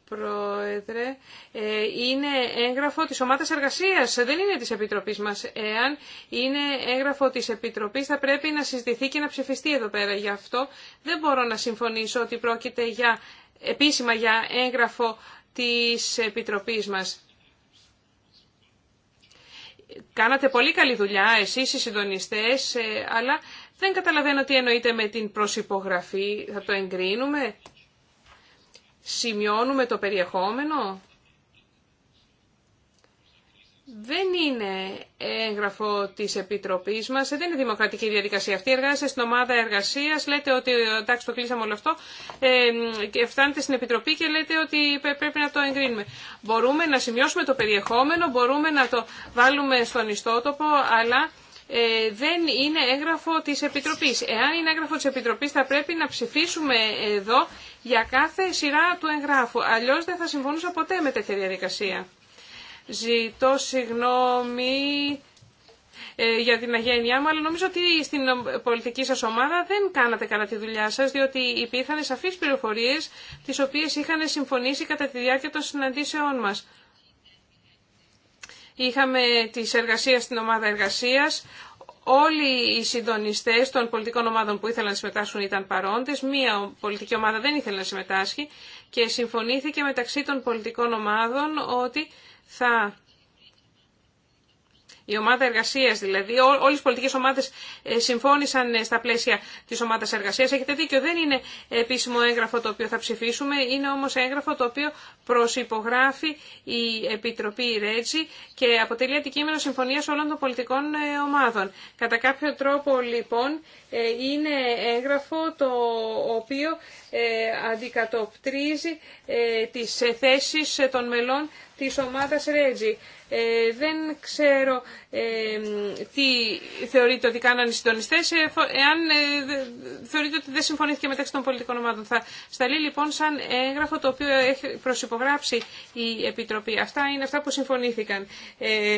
Πρόεδρε, ε, είναι έγγραφο της ομάδας εργασίας, δεν είναι της Επιτροπής μας. Εάν είναι έγγραφο της Επιτροπής θα πρέπει να συζητηθεί και να ψηφιστεί εδώ πέρα. Γι' αυτό δεν μπορώ να συμφωνήσω ότι πρόκειται για, επίσημα για έγγραφο της Επιτροπής μας. Κάνατε πολύ καλή δουλειά εσείς οι συντονιστές, ε, αλλά δεν καταλαβαίνω τι εννοείται με την προσυπογραφή. Θα το εγκρίνουμε, σημειώνουμε το περιεχόμενο δεν είναι έγγραφο της Επιτροπής μας, δεν είναι δημοκρατική διαδικασία αυτή. εργάζεται στην ομάδα εργασίας, λέτε ότι εντάξει το κλείσαμε όλο αυτό ε, και φτάνετε στην Επιτροπή και λέτε ότι πρέπει να το εγκρίνουμε. Μπορούμε να σημειώσουμε το περιεχόμενο, μπορούμε να το βάλουμε στον ιστότοπο, αλλά... Ε, δεν είναι έγγραφο της Επιτροπής. Εάν είναι έγγραφο της Επιτροπής θα πρέπει να ψηφίσουμε εδώ για κάθε σειρά του εγγράφου. Αλλιώς δεν θα συμφωνούσα ποτέ με τέτοια διαδικασία. Ζητώ συγγνώμη ε, για την αγένειά μου, αλλά νομίζω ότι στην πολιτική σας ομάδα δεν κάνατε καλά τη δουλειά σας, διότι υπήρχαν σαφείς πληροφορίες τις οποίες είχαν συμφωνήσει κατά τη διάρκεια των συναντήσεών μας. Είχαμε τις εργασίες στην ομάδα εργασίας, Όλοι οι συντονιστέ των πολιτικών ομάδων που ήθελαν να συμμετάσχουν ήταν παρόντε. Μία πολιτική ομάδα δεν ήθελε να συμμετάσχει και συμφωνήθηκε μεταξύ των πολιτικών ομάδων ότι θα η ομάδα εργασία, δηλαδή όλε οι πολιτικέ ομάδε ε, συμφώνησαν ε, στα πλαίσια τη ομάδα εργασία. Έχετε δίκιο, δεν είναι επίσημο έγγραφο το οποίο θα ψηφίσουμε, είναι όμω έγγραφο το οποίο προσυπογράφει η Επιτροπή Ρέτζη και αποτελεί αντικείμενο συμφωνία όλων των πολιτικών ε, ομάδων. Κατά κάποιο τρόπο, λοιπόν, είναι έγγραφο το οποίο αντικατοπτρίζει τι θέσει των μελών της ομάδας Ρέτζι. Ε, δεν ξέρω ε, τι θεωρείτε ότι κάνανε οι συντονιστέ, ε, εάν ε, θεωρείτε ότι δεν συμφωνήθηκε μεταξύ των πολιτικών ομάδων. Θα σταλεί λοιπόν σαν έγγραφο το οποίο έχει προσυπογράψει η Επιτροπή. Αυτά είναι αυτά που συμφωνήθηκαν. Ε,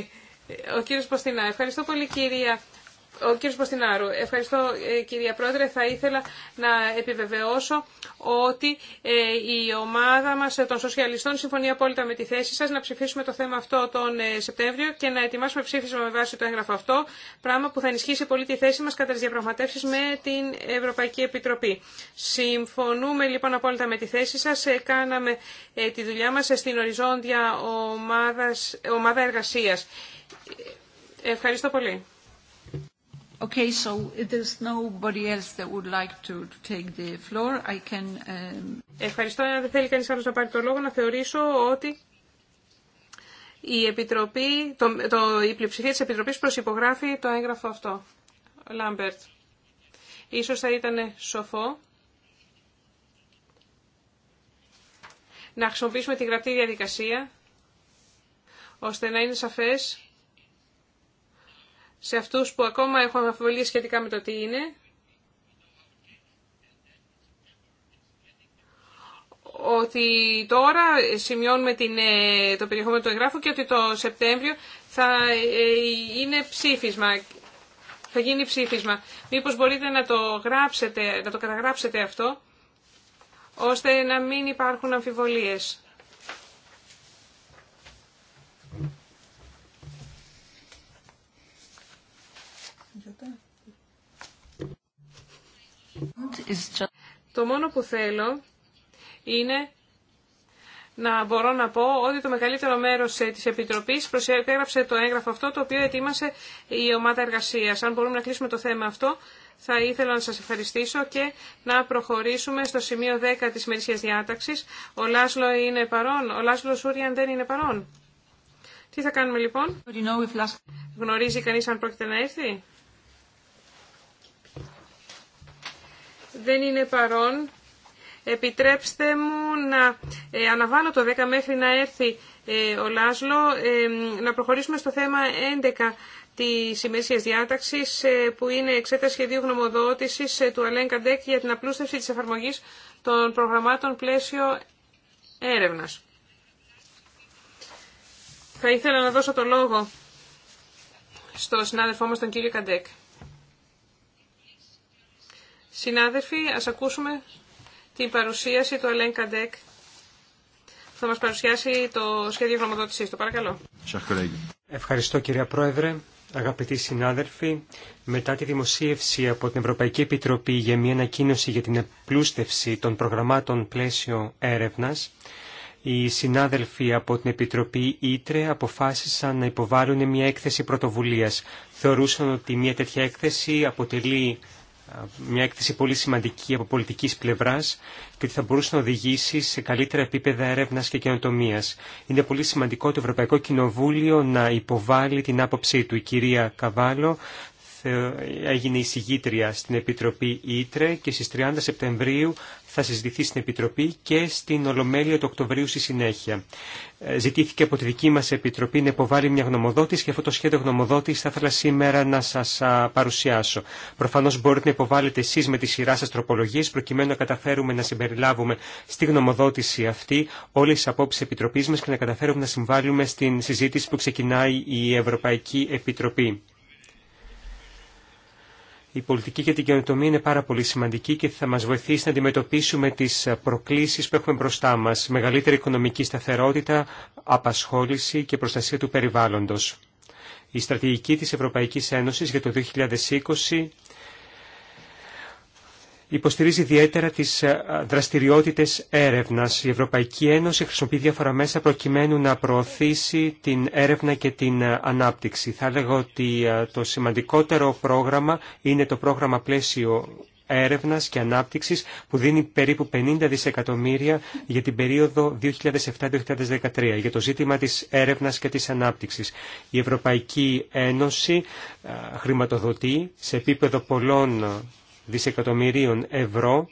ο κύριος Ποστινά. Ευχαριστώ πολύ κυρία ο κύριος Ποστινάρου, ευχαριστώ ε, κυρία Πρόεδρε. Θα ήθελα να επιβεβαιώσω ότι ε, η ομάδα μας των σοσιαλιστών συμφωνεί απόλυτα με τη θέση σας να ψηφίσουμε το θέμα αυτό τον ε, Σεπτέμβριο και να ετοιμάσουμε ψήφισμα με βάση το έγγραφο αυτό, πράγμα που θα ενισχύσει πολύ τη θέση μας κατά τις διαπραγματεύσεις με την Ευρωπαϊκή Επιτροπή. Συμφωνούμε λοιπόν απόλυτα με τη θέση σας. Κάναμε τη δουλειά μας στην οριζόντια ομάδας, ομάδα εργασίας. Ευχαριστώ πολύ. Okay, so nobody else that would like to take the floor, I can... Um, Ευχαριστώ. Αν δεν θέλει κανείς άλλος να πάρει το λόγο, να θεωρήσω ότι η, επιτροπή, το, το, η πλειοψηφία της Επιτροπής προσυπογράφει το έγγραφο αυτό. Λάμπερτ. Ίσως θα ήταν σοφό να χρησιμοποιήσουμε τη γραπτή διαδικασία ώστε να είναι σαφές σε αυτούς που ακόμα έχουν αμφιβολίες σχετικά με το τι είναι, ότι τώρα σημειώνουμε την, ε, το περιεχόμενο του εγγράφου και ότι το Σεπτέμβριο θα ε, είναι ψήφισμα. Θα γίνει ψήφισμα. Μήπως μπορείτε να το, γράψετε, να το καταγράψετε αυτό, ώστε να μην υπάρχουν αμφιβολίες. Το μόνο που θέλω είναι να μπορώ να πω ότι το μεγαλύτερο μέρος ε, της Επιτροπής προσέγραψε το έγγραφο αυτό το οποίο ετοίμασε η ομάδα εργασίας. Αν μπορούμε να κλείσουμε το θέμα αυτό, θα ήθελα να σας ευχαριστήσω και να προχωρήσουμε στο σημείο 10 της μερικής διάταξης. Ο Λάσλο είναι παρόν, ο Λάσλο Σούριαν δεν είναι παρόν. Τι θα κάνουμε λοιπόν, γνωρίζει κανείς αν πρόκειται να έρθει. δεν είναι παρόν. Επιτρέψτε μου να ε, αναβάλω το 10 μέχρι να έρθει ε, ο Λάσλο. Ε, να προχωρήσουμε στο θέμα 11 τη ημέσιας διάταξης που είναι εξέταση σχεδίου γνωμοδότηση του Αλέν Καντέκ για την απλούστευση της εφαρμογής των προγραμμάτων πλαίσιο έρευνας. Θα ήθελα να δώσω το λόγο στο συνάδελφό μας τον κύριο Καντέκ. Συνάδελφοι, ας ακούσουμε την παρουσίαση του Αλέν Καντέκ θα μας παρουσιάσει το σχέδιο γνωμοδότησής Το Παρακαλώ. Ευχαριστώ κυρία Πρόεδρε. Αγαπητοί συνάδελφοι, μετά τη δημοσίευση από την Ευρωπαϊκή Επιτροπή για μια ανακοίνωση για την επλούστευση των προγραμμάτων πλαίσιο έρευνας, οι συνάδελφοι από την Επιτροπή Ήτρε αποφάσισαν να υποβάλουν μια έκθεση πρωτοβουλίας. Θεωρούσαν ότι μια τέτοια έκθεση αποτελεί μια έκθεση πολύ σημαντική από πολιτικής πλευράς και ότι θα μπορούσε να οδηγήσει σε καλύτερα επίπεδα έρευνας και καινοτομίας. Είναι πολύ σημαντικό το Ευρωπαϊκό Κοινοβούλιο να υποβάλει την άποψή του. Η κυρία Καβάλο έγινε εισηγήτρια στην Επιτροπή Ήτρε και στις 30 Σεπτεμβρίου θα συζητηθεί στην Επιτροπή και στην Ολομέλεια του Οκτωβρίου στη συνέχεια. Ε, ζητήθηκε από τη δική μας Επιτροπή να υποβάλει μια γνωμοδότηση και αυτό το σχέδιο γνωμοδότηση θα ήθελα σήμερα να σας παρουσιάσω. Προφανώς μπορείτε να υποβάλλετε εσείς με τη σειρά σας τροπολογίε, προκειμένου να καταφέρουμε να συμπεριλάβουμε στη γνωμοδότηση αυτή όλες τις απόψεις Επιτροπής μας και να καταφέρουμε να συμβάλλουμε στην συζήτηση που ξεκινάει η Ευρωπαϊκή Επιτροπή. Η πολιτική για την καινοτομία είναι πάρα πολύ σημαντική και θα μας βοηθήσει να αντιμετωπίσουμε τις προκλήσεις που έχουμε μπροστά μας. Μεγαλύτερη οικονομική σταθερότητα, απασχόληση και προστασία του περιβάλλοντος. Η στρατηγική της Ευρωπαϊκής Ένωσης για το 2020 υποστηρίζει ιδιαίτερα τις ε, δραστηριότητες έρευνας. Η Ευρωπαϊκή Ένωση χρησιμοποιεί διάφορα μέσα προκειμένου να προωθήσει την έρευνα και την ε, ανάπτυξη. Θα έλεγα ότι ε, το σημαντικότερο πρόγραμμα είναι το πρόγραμμα πλαίσιο έρευνας και ανάπτυξης που δίνει περίπου 50 δισεκατομμύρια για την περίοδο 2007-2013 για το ζήτημα της έρευνας και της ανάπτυξης. Η Ευρωπαϊκή Ένωση χρηματοδοτεί σε επίπεδο πολλών δισεκατομμυρίων ευρώ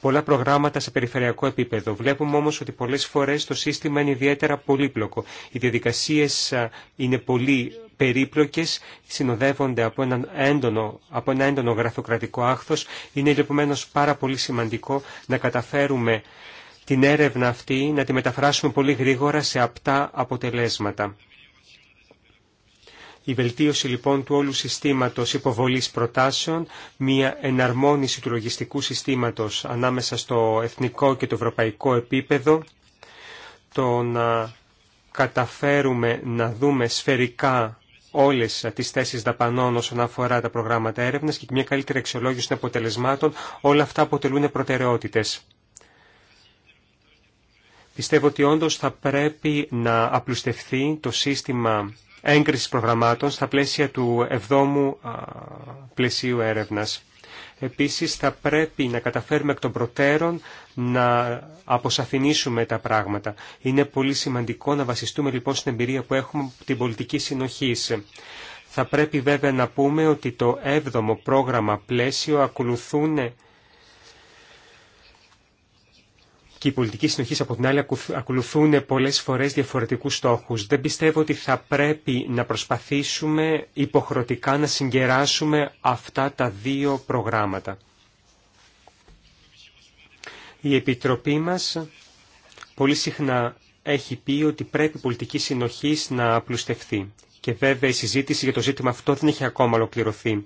πολλά προγράμματα σε περιφερειακό επίπεδο. Βλέπουμε όμως ότι πολλές φορές το σύστημα είναι ιδιαίτερα πολύπλοκο. Οι διαδικασίες είναι πολύ περίπλοκες, συνοδεύονται από, έναν έντονο, από ένα έντονο γραφειοκρατικό άχθος. Είναι λοιπόν πάρα πολύ σημαντικό να καταφέρουμε την έρευνα αυτή να τη μεταφράσουμε πολύ γρήγορα σε απτά αποτελέσματα. Η βελτίωση λοιπόν του όλου συστήματος υποβολής προτάσεων, μια εναρμόνιση του λογιστικού συστήματος ανάμεσα στο εθνικό και το ευρωπαϊκό επίπεδο, το να καταφέρουμε να δούμε σφαιρικά όλες τις θέσεις δαπανών όσον αφορά τα προγράμματα έρευνας και μια καλύτερη αξιολόγηση των αποτελεσμάτων, όλα αυτά αποτελούν προτεραιότητες. Πιστεύω ότι όντως θα πρέπει να απλουστευθεί το σύστημα έγκρισης προγραμμάτων στα πλαίσια του 7ου πλαισίου έρευνας. Επίσης θα πρέπει να καταφέρουμε εκ των προτέρων να αποσαφηνίσουμε τα πράγματα. Είναι πολύ σημαντικό να βασιστούμε λοιπόν στην εμπειρία που έχουμε από την πολιτική συνοχή. Θα πρέπει βέβαια να πούμε ότι το 7ο πρόγραμμα πλαίσιο ακολουθούν Οι η πολιτική συνοχή από την άλλη ακολουθούν πολλές φορές διαφορετικούς στόχους. Δεν πιστεύω ότι θα πρέπει να προσπαθήσουμε υποχρεωτικά να συγκεράσουμε αυτά τα δύο προγράμματα. Η Επιτροπή μας πολύ συχνά έχει πει ότι πρέπει η πολιτική συνοχή να απλουστευτεί. Και βέβαια η συζήτηση για το ζήτημα αυτό δεν έχει ακόμα ολοκληρωθεί.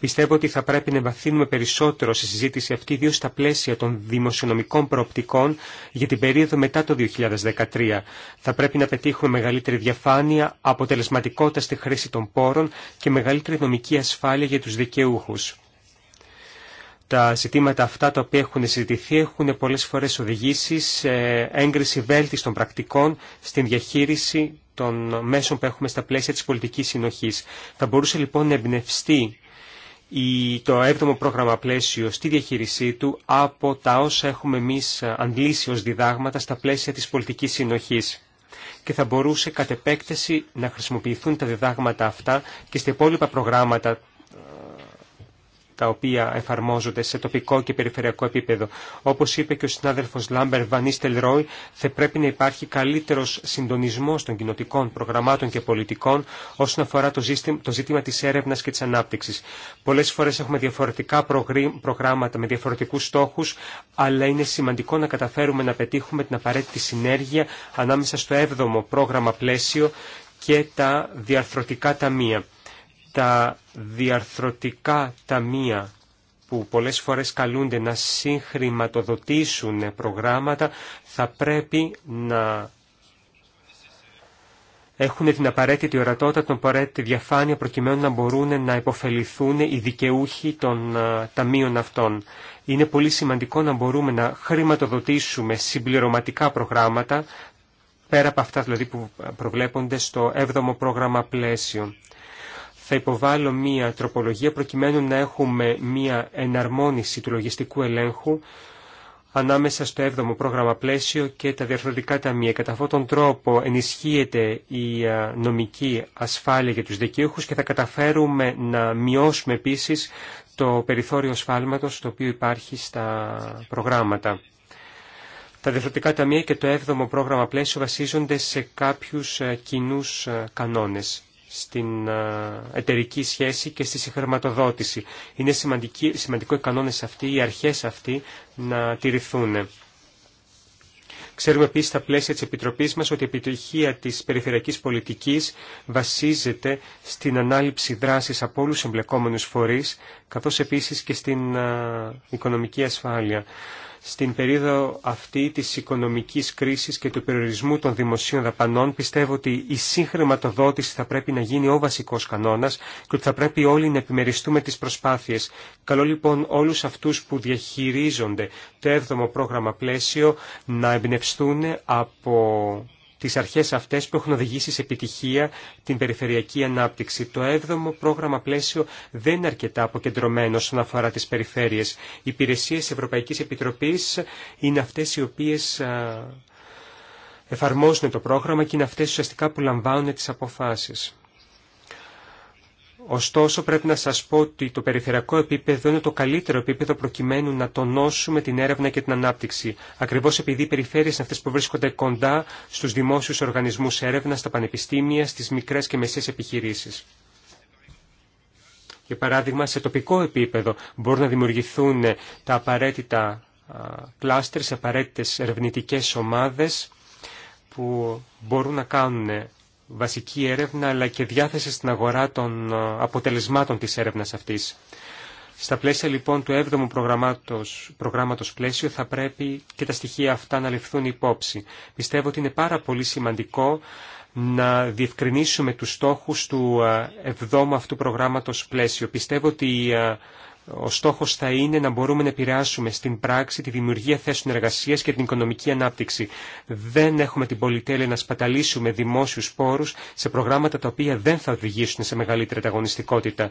Πιστεύω ότι θα πρέπει να βαθύνουμε περισσότερο στη συζήτηση αυτή, ιδίω στα πλαίσια των δημοσιονομικών προοπτικών για την περίοδο μετά το 2013. Θα πρέπει να πετύχουμε μεγαλύτερη διαφάνεια, αποτελεσματικότητα στη χρήση των πόρων και μεγαλύτερη νομική ασφάλεια για του δικαιούχου. Τα ζητήματα αυτά τα οποία έχουν συζητηθεί έχουν πολλές φορές οδηγήσει σε έγκριση βέλτιστων πρακτικών στην διαχείριση των μέσων που έχουμε στα πλαίσια της πολιτικής συνοχής. Θα μπορούσε λοιπόν να εμπνευστεί το έβδομο πρόγραμμα πλαίσιο στη διαχείρισή του από τα όσα έχουμε εμείς αντλήσει ως διδάγματα στα πλαίσια της πολιτικής συνοχής και θα μπορούσε κατ' επέκταση να χρησιμοποιηθούν τα διδάγματα αυτά και στα υπόλοιπα προγράμματα τα οποία εφαρμόζονται σε τοπικό και περιφερειακό επίπεδο. Όπως είπε και ο συνάδελφος Λάμπερ Βανίστελ Ρόι, θα πρέπει να υπάρχει καλύτερος συντονισμός των κοινοτικών προγραμμάτων και πολιτικών όσον αφορά το, ζήτημα, το ζήτημα της έρευνας και της ανάπτυξης. Πολλές φορές έχουμε διαφορετικά προγράμματα με διαφορετικούς στόχους, αλλά είναι σημαντικό να καταφέρουμε να πετύχουμε την απαραίτητη συνέργεια ανάμεσα στο 7ο πρόγραμμα πλαίσιο και τα διαρθρωτικά ταμεία τα διαρθρωτικά ταμεία που πολλές φορές καλούνται να συγχρηματοδοτήσουν προγράμματα θα πρέπει να έχουν την απαραίτητη ορατότητα, την απαραίτητη διαφάνεια προκειμένου να μπορούν να υποφεληθούν οι δικαιούχοι των ταμείων αυτών. Είναι πολύ σημαντικό να μπορούμε να χρηματοδοτήσουμε συμπληρωματικά προγράμματα πέρα από αυτά δηλαδή που προβλέπονται στο 7ο πρόγραμμα πλαίσιο θα υποβάλω μία τροπολογία προκειμένου να έχουμε μία εναρμόνιση του λογιστικού ελέγχου ανάμεσα στο 7ο πρόγραμμα πλαίσιο και τα διαφορετικά ταμεία. Κατά αυτόν τον τρόπο ενισχύεται η ε, νομική ασφάλεια για τους δικαίουχους και θα καταφέρουμε να μειώσουμε επίσης το περιθώριο ασφάλματος το οποίο υπάρχει στα προγράμματα. Τα διαφορετικά ταμεία και το 7ο πρόγραμμα πλαίσιο βασίζονται σε κάποιους ε, κοινούς ε, κανόνες στην εταιρική σχέση και στη συγχρηματοδότηση. Είναι σημαντικό οι κανόνες αυτοί, οι αρχές αυτοί να τηρηθούν. Ξέρουμε επίσης στα πλαίσια τη Επιτροπής μα ότι η επιτυχία της περιφερειακής πολιτικής βασίζεται στην ανάληψη δράσης από όλους του φορείς φορεί, επίσης και στην οικονομική ασφάλεια. Στην περίοδο αυτή της οικονομικής κρίσης και του περιορισμού των δημοσίων δαπανών πιστεύω ότι η συγχρηματοδότηση θα πρέπει να γίνει ο βασικός κανόνας και ότι θα πρέπει όλοι να επιμεριστούμε τις προσπάθειες. Καλό λοιπόν όλους αυτούς που διαχειρίζονται το 7ο πρόγραμμα πλαίσιο να εμπνευστούν από τις αρχές αυτές που έχουν οδηγήσει σε επιτυχία την περιφερειακή ανάπτυξη. Το 7ο πρόγραμμα πλαίσιο δεν είναι αρκετά αποκεντρωμένο όσον αφορά τις περιφέρειες. Οι υπηρεσίες Ευρωπαϊκής Επιτροπής είναι αυτές οι οποίες εφαρμόζουν το πρόγραμμα και είναι αυτές ουσιαστικά που λαμβάνουν τις αποφάσεις. Ωστόσο πρέπει να σας πω ότι το περιφερειακό επίπεδο είναι το καλύτερο επίπεδο προκειμένου να τονώσουμε την έρευνα και την ανάπτυξη. Ακριβώς επειδή οι περιφέρειες είναι αυτές που βρίσκονται κοντά στους δημόσιους οργανισμούς έρευνας, στα πανεπιστήμια, στις μικρές και μεσαίες επιχειρήσεις. Για παράδειγμα, σε τοπικό επίπεδο μπορούν να δημιουργηθούν τα απαραίτητα κλάστερ, απαραίτητες ερευνητικές ομάδες που μπορούν να κάνουν βασική έρευνα αλλά και διάθεση στην αγορά των ε, αποτελεσμάτων της έρευνας αυτής. Στα πλαίσια λοιπόν του 7ου προγράμματος, προγράμματος πλαίσιο θα πρέπει και τα στοιχεία αυτά να ληφθούν υπόψη. Πιστεύω ότι είναι πάρα πολύ σημαντικό να διευκρινίσουμε τους στόχους του 7ου ε, αυτού προγράμματος πλαίσιο. Πιστεύω ότι ε, ο στόχος θα είναι να μπορούμε να επηρεάσουμε στην πράξη τη δημιουργία θέσεων εργασίας και την οικονομική ανάπτυξη. Δεν έχουμε την πολυτέλεια να σπαταλήσουμε δημόσιους πόρους σε προγράμματα τα οποία δεν θα οδηγήσουν σε μεγαλύτερη ανταγωνιστικότητα.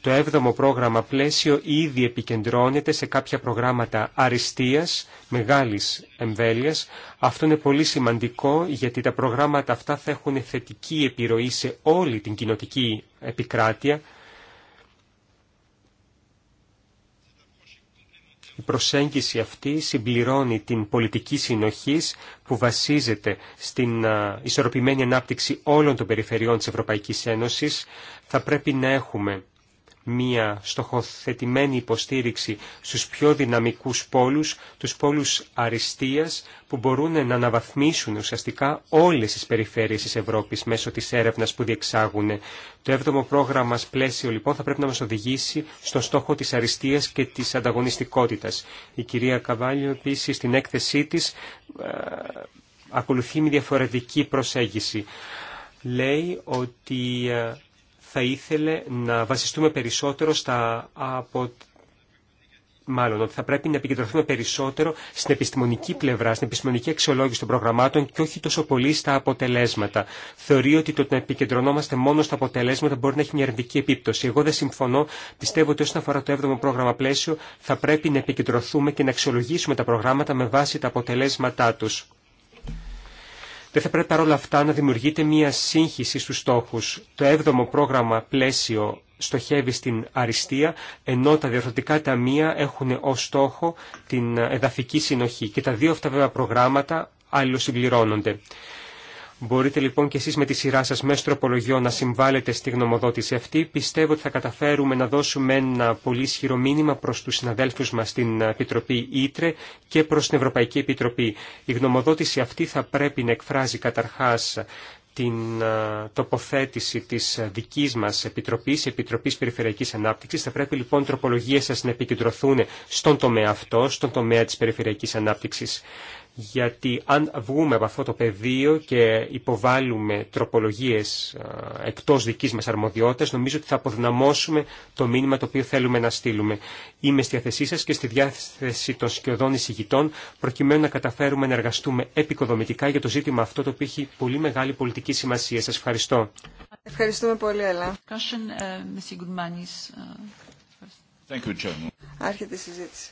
Το 7ο πρόγραμμα πλαίσιο ήδη επικεντρώνεται σε κάποια προγράμματα αριστείας, μεγάλης εμβέλειας. Αυτό είναι πολύ σημαντικό γιατί τα προγράμματα αυτά θα έχουν θετική επιρροή σε όλη την κοινοτική επικράτεια Η προσέγγιση αυτή συμπληρώνει την πολιτική συνοχής που βασίζεται στην ισορροπημένη ανάπτυξη όλων των περιφερειών της Ευρωπαϊκής Ένωσης. Θα πρέπει να έχουμε μία στοχοθετημένη υποστήριξη στους πιο δυναμικούς πόλους, τους πόλους αριστείας που μπορούν να αναβαθμίσουν ουσιαστικά όλες τις περιφέρειες της Ευρώπης μέσω της έρευνας που διεξάγουν. Το 7ο πρόγραμμα πλαίσιο λοιπόν θα πρέπει να μας οδηγήσει στον στόχο της αριστείας και της ανταγωνιστικότητας. Η κυρία Καβάλιο επίση στην έκθεσή της ε, ακολουθεί μια διαφορετική προσέγγιση. Λέει ότι ε, θα ήθελε να βασιστούμε περισσότερο στα από μάλλον ότι θα πρέπει να επικεντρωθούμε περισσότερο στην επιστημονική πλευρά, στην επιστημονική αξιολόγηση των προγραμμάτων και όχι τόσο πολύ στα αποτελέσματα. Θεωρεί ότι το να επικεντρωνόμαστε μόνο στα αποτελέσματα μπορεί να έχει μια αρνητική επίπτωση. Εγώ δεν συμφωνώ. Πιστεύω ότι όσον αφορά το 7ο πρόγραμμα πλαίσιο θα πρέπει να επικεντρωθούμε και να αξιολογήσουμε τα προγράμματα με βάση τα αποτελέσματά τους. Δεν θα πρέπει παρόλα αυτά να δημιουργείται μία σύγχυση στους στόχους. Το 7ο πρόγραμμα πλαίσιο στοχεύει στην αριστεία, ενώ τα διορθωτικά ταμεία έχουν ως στόχο την εδαφική συνοχή. Και τα δύο αυτά βέβαια προγράμματα αλληλοσυμπληρώνονται. Μπορείτε λοιπόν και εσείς με τη σειρά σας μέσω τροπολογιών να συμβάλλετε στη γνωμοδότηση αυτή. Πιστεύω ότι θα καταφέρουμε να δώσουμε ένα πολύ ισχυρό μήνυμα προς τους συναδέλφους μας στην Επιτροπή Ήτρε και προς την Ευρωπαϊκή Επιτροπή. Η γνωμοδότηση αυτή θα πρέπει να εκφράζει καταρχάς την τοποθέτηση της δικής μας Επιτροπής, Επιτροπής Περιφερειακής Ανάπτυξης. Θα πρέπει λοιπόν τροπολογίες σας να επικεντρωθούν στον τομέα αυτό, στον τομέα της Περιφερειακής Ανάπτυξης γιατί αν βγούμε από αυτό το πεδίο και υποβάλουμε τροπολογίες εκτός δικής μας αρμοδιότητας, νομίζω ότι θα αποδυναμώσουμε το μήνυμα το οποίο θέλουμε να στείλουμε. Είμαι στη διάθεσή σας και στη διάθεση των σκιωδών εισηγητών, προκειμένου να καταφέρουμε να εργαστούμε επικοδομητικά για το ζήτημα αυτό το οποίο έχει πολύ μεγάλη πολιτική σημασία. Σας ευχαριστώ. Ευχαριστούμε πολύ, Έλα. Ε, ε, Άρχεται η συζήτηση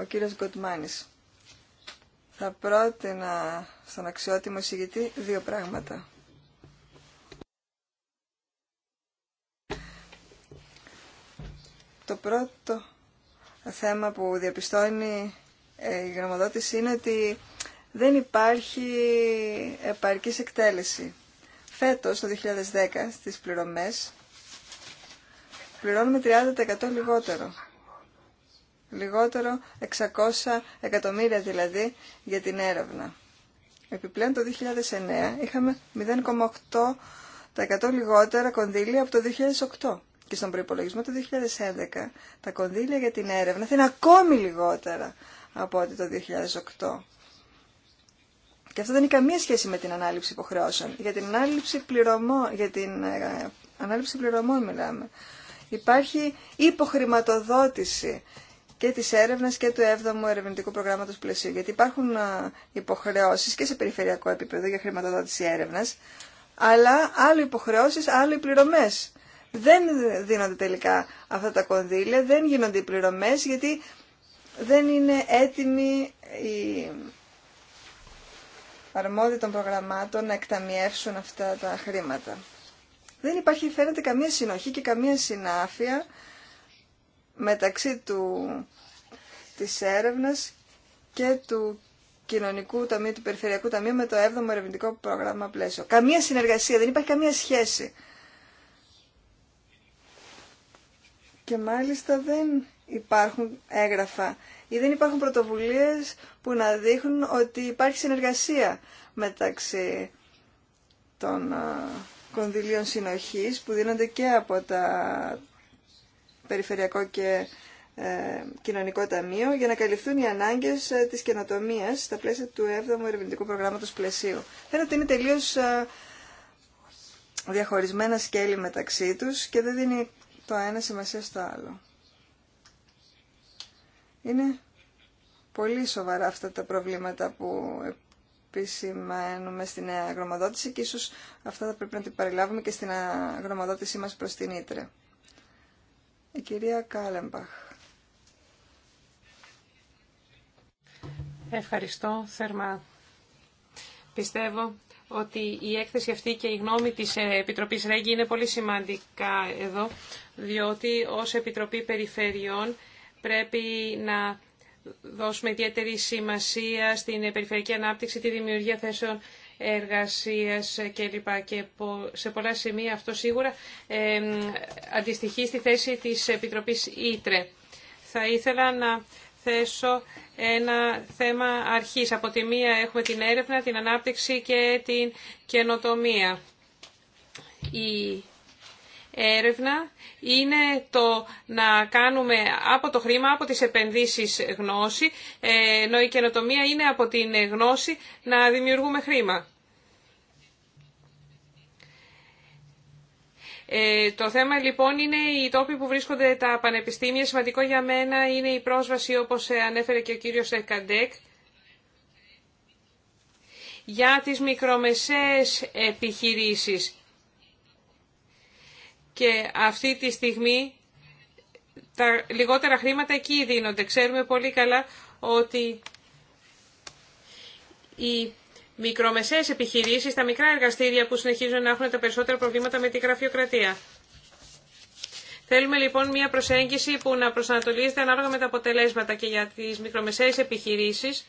ο κύριος Γκοτμάνης. Θα πρότεινα στον αξιότιμο εισηγητή δύο πράγματα. Το πρώτο θέμα που διαπιστώνει ε, η γνωμοδότηση είναι ότι δεν υπάρχει επαρκής εκτέλεση. Φέτος, το 2010, στις πληρωμές, πληρώνουμε 30% λιγότερο λιγότερο 600 εκατομμύρια δηλαδή για την έρευνα. Επιπλέον το 2009 είχαμε 0,8% λιγότερα κονδύλια από το 2008. Και στον προϋπολογισμό το 2011 τα κονδύλια για την έρευνα θα είναι ακόμη λιγότερα από ό,τι το 2008. Και αυτό δεν έχει καμία σχέση με την ανάληψη υποχρεώσεων. Για την ανάληψη πληρωμών, ε, ανάληψη πληρωμών μιλάμε. Υπάρχει υποχρηματοδότηση και της έρευνας και του 7ου ερευνητικού προγράμματος πλαισίου. Γιατί υπάρχουν ε, υποχρεώσεις και σε περιφερειακό επίπεδο για χρηματοδότηση έρευνας, αλλά άλλο υποχρεώσεις, άλλο οι πληρωμές. Δεν δίνονται τελικά αυτά τα κονδύλια, δεν γίνονται οι πληρωμές, γιατί δεν είναι έτοιμοι η αρμόδιοι των προγραμμάτων να εκταμιεύσουν αυτά τα χρήματα. Δεν υπάρχει φαίνεται καμία συνοχή και καμία συνάφεια μεταξύ του, της έρευνας και του Κοινωνικού Ταμείου, του Περιφερειακού Ταμείου με το 7ο Ερευνητικό Πρόγραμμα Πλαίσιο. Καμία συνεργασία, δεν υπάρχει καμία σχέση. Και μάλιστα δεν υπάρχουν έγγραφα ή δεν υπάρχουν πρωτοβουλίες που να δείχνουν ότι υπάρχει συνεργασία μεταξύ των κονδυλίων συνοχής που δίνονται και από τα Περιφερειακό και ε, Κοινωνικό Ταμείο για να καλυφθούν οι ανάγκε ε, τη καινοτομία στα πλαίσια του 7ου Ερευνητικού Προγράμματο Πλαισίου. Φαίνεται ότι είναι τελείω ε, διαχωρισμένα σκέλη μεταξύ του και δεν δίνει το ένα σημασία στο άλλο. Είναι πολύ σοβαρά αυτά τα προβλήματα που επισημαίνουμε στην αγρομοδότηση και ίσως αυτά θα πρέπει να την παρελάβουμε και στην αγρομοδότησή μας προς την Ήτρε η κυρία Κάλεμπαχ. Ευχαριστώ θερμά. Πιστεύω ότι η έκθεση αυτή και η γνώμη της Επιτροπής Ρέγγι είναι πολύ σημαντικά εδώ, διότι ως Επιτροπή Περιφερειών πρέπει να δώσουμε ιδιαίτερη σημασία στην περιφερειακή ανάπτυξη, τη δημιουργία θέσεων εργασίας κλπ. Και σε πολλά σημεία αυτό σίγουρα αντιστοιχεί στη θέση της Επιτροπής Ήτρε. Θα ήθελα να θέσω ένα θέμα αρχής. Από τη μία έχουμε την έρευνα, την ανάπτυξη και την καινοτομία. Η έρευνα είναι το να κάνουμε από το χρήμα, από τις επενδύσεις γνώση, ε, ενώ η καινοτομία είναι από την γνώση να δημιουργούμε χρήμα. Ε, το θέμα λοιπόν είναι οι τόποι που βρίσκονται τα πανεπιστήμια. Σημαντικό για μένα είναι η πρόσβαση όπως ανέφερε και ο κύριος Εκαντέκ για τις μικρομεσαίες επιχειρήσεις. Και αυτή τη στιγμή τα λιγότερα χρήματα εκεί δίνονται. Ξέρουμε πολύ καλά ότι οι μικρομεσαίες επιχειρήσεις, τα μικρά εργαστήρια που συνεχίζουν να έχουν τα περισσότερα προβλήματα με την γραφειοκρατία. Θέλουμε λοιπόν μια προσέγγιση που να προσανατολίζεται ανάλογα με τα αποτελέσματα και για τις μικρομεσαίες επιχειρήσεις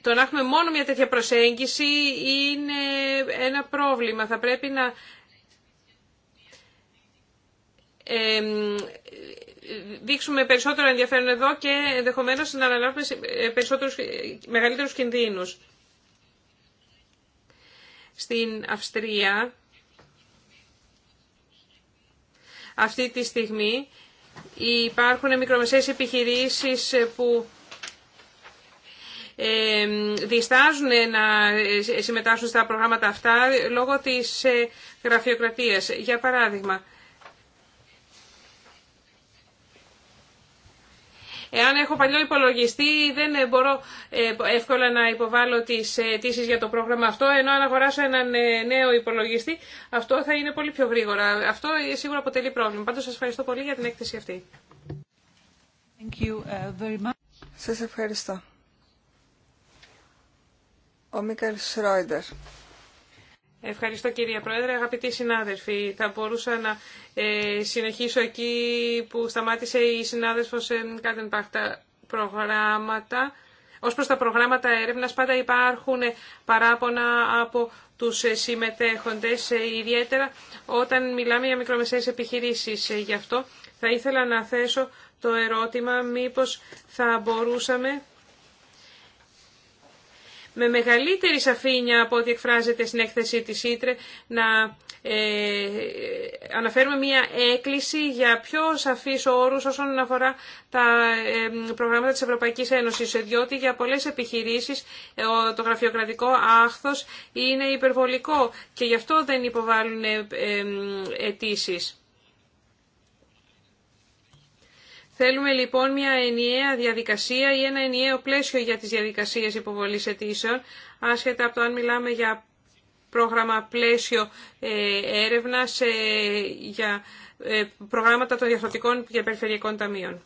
το να έχουμε μόνο μια τέτοια προσέγγιση είναι ένα πρόβλημα. Θα πρέπει να δείξουμε περισσότερο ενδιαφέρον εδώ και ενδεχομένως να αναλάβουμε ε, περισσότερους, μεγαλύτερους κινδύνους. Στην Αυστρία, αυτή τη στιγμή, υπάρχουν μικρομεσαίες επιχειρήσεις που διστάζουν να συμμετάσχουν στα προγράμματα αυτά λόγω της ε, γραφειοκρατίας. Για παράδειγμα, Εάν έχω παλιό υπολογιστή δεν μπορώ ε, εύκολα να υποβάλω τις αιτήσει για το πρόγραμμα αυτό, ενώ αν αγοράσω έναν ε, νέο υπολογιστή αυτό θα είναι πολύ πιο γρήγορα. Αυτό σίγουρα αποτελεί πρόβλημα. Πάντως σας ευχαριστώ πολύ για την έκθεση αυτή. Thank you very much. Σας ευχαριστώ. Ο Μίκαλ Σρόιντερ. Ευχαριστώ κύριε Πρόεδρε. Αγαπητοί συνάδελφοι, θα μπορούσα να ε, συνεχίσω εκεί που σταμάτησε η συνάδελφος κάτι ε, Κάτεν Πάχτα προγράμματα. Ω προς τα προγράμματα έρευνας πάντα υπάρχουν ε, παράπονα από τους συμμετέχοντε ιδιαίτερα όταν μιλάμε για μικρομεσαίες επιχειρήσει Γι' αυτό θα ήθελα να θέσω το ερώτημα Μήπω θα μπορούσαμε με μεγαλύτερη σαφήνεια από ό,τι εκφράζεται στην έκθεση της Ήτρε να ε, αναφέρουμε μια έκκληση για πιο σαφείς όρους όσον αφορά τα ε, προγράμματα της Ευρωπαϊκής Ένωσης, διότι για πολλές επιχειρήσεις ε, το γραφειοκρατικό άχθος είναι υπερβολικό και γι' αυτό δεν υποβάλλουν ε, αιτήσει. Θέλουμε λοιπόν μια ενιαία διαδικασία ή ένα ενιαίο πλαίσιο για τις διαδικασίες υποβολής αιτήσεων, άσχετα από το αν μιλάμε για πρόγραμμα πλαίσιο ε, έρευνας, ε, για ε, προγράμματα των διαφορετικών και περιφερειακών ταμείων.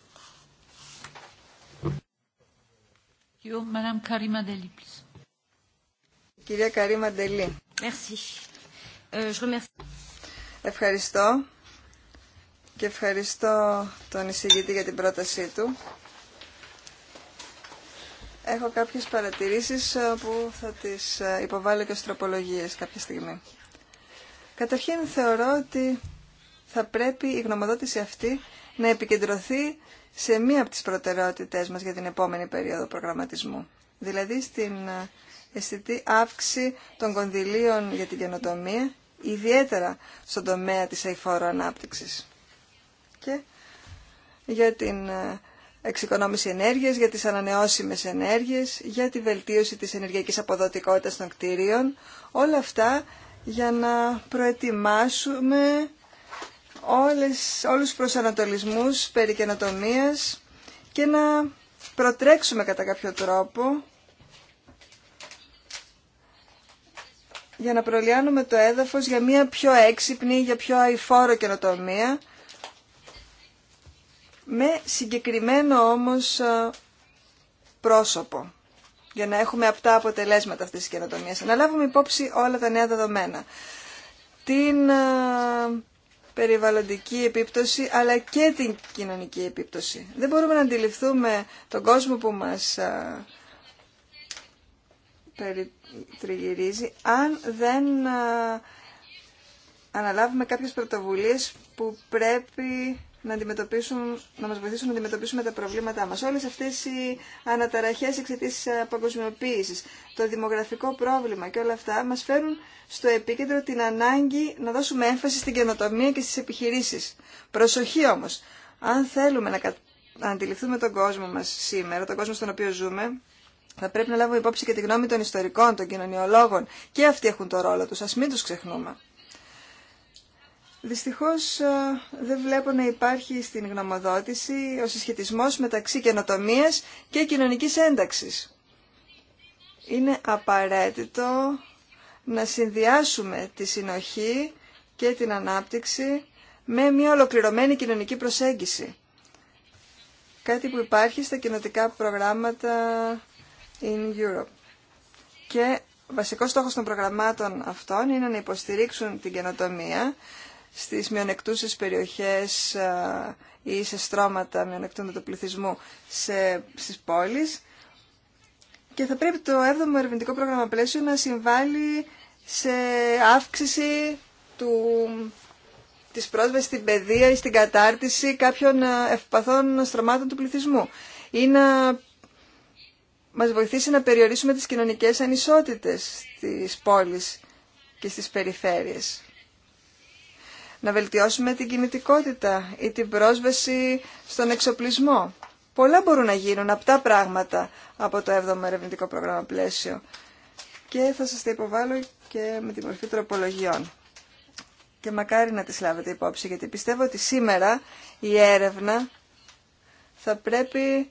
Κυρία Ευχαριστώ και ευχαριστώ τον εισηγητή για την πρότασή του. Έχω κάποιες παρατηρήσεις ε, που θα τις ε, υποβάλω και ως τροπολογίες κάποια στιγμή. Καταρχήν θεωρώ ότι θα πρέπει η γνωμοδότηση αυτή να επικεντρωθεί σε μία από τις προτεραιότητές μας για την επόμενη περίοδο προγραμματισμού. Δηλαδή στην ε, αισθητή αύξηση των κονδυλίων για την καινοτομία, ιδιαίτερα στον τομέα της αηφόρου ανάπτυξης και για την ε, εξοικονόμηση ενέργειας, για τις ανανεώσιμες ενέργειες, για τη βελτίωση της ενεργειακής αποδοτικότητας των κτίριων. Όλα αυτά για να προετοιμάσουμε όλες, όλους τους προσανατολισμούς περί καινοτομίας και να προτρέξουμε κατά κάποιο τρόπο για να προλιάνουμε το έδαφος για μια πιο έξυπνη, για πιο αηφόρο καινοτομία με συγκεκριμένο όμως ε, πρόσωπο για να έχουμε αυτά αποτελέσματα αυτής της καινοτομίας. Να λάβουμε υπόψη όλα τα νέα δεδομένα. Την ε, περιβαλλοντική επίπτωση αλλά και την κοινωνική επίπτωση. Δεν μπορούμε να αντιληφθούμε τον κόσμο που μας ε, τριγυρίζει αν δεν αναλάβουμε κάποιες πρωτοβουλίες που πρέπει να, αντιμετωπίσουν, να μας βοηθήσουν να αντιμετωπίσουμε τα προβλήματά μας. Όλες αυτές οι αναταραχές εξαιτής παγκοσμιοποίησης, το δημογραφικό πρόβλημα και όλα αυτά μας φέρουν στο επίκεντρο την ανάγκη να δώσουμε έμφαση στην καινοτομία και στις επιχειρήσεις. Προσοχή όμως, αν θέλουμε να, αντιληφθούμε τον κόσμο μας σήμερα, τον κόσμο στον οποίο ζούμε, θα πρέπει να λάβουμε υπόψη και τη γνώμη των ιστορικών, των κοινωνιολόγων. Και αυτοί έχουν το ρόλο τους, ας μην τους ξεχνούμε. Δυστυχώς ε, δεν βλέπω να υπάρχει στην γνωμοδότηση ο συσχετισμός μεταξύ καινοτομία και κοινωνικής ένταξης. Είναι απαραίτητο να συνδυάσουμε τη συνοχή και την ανάπτυξη με μια ολοκληρωμένη κοινωνική προσέγγιση. Κάτι που υπάρχει στα κοινοτικά προγράμματα in Europe. Και βασικό στόχος των προγραμμάτων αυτών είναι να υποστηρίξουν την καινοτομία στις μειονεκτούσες περιοχές ή σε στρώματα μειονεκτούντα του πληθυσμού σε, στις πόλεις και θα πρέπει το 7ο ερευνητικό πρόγραμμα πλαίσιο να συμβάλλει σε αύξηση του, της πρόσβασης στην παιδεία ή στην κατάρτιση κάποιων ευπαθών στρωμάτων του πληθυσμού ή να μας βοηθήσει να περιορίσουμε τις κοινωνικές ανισότητες στις πόλεις και στις περιφέρειες να βελτιώσουμε την κινητικότητα ή την πρόσβαση στον εξοπλισμό. Πολλά μπορούν να γίνουν απτά πράγματα από το 7ο ερευνητικό πρόγραμμα πλαίσιο και θα σας τα υποβάλω και με τη μορφή τροπολογιών. Και μακάρι να τις λάβετε υπόψη, γιατί πιστεύω ότι σήμερα η έρευνα θα πρέπει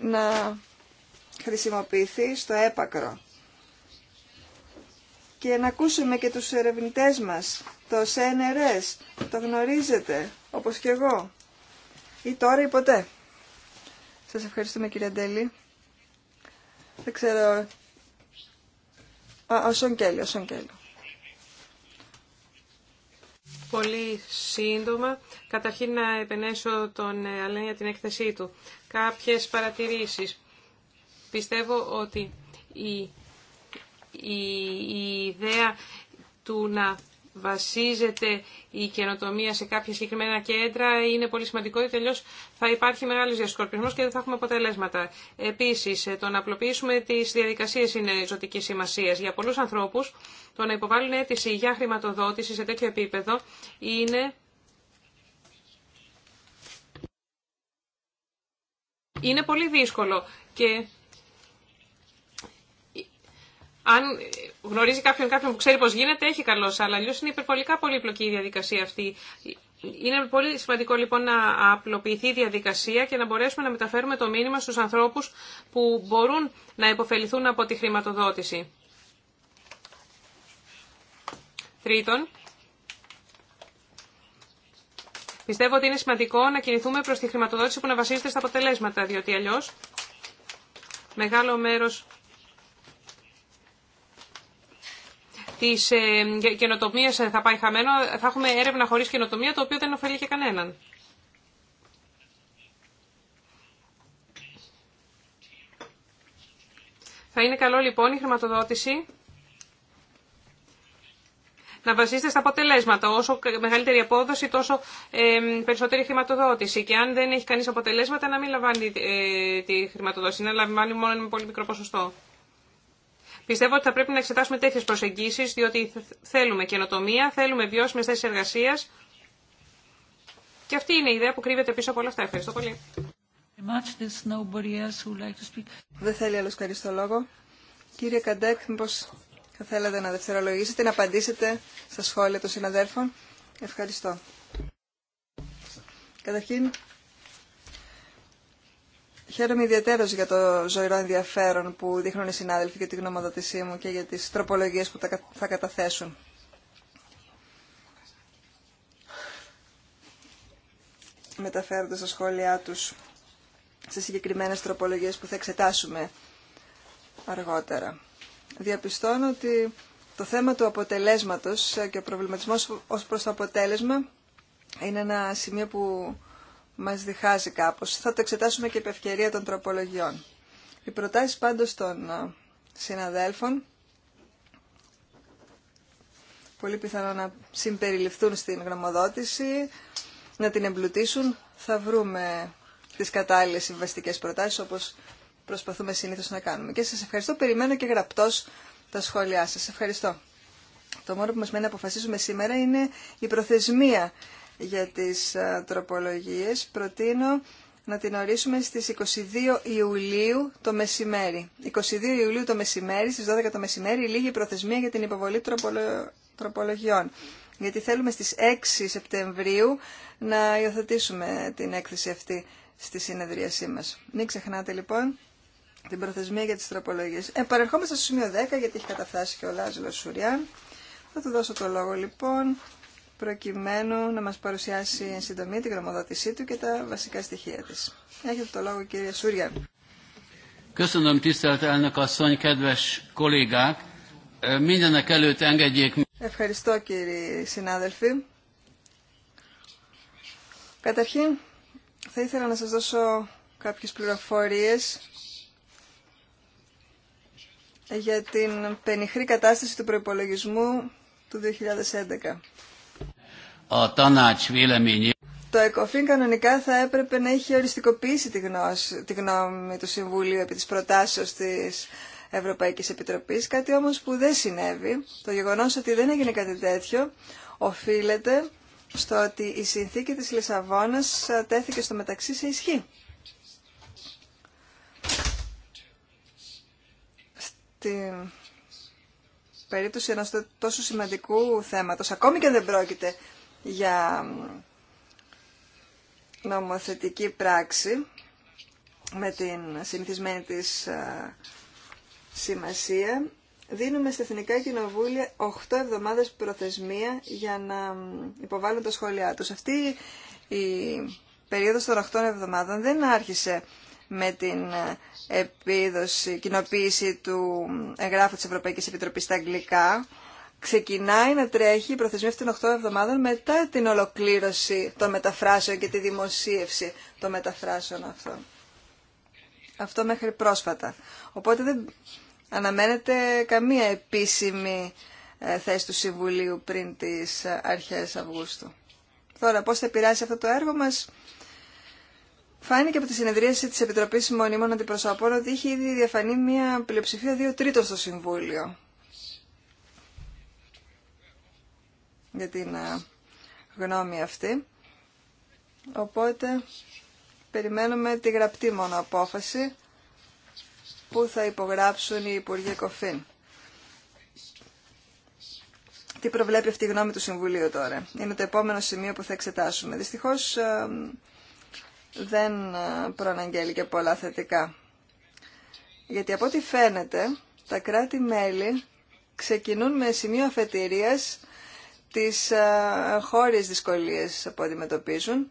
να χρησιμοποιηθεί στο έπακρο και να ακούσουμε και τους ερευνητές μας, το ΣΕΝΕΡΕΣ, το γνωρίζετε, όπως και εγώ, ή τώρα ή ποτέ. Σας ευχαριστούμε κύριε Αντέλη. Δεν ξέρω... Α, ο Σον ο Πολύ σύντομα. Καταρχήν να επενέσω τον Αλέν για την έκθεσή του. Κάποιες παρατηρήσεις. Πιστεύω ότι η η ιδέα του να βασίζεται η καινοτομία σε κάποια συγκεκριμένα κέντρα είναι πολύ σημαντικό γιατί τελειώς θα υπάρχει μεγάλος διασκορπισμός και δεν θα έχουμε αποτελέσματα. Επίσης, ε, το να απλοποιήσουμε τις διαδικασίες είναι ζωτική σημασία. Για πολλούς ανθρώπους το να υποβάλουν αίτηση για χρηματοδότηση σε τέτοιο επίπεδο είναι. Είναι πολύ δύσκολο και αν γνωρίζει κάποιον κάποιον που ξέρει πώς γίνεται, έχει καλό, αλλά αλλιώ είναι υπερβολικά πολύπλοκη η διαδικασία αυτή. Είναι πολύ σημαντικό λοιπόν να απλοποιηθεί η διαδικασία και να μπορέσουμε να μεταφέρουμε το μήνυμα στους ανθρώπους που μπορούν να υποφεληθούν από τη χρηματοδότηση. Τρίτον, πιστεύω ότι είναι σημαντικό να κινηθούμε προς τη χρηματοδότηση που να βασίζεται στα αποτελέσματα, διότι αλλιώς μεγάλο μέρος της ε, καινοτομίας ε, θα πάει χαμένο, θα έχουμε έρευνα χωρίς καινοτομία, το οποίο δεν ωφελεί και κανέναν. Θα είναι καλό λοιπόν η χρηματοδότηση να βασίζεται στα αποτελέσματα. Όσο μεγαλύτερη απόδοση, τόσο ε, περισσότερη χρηματοδότηση. Και αν δεν έχει κανεί αποτελέσματα, να μην λαμβάνει ε, τη χρηματοδότηση, να λαμβάνει μόνο με πολύ μικρό ποσοστό. Πιστεύω ότι θα πρέπει να εξετάσουμε τέτοιε προσεγγίσεις, διότι θέλουμε καινοτομία, θέλουμε βιώσιμε θέσει εργασία. Και αυτή είναι η ιδέα που κρύβεται πίσω από όλα αυτά. Ευχαριστώ πολύ. Δεν θέλει άλλο κανεί το λόγο. Κύριε Καντέκ, μήπω θα θέλατε να δευτερολογήσετε, να απαντήσετε στα σχόλια των συναδέλφων. Ευχαριστώ. Καταρχήν, Χαίρομαι ιδιαίτερως για το ζωηρό ενδιαφέρον που δείχνουν οι συνάδελφοι για τη γνωμοδότησή μου και για τις τροπολογίες που θα καταθέσουν. Μεταφέροντας τα σχόλιά τους σε συγκεκριμένες τροπολογίες που θα εξετάσουμε αργότερα. Διαπιστώνω ότι το θέμα του αποτελέσματος και ο προβληματισμός ως προς το αποτέλεσμα είναι ένα σημείο που μας διχάζει κάπως. Θα το εξετάσουμε και επ' ευκαιρία των τροπολογιών. Οι προτάσεις πάντως των συναδέλφων πολύ πιθανό να συμπεριληφθούν στην γνωμοδότηση, να την εμπλουτίσουν. Θα βρούμε τις κατάλληλες συμβαστικέ προτάσεις όπως προσπαθούμε συνήθως να κάνουμε. Και σας ευχαριστώ. Περιμένω και γραπτός τα σχόλιά σας. Ευχαριστώ. Το μόνο που μας μένει να αποφασίσουμε σήμερα είναι η προθεσμία για τις ε, τροπολογίες. Προτείνω να την ορίσουμε στις 22 Ιουλίου το μεσημέρι. 22 Ιουλίου το μεσημέρι, στις 12 το μεσημέρι, λίγη προθεσμία για την υποβολή τροπολογιών. Γιατί θέλουμε στις 6 Σεπτεμβρίου να υιοθετήσουμε την έκθεση αυτή στη συνεδρίασή μας. Μην ξεχνάτε λοιπόν την προθεσμία για τις τροπολογίες. Ε, παρερχόμαστε στο σημείο 10 γιατί έχει καταφτάσει και ο Λάζλος Σουριάν. Θα του δώσω το λόγο λοιπόν προκειμένου να μας παρουσιάσει εν συντομή την γνωμοδότησή του και τα βασικά στοιχεία της. Έχετε το λόγο κύριε Σούριαν. Ευχαριστώ κύριοι συνάδελφοι. Καταρχήν θα ήθελα να σας δώσω κάποιες πληροφορίες για την πενιχρή κατάσταση του προϋπολογισμού του 2011. Το ΕΚΟΦΗΝ κανονικά θα έπρεπε να έχει οριστικοποιήσει τη, γνώση, τη γνώμη του Συμβουλίου επί της προτάσεως της Ευρωπαϊκής Επιτροπής, κάτι όμως που δεν συνέβη. Το γεγονός ότι δεν έγινε κάτι τέτοιο οφείλεται στο ότι η συνθήκη της Λισαβόνας τέθηκε στο μεταξύ σε ισχύ. Στην περίπτωση ενός τόσο σημαντικού θέματος, ακόμη και δεν πρόκειται για νομοθετική πράξη με την συνηθισμένη της ε, σημασία. Δίνουμε στα Εθνικά Κοινοβούλια 8 εβδομάδες προθεσμία για να υποβάλουν τα σχόλιά τους. Αυτή η περίοδος των 8 εβδομάδων δεν άρχισε με την ε, επίδοση, κοινοποίηση του εγγράφου της Ευρωπαϊκής Επιτροπής στα αγγλικά, ξεκινάει να τρέχει η προθεσμία αυτήν των 8 εβδομάδων μετά την ολοκλήρωση των μεταφράσεων και τη δημοσίευση των μεταφράσεων αυτών. Αυτό μέχρι πρόσφατα. Οπότε δεν αναμένεται καμία επίσημη ε, θέση του Συμβουλίου πριν τις ε, αρχές Αυγούστου. Τώρα πώς θα επηρεάσει αυτό το έργο μας. Φάνηκε από τη συνεδρίαση της Επιτροπής Μονίμων Αντιπροσωπών ότι είχε ήδη διαφανεί μια πλειοψηφία δύο τρίτων στο Συμβούλιο. για την ε, γνώμη αυτή. Οπότε περιμένουμε τη γραπτή μόνο απόφαση που θα υπογράψουν οι Υπουργοί Κοφίν. Τι προβλέπει αυτή η γνώμη του Συμβουλίου τώρα. Είναι το επόμενο σημείο που θα εξετάσουμε. Δυστυχώς ε, δεν ε, προαναγγέλει και πολλά θετικά. Γιατί από ό,τι φαίνεται τα κράτη-μέλη ξεκινούν με σημείο αφετηρίας τις ε, χώρες δυσκολίες που αντιμετωπίζουν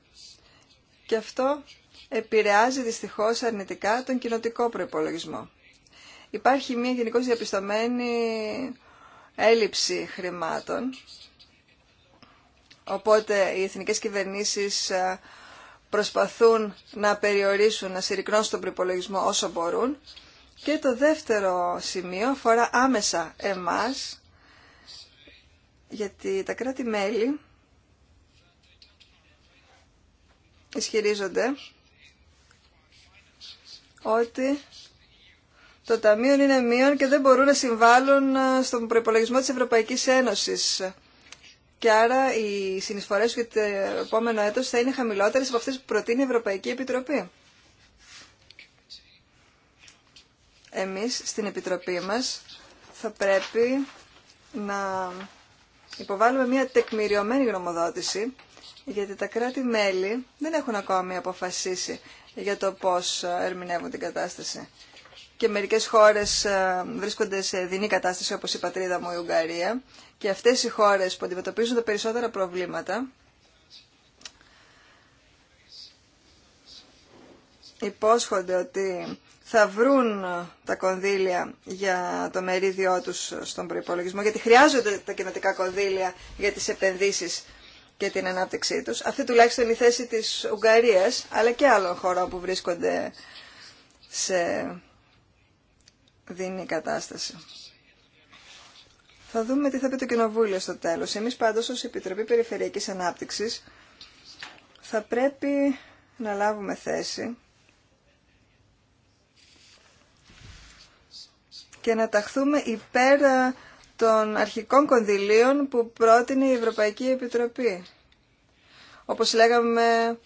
και αυτό επηρεάζει δυστυχώς αρνητικά τον κοινοτικό προϋπολογισμό. Υπάρχει μια γενικώ διαπιστωμένη έλλειψη χρημάτων, οπότε οι εθνικές κυβερνήσεις ε, προσπαθούν να περιορίσουν, να συρρυκνώσουν τον προϋπολογισμό όσο μπορούν. Και το δεύτερο σημείο αφορά άμεσα εμάς, γιατί τα κράτη-μέλη ισχυρίζονται ότι το Ταμείο είναι μείον και δεν μπορούν να συμβάλλουν ε, στον προϋπολογισμό της Ευρωπαϊκής Ένωσης. Και άρα οι συνεισφορές για το επόμενο έτος θα είναι χαμηλότερες από αυτές που προτείνει η Ευρωπαϊκή Επιτροπή. Εμείς στην Επιτροπή μας θα πρέπει να Υποβάλλουμε μια τεκμηριωμένη γνωμοδότηση, γιατί τα κράτη-μέλη δεν έχουν ακόμη αποφασίσει για το πώς ε, ερμηνεύουν την κατάσταση. Και μερικές χώρες ε, βρίσκονται σε δινή κατάσταση, όπως η πατρίδα μου η Ουγγαρία, και αυτές οι χώρες που αντιμετωπίζουν τα περισσότερα προβλήματα, υπόσχονται ότι θα βρουν τα κονδύλια για το μερίδιό τους στον προϋπολογισμό, γιατί χρειάζονται τα κοινοτικά κονδύλια για τις επενδύσεις και την ανάπτυξή τους. Αυτή τουλάχιστον είναι η θέση της Ουγγαρίας, αλλά και άλλων χωρών που βρίσκονται σε δίνει κατάσταση. Θα δούμε τι θα πει το Κοινοβούλιο στο τέλος. Εμείς πάντως ως Επιτροπή Περιφερειακής Ανάπτυξης θα πρέπει να λάβουμε θέση και να ταχθούμε υπέρ ε, των αρχικών κονδυλίων που πρότεινε η Ευρωπαϊκή Επιτροπή. Όπως λέγαμε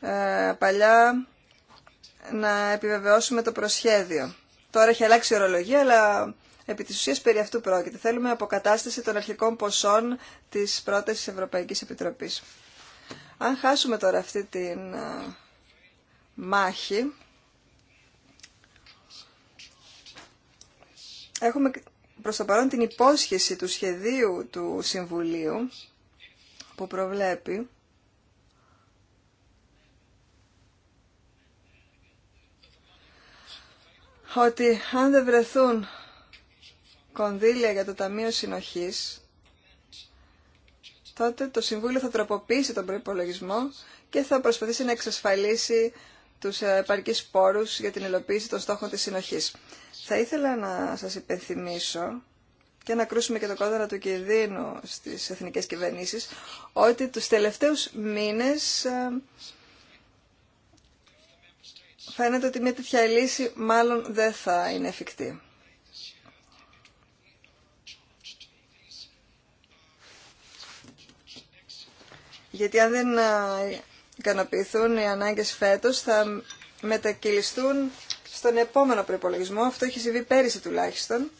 ε, παλιά, να επιβεβαιώσουμε το προσχέδιο. Τώρα έχει αλλάξει η ορολογία, αλλά επί της ουσίας περί αυτού πρόκειται. Θέλουμε αποκατάσταση των αρχικών ποσών της πρότασης Ευρωπαϊκής Επιτροπής. Αν χάσουμε τώρα αυτή τη ε, μάχη, Έχουμε προς το παρόν την υπόσχεση του σχεδίου του Συμβουλίου που προβλέπει ότι αν δεν βρεθούν κονδύλια για το Ταμείο Συνοχής, τότε το Συμβούλιο θα τροποποιήσει τον προϋπολογισμό και θα προσπαθήσει να εξασφαλίσει τους επαρκείς πόρους για την υλοποίηση των στόχων της συνοχής. Θα ήθελα να σας υπενθυμίσω και να κρούσουμε και το κόδωνα του κινδύνου στις εθνικές κυβερνήσεις ότι τους τελευταίους μήνες ε, φαίνεται ότι μια τέτοια λύση μάλλον δεν θα είναι εφικτή. Γιατί αν δεν ε, ικανοποιηθούν οι ανάγκες φέτος θα μετακυλιστούν στον επόμενο προπολογισμό. Αυτό έχει συμβεί πέρυσι τουλάχιστον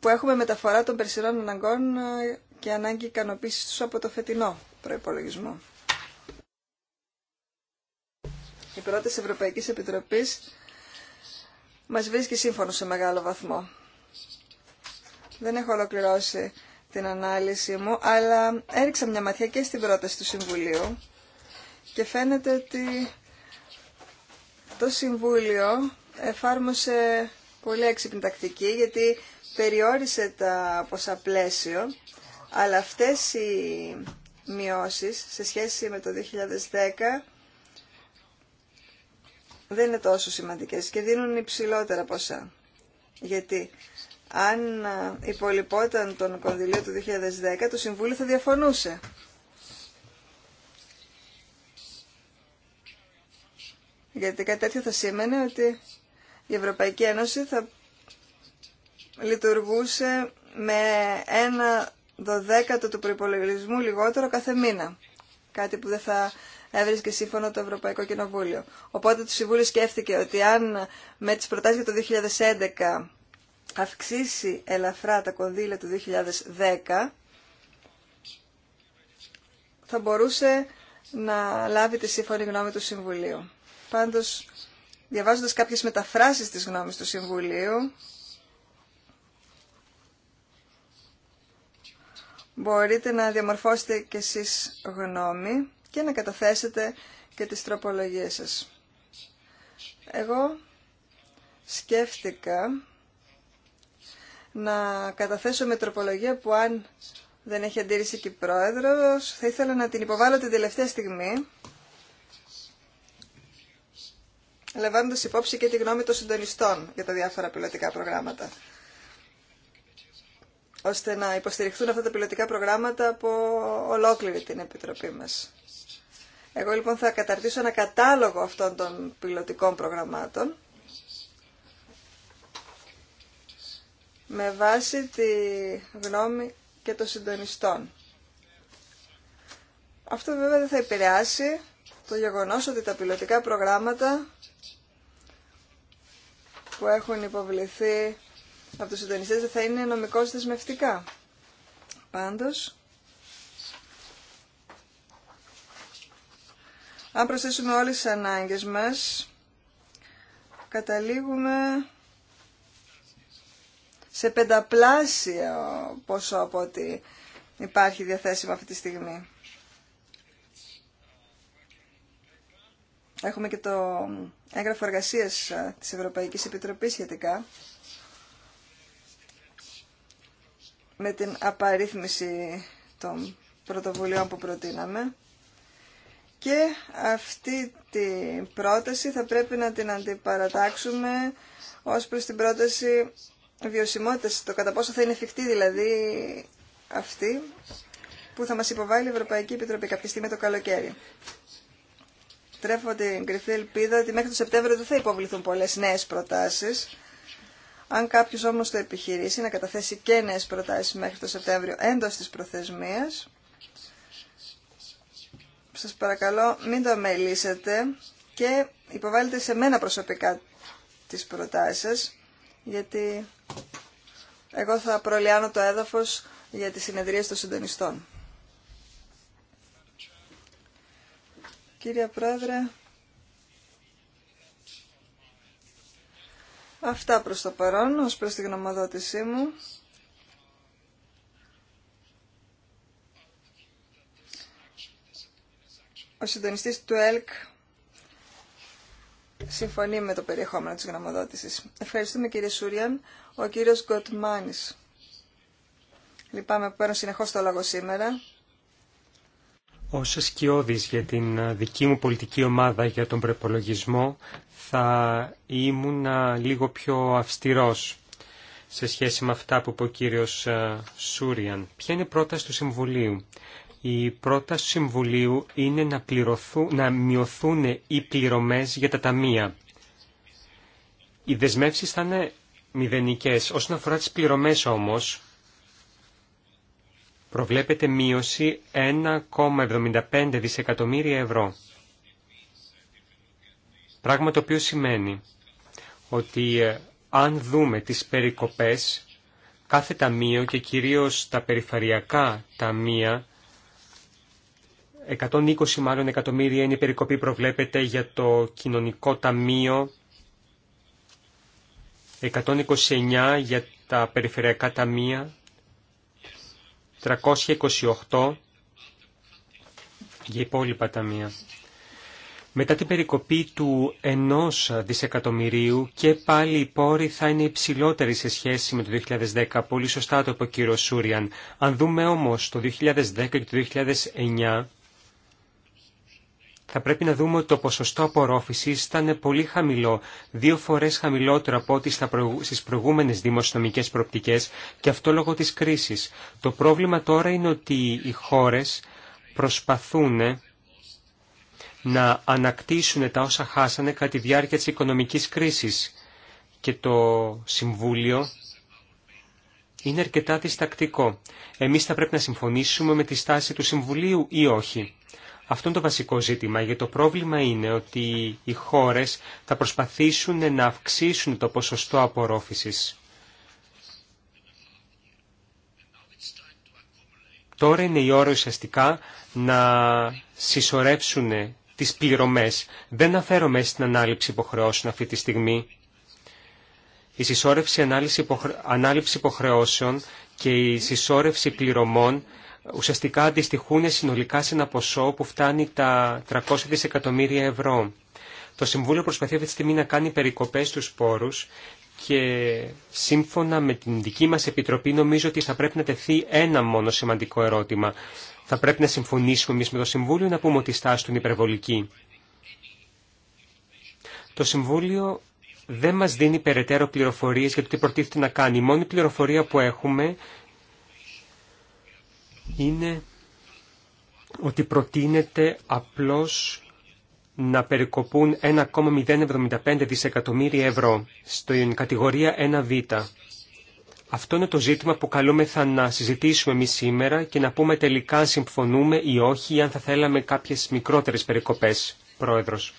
που έχουμε μεταφορά των περσινών αναγκών ε, και ανάγκη ικανοποίηση του από το φετινό προπολογισμό. Η πρόταση ευρωπαϊκή Επιτροπής μας βρίσκει σύμφωνο σε μεγάλο βαθμό. Δεν έχω ολοκληρώσει την ανάλυση μου, αλλά έριξα μια ματιά και στην πρόταση του Συμβουλίου και φαίνεται ότι το Συμβούλιο εφάρμοσε πολύ έξυπνη τακτική γιατί περιόρισε τα ποσά πλαίσιο, αλλά αυτές οι μειώσεις σε σχέση με το 2010 δεν είναι τόσο σημαντικές και δίνουν υψηλότερα ποσά. Γιατί αν υπολοιπόταν τον κονδυλίο του 2010, το Συμβούλιο θα διαφωνούσε. Γιατί κάτι τέτοιο θα σήμαινε ότι η Ευρωπαϊκή Ένωση θα λειτουργούσε με ένα δωδέκατο του προϋπολογισμού λιγότερο κάθε μήνα. Κάτι που δεν θα έβρισκε σύμφωνο το Ευρωπαϊκό Κοινοβούλιο. Οπότε το Συμβούλιο σκέφτηκε ότι αν με τις προτάσεις για το 2011 αυξήσει ελαφρά τα κονδύλια του 2010, θα μπορούσε να λάβει τη σύμφωνη γνώμη του Συμβουλίου. Πάντως, διαβάζοντας κάποιες μεταφράσεις της γνώμης του Συμβουλίου, μπορείτε να διαμορφώσετε κι εσείς γνώμη και να καταθέσετε και τις τροπολογίες σας. Εγώ σκέφτηκα να καταθέσω με τροπολογία που αν δεν έχει αντίρρηση και η πρόεδρος, θα ήθελα να την υποβάλω την τελευταία στιγμή λαμβάνοντα υπόψη και τη γνώμη των συντονιστών για τα διάφορα πιλωτικά προγράμματα ώστε να υποστηριχθούν αυτά τα πιλωτικά προγράμματα από ολόκληρη την Επιτροπή μας. Εγώ λοιπόν θα καταρτήσω ένα κατάλογο αυτών των πιλωτικών προγραμμάτων με βάση τη γνώμη και των συντονιστών. Αυτό βέβαια δεν θα επηρεάσει το γεγονός ότι τα πιλωτικά προγράμματα που έχουν υποβληθεί από τους συντονιστές δεν θα είναι νομικώς δεσμευτικά. Πάντως, αν προσθέσουμε όλες τις ανάγκες μας, καταλήγουμε σε πενταπλάσια ποσό από ό,τι υπάρχει διαθέσιμο αυτή τη στιγμή. Έχουμε και το έγγραφο εργασία ε, της Ευρωπαϊκής Επιτροπής σχετικά με την απαρίθμηση των πρωτοβουλειών που προτείναμε. Και αυτή την πρόταση θα πρέπει να την αντιπαρατάξουμε ως προς την πρόταση βιωσιμότητας, το κατά πόσο θα είναι εφικτή δηλαδή αυτή που θα μας υποβάλει η Ευρωπαϊκή Επιτροπή κάποια στιγμή το καλοκαίρι. Στρέφω την κρυφή ελπίδα ότι μέχρι το Σεπτέμβριο δεν θα υποβληθούν πολλές νέες προτάσεις. Αν κάποιο όμως το επιχειρήσει να καταθέσει και νέε προτάσεις μέχρι το Σεπτέμβριο έντος της προθεσμίας, σας παρακαλώ μην το αμελήσετε και υποβάλλετε σε μένα προσωπικά τις προτάσεις γιατί εγώ θα προλιάνω το έδαφος για τις συνεδρίες των συντονιστών. Κύριε Πρόεδρε, αυτά προς το παρόν, ως προς τη γνωμοδότησή μου. Ο συντονιστής του ΕΛΚ συμφωνεί με το περιεχόμενο της γνωμοδότησης. Ευχαριστούμε κύριε Σούριαν, ο κύριος Γκοτμάνης. Λυπάμαι που παίρνω συνεχώς το λόγο σήμερα. Ως σκιώδης για την ε, δική μου πολιτική ομάδα για τον προπολογισμό θα ήμουν ε, λίγο πιο αυστηρός σε σχέση με αυτά που είπε ο κύριος ε, Σούριαν. Ποια είναι η πρόταση του Συμβουλίου. Η πρόταση του Συμβουλίου είναι να, να μειωθούν οι πληρωμές για τα ταμεία. Οι δεσμεύσεις θα είναι μηδενικές. Όσον αφορά τις πληρωμές όμως, προβλέπεται μείωση 1,75 δισεκατομμύρια ευρώ. Πράγμα το οποίο σημαίνει ότι ε, αν δούμε τις περικοπές, κάθε ταμείο και κυρίως τα περιφερειακά ταμεία, 120 μάλλον εκατομμύρια είναι η περικοπή προβλέπεται για το κοινωνικό ταμείο, 129 για τα περιφερειακά ταμεία, 328 για υπόλοιπα ταμεία. Μετά την περικοπή του ενός δισεκατομμυρίου και πάλι οι πόροι θα είναι υψηλότεροι σε σχέση με το 2010. Πολύ σωστά το είπε ο κύριο Σούριαν. Αν δούμε όμως το 2010 και το 2009 θα πρέπει να δούμε ότι το ποσοστό απορρόφησης ήταν πολύ χαμηλό, δύο φορές χαμηλότερο από ό,τι στις προηγούμενες δημοσιονομικές προπτικές και αυτό λόγω της κρίσης. Το πρόβλημα τώρα είναι ότι οι χώρες προσπαθούν να ανακτήσουν τα όσα χάσανε κατά τη διάρκεια της οικονομικής κρίσης και το Συμβούλιο είναι αρκετά διστακτικό. Εμείς θα πρέπει να συμφωνήσουμε με τη στάση του Συμβουλίου ή όχι. Αυτό είναι το βασικό ζήτημα, γιατί το πρόβλημα είναι ότι οι χώρες θα προσπαθήσουν να αυξήσουν το ποσοστό απορρόφησης. Τώρα είναι η ώρα ουσιαστικά να συσσωρεύσουν τις πληρωμές. Δεν αναφέρομαι στην ανάληψη υποχρεώσεων αυτή τη στιγμή. Η συσσόρευση ανάληψη υποχρεώσεων και η συσσόρευση πληρωμών ουσιαστικά αντιστοιχούν συνολικά σε ένα ποσό που φτάνει τα 300 δισεκατομμύρια ευρώ. Το Συμβούλιο προσπαθεί αυτή τη στιγμή να κάνει περικοπές στους πόρους και σύμφωνα με την δική μας Επιτροπή νομίζω ότι θα πρέπει να τεθεί ένα μόνο σημαντικό ερώτημα. Θα πρέπει να συμφωνήσουμε εμείς με το Συμβούλιο να πούμε ότι στάση του υπερβολική. Το Συμβούλιο δεν μας δίνει περαιτέρω πληροφορίες για το τι προτίθεται να κάνει. Η μόνη πληροφορία που έχουμε είναι ότι προτείνεται απλώς να περικοπούν 1,075 δισεκατομμύρια ευρώ στην κατηγορία 1β. Αυτό είναι το ζήτημα που καλούμεθα να συζητήσουμε εμεί σήμερα και να πούμε τελικά αν συμφωνούμε ή όχι ή αν θα θέλαμε κάποιες μικρότερες περικοπές, Πρόεδρος.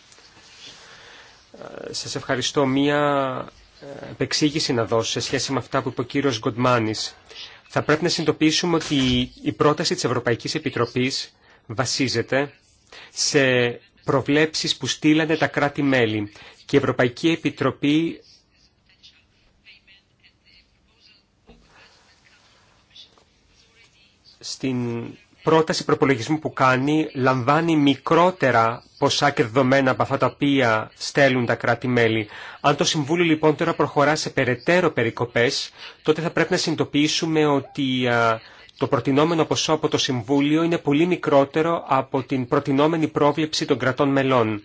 Ε, σας ευχαριστώ. Μία ε, επεξήγηση να δώσω σε σχέση με αυτά που είπε ο κύριος Γκοντμάνης θα πρέπει να συνειδητοποιήσουμε ότι η πρόταση της Ευρωπαϊκής Επιτροπής βασίζεται σε προβλέψεις που στείλανε τα κράτη-μέλη και η Ευρωπαϊκή Επιτροπή πρόταση προπολογισμού που κάνει λαμβάνει μικρότερα ποσά και δεδομένα από αυτά τα οποία στέλνουν τα κράτη-μέλη. Αν το Συμβούλιο λοιπόν τώρα προχωρά σε περαιτέρω περικοπές, τότε θα πρέπει να συνειδητοποιήσουμε ότι το προτινόμενο ποσό από το Συμβούλιο είναι πολύ μικρότερο από την προτινόμενη πρόβλεψη των κρατών μελών.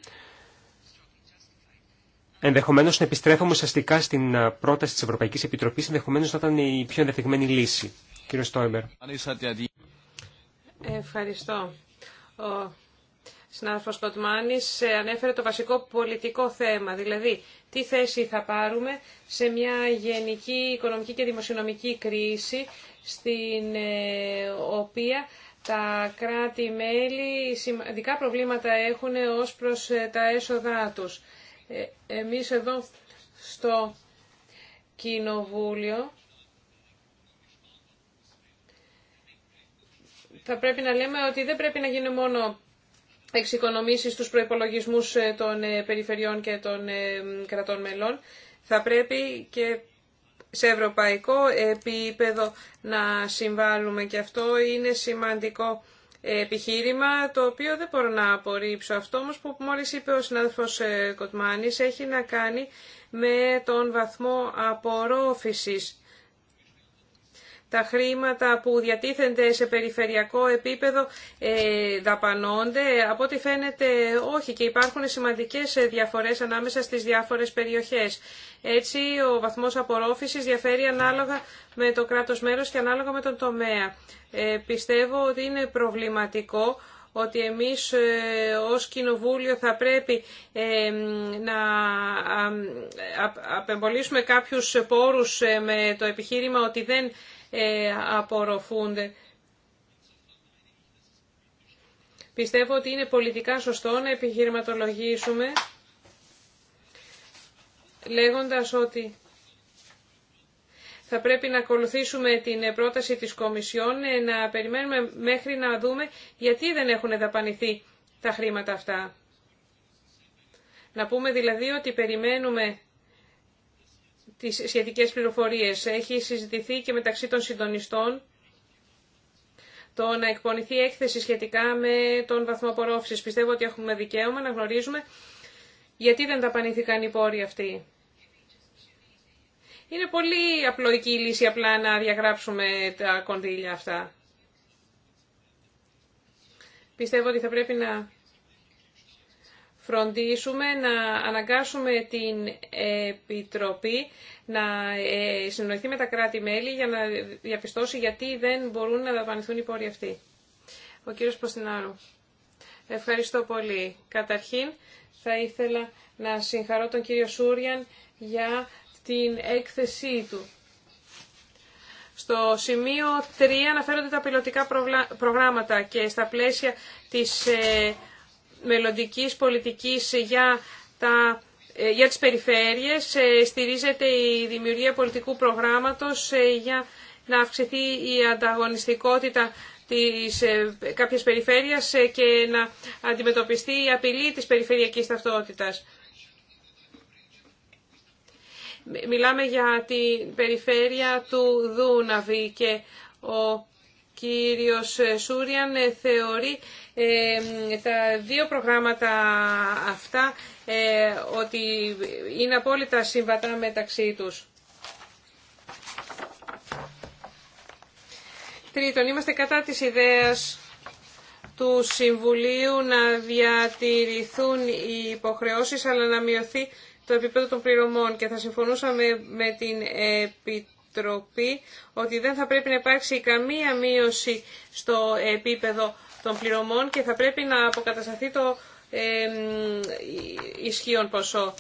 Ενδεχομένως να επιστρέφουμε ουσιαστικά στην πρόταση της Ευρωπαϊκής Επιτροπής, ενδεχομένως να ήταν η πιο ενδεδειγμένη λύση. Κύριε Στόιμπερ. Ευχαριστώ. Ο συνάδελφος Κοτμάνης ε, ανέφερε το βασικό πολιτικό θέμα, δηλαδή τι θέση θα πάρουμε σε μια γενική οικονομική και δημοσιονομική κρίση στην ε, οποία τα κράτη-μέλη σημαντικά προβλήματα έχουν ως προς ε, τα έσοδά τους. Εμείς εδώ στο Κοινοβούλιο θα πρέπει να λέμε ότι δεν πρέπει να γίνει μόνο εξοικονομήσεις στους προϋπολογισμούς ε, των ε, περιφερειών και των ε, κρατών μελών. Θα πρέπει και σε ευρωπαϊκό επίπεδο να συμβάλλουμε και αυτό είναι σημαντικό επιχείρημα το οποίο δεν μπορώ να απορρίψω. Αυτό όμως που μόλις είπε ο συνάδελφος Κοτμάνης έχει να κάνει με τον βαθμό απορρόφησης τα χρήματα που διατίθενται σε περιφερειακό επίπεδο ε, δαπανώνται. Από ό,τι φαίνεται όχι και υπάρχουν σημαντικές διαφορές ανάμεσα στις διάφορες περιοχές. Έτσι ο βαθμός απορρόφησης διαφέρει ανάλογα με το κράτος μέρος και ανάλογα με τον τομέα. Ε, πιστεύω ότι είναι προβληματικό ότι εμείς ε, ως Κοινοβούλιο θα πρέπει να απεμπολίσουμε κάποιους πόρους με το επιχείρημα ότι δεν ε, απορροφούνται. Πιστεύω ότι είναι πολιτικά σωστό να επιχειρηματολογήσουμε λέγοντας ότι θα πρέπει να ακολουθήσουμε την πρόταση της Κομισιόν ε, να περιμένουμε μέχρι να δούμε γιατί δεν έχουν δαπανηθεί τα χρήματα αυτά. Να πούμε δηλαδή ότι περιμένουμε τις σχετικές πληροφορίες. Έχει συζητηθεί και μεταξύ των συντονιστών το να εκπονηθεί έκθεση σχετικά με τον βαθμό απορρόφησης. Πιστεύω ότι έχουμε δικαίωμα να γνωρίζουμε γιατί δεν ταπανήθηκαν οι πόροι αυτοί. Είναι πολύ απλοϊκή η λύση απλά να διαγράψουμε τα κονδύλια αυτά. Πιστεύω ότι θα πρέπει να φροντίσουμε να αναγκάσουμε την Επιτροπή να ε, συνοηθεί με τα κράτη-μέλη για να διαπιστώσει γιατί δεν μπορούν να δαπανηθούν οι πόροι αυτοί. Ο κύριος Προστινάρου. Ευχαριστώ πολύ. Καταρχήν θα ήθελα να συγχαρώ τον κύριο Σούριαν για την έκθεσή του. Στο σημείο 3 αναφέρονται τα πιλωτικά προγράμματα και στα πλαίσια της ε, μελλοντικής πολιτικής για, τα, ε, για τις περιφέρειες. Ε, στηρίζεται η δημιουργία πολιτικού προγράμματος ε, για να αυξηθεί η ανταγωνιστικότητα της κάποιες περιφέρειας και να αντιμετωπιστεί η απειλή της περιφερειακής ταυτότητας. Μιλάμε για την περιφέρεια του Δούναβη και ο κύριος Σούριαν θεωρεί τα δύο προγράμματα αυτά ε, ότι είναι απόλυτα συμβατά μεταξύ τους. Τρίτον, είμαστε κατά της ιδέας του Συμβουλίου να διατηρηθούν οι υποχρεώσεις αλλά να μειωθεί το επίπεδο των πληρωμών και θα συμφωνούσαμε με την Επιτροπή ότι δεν θα πρέπει να υπάρξει καμία μείωση στο επίπεδο των πληρωμών και θα πρέπει να αποκατασταθεί το ε, ισχύον ποσό.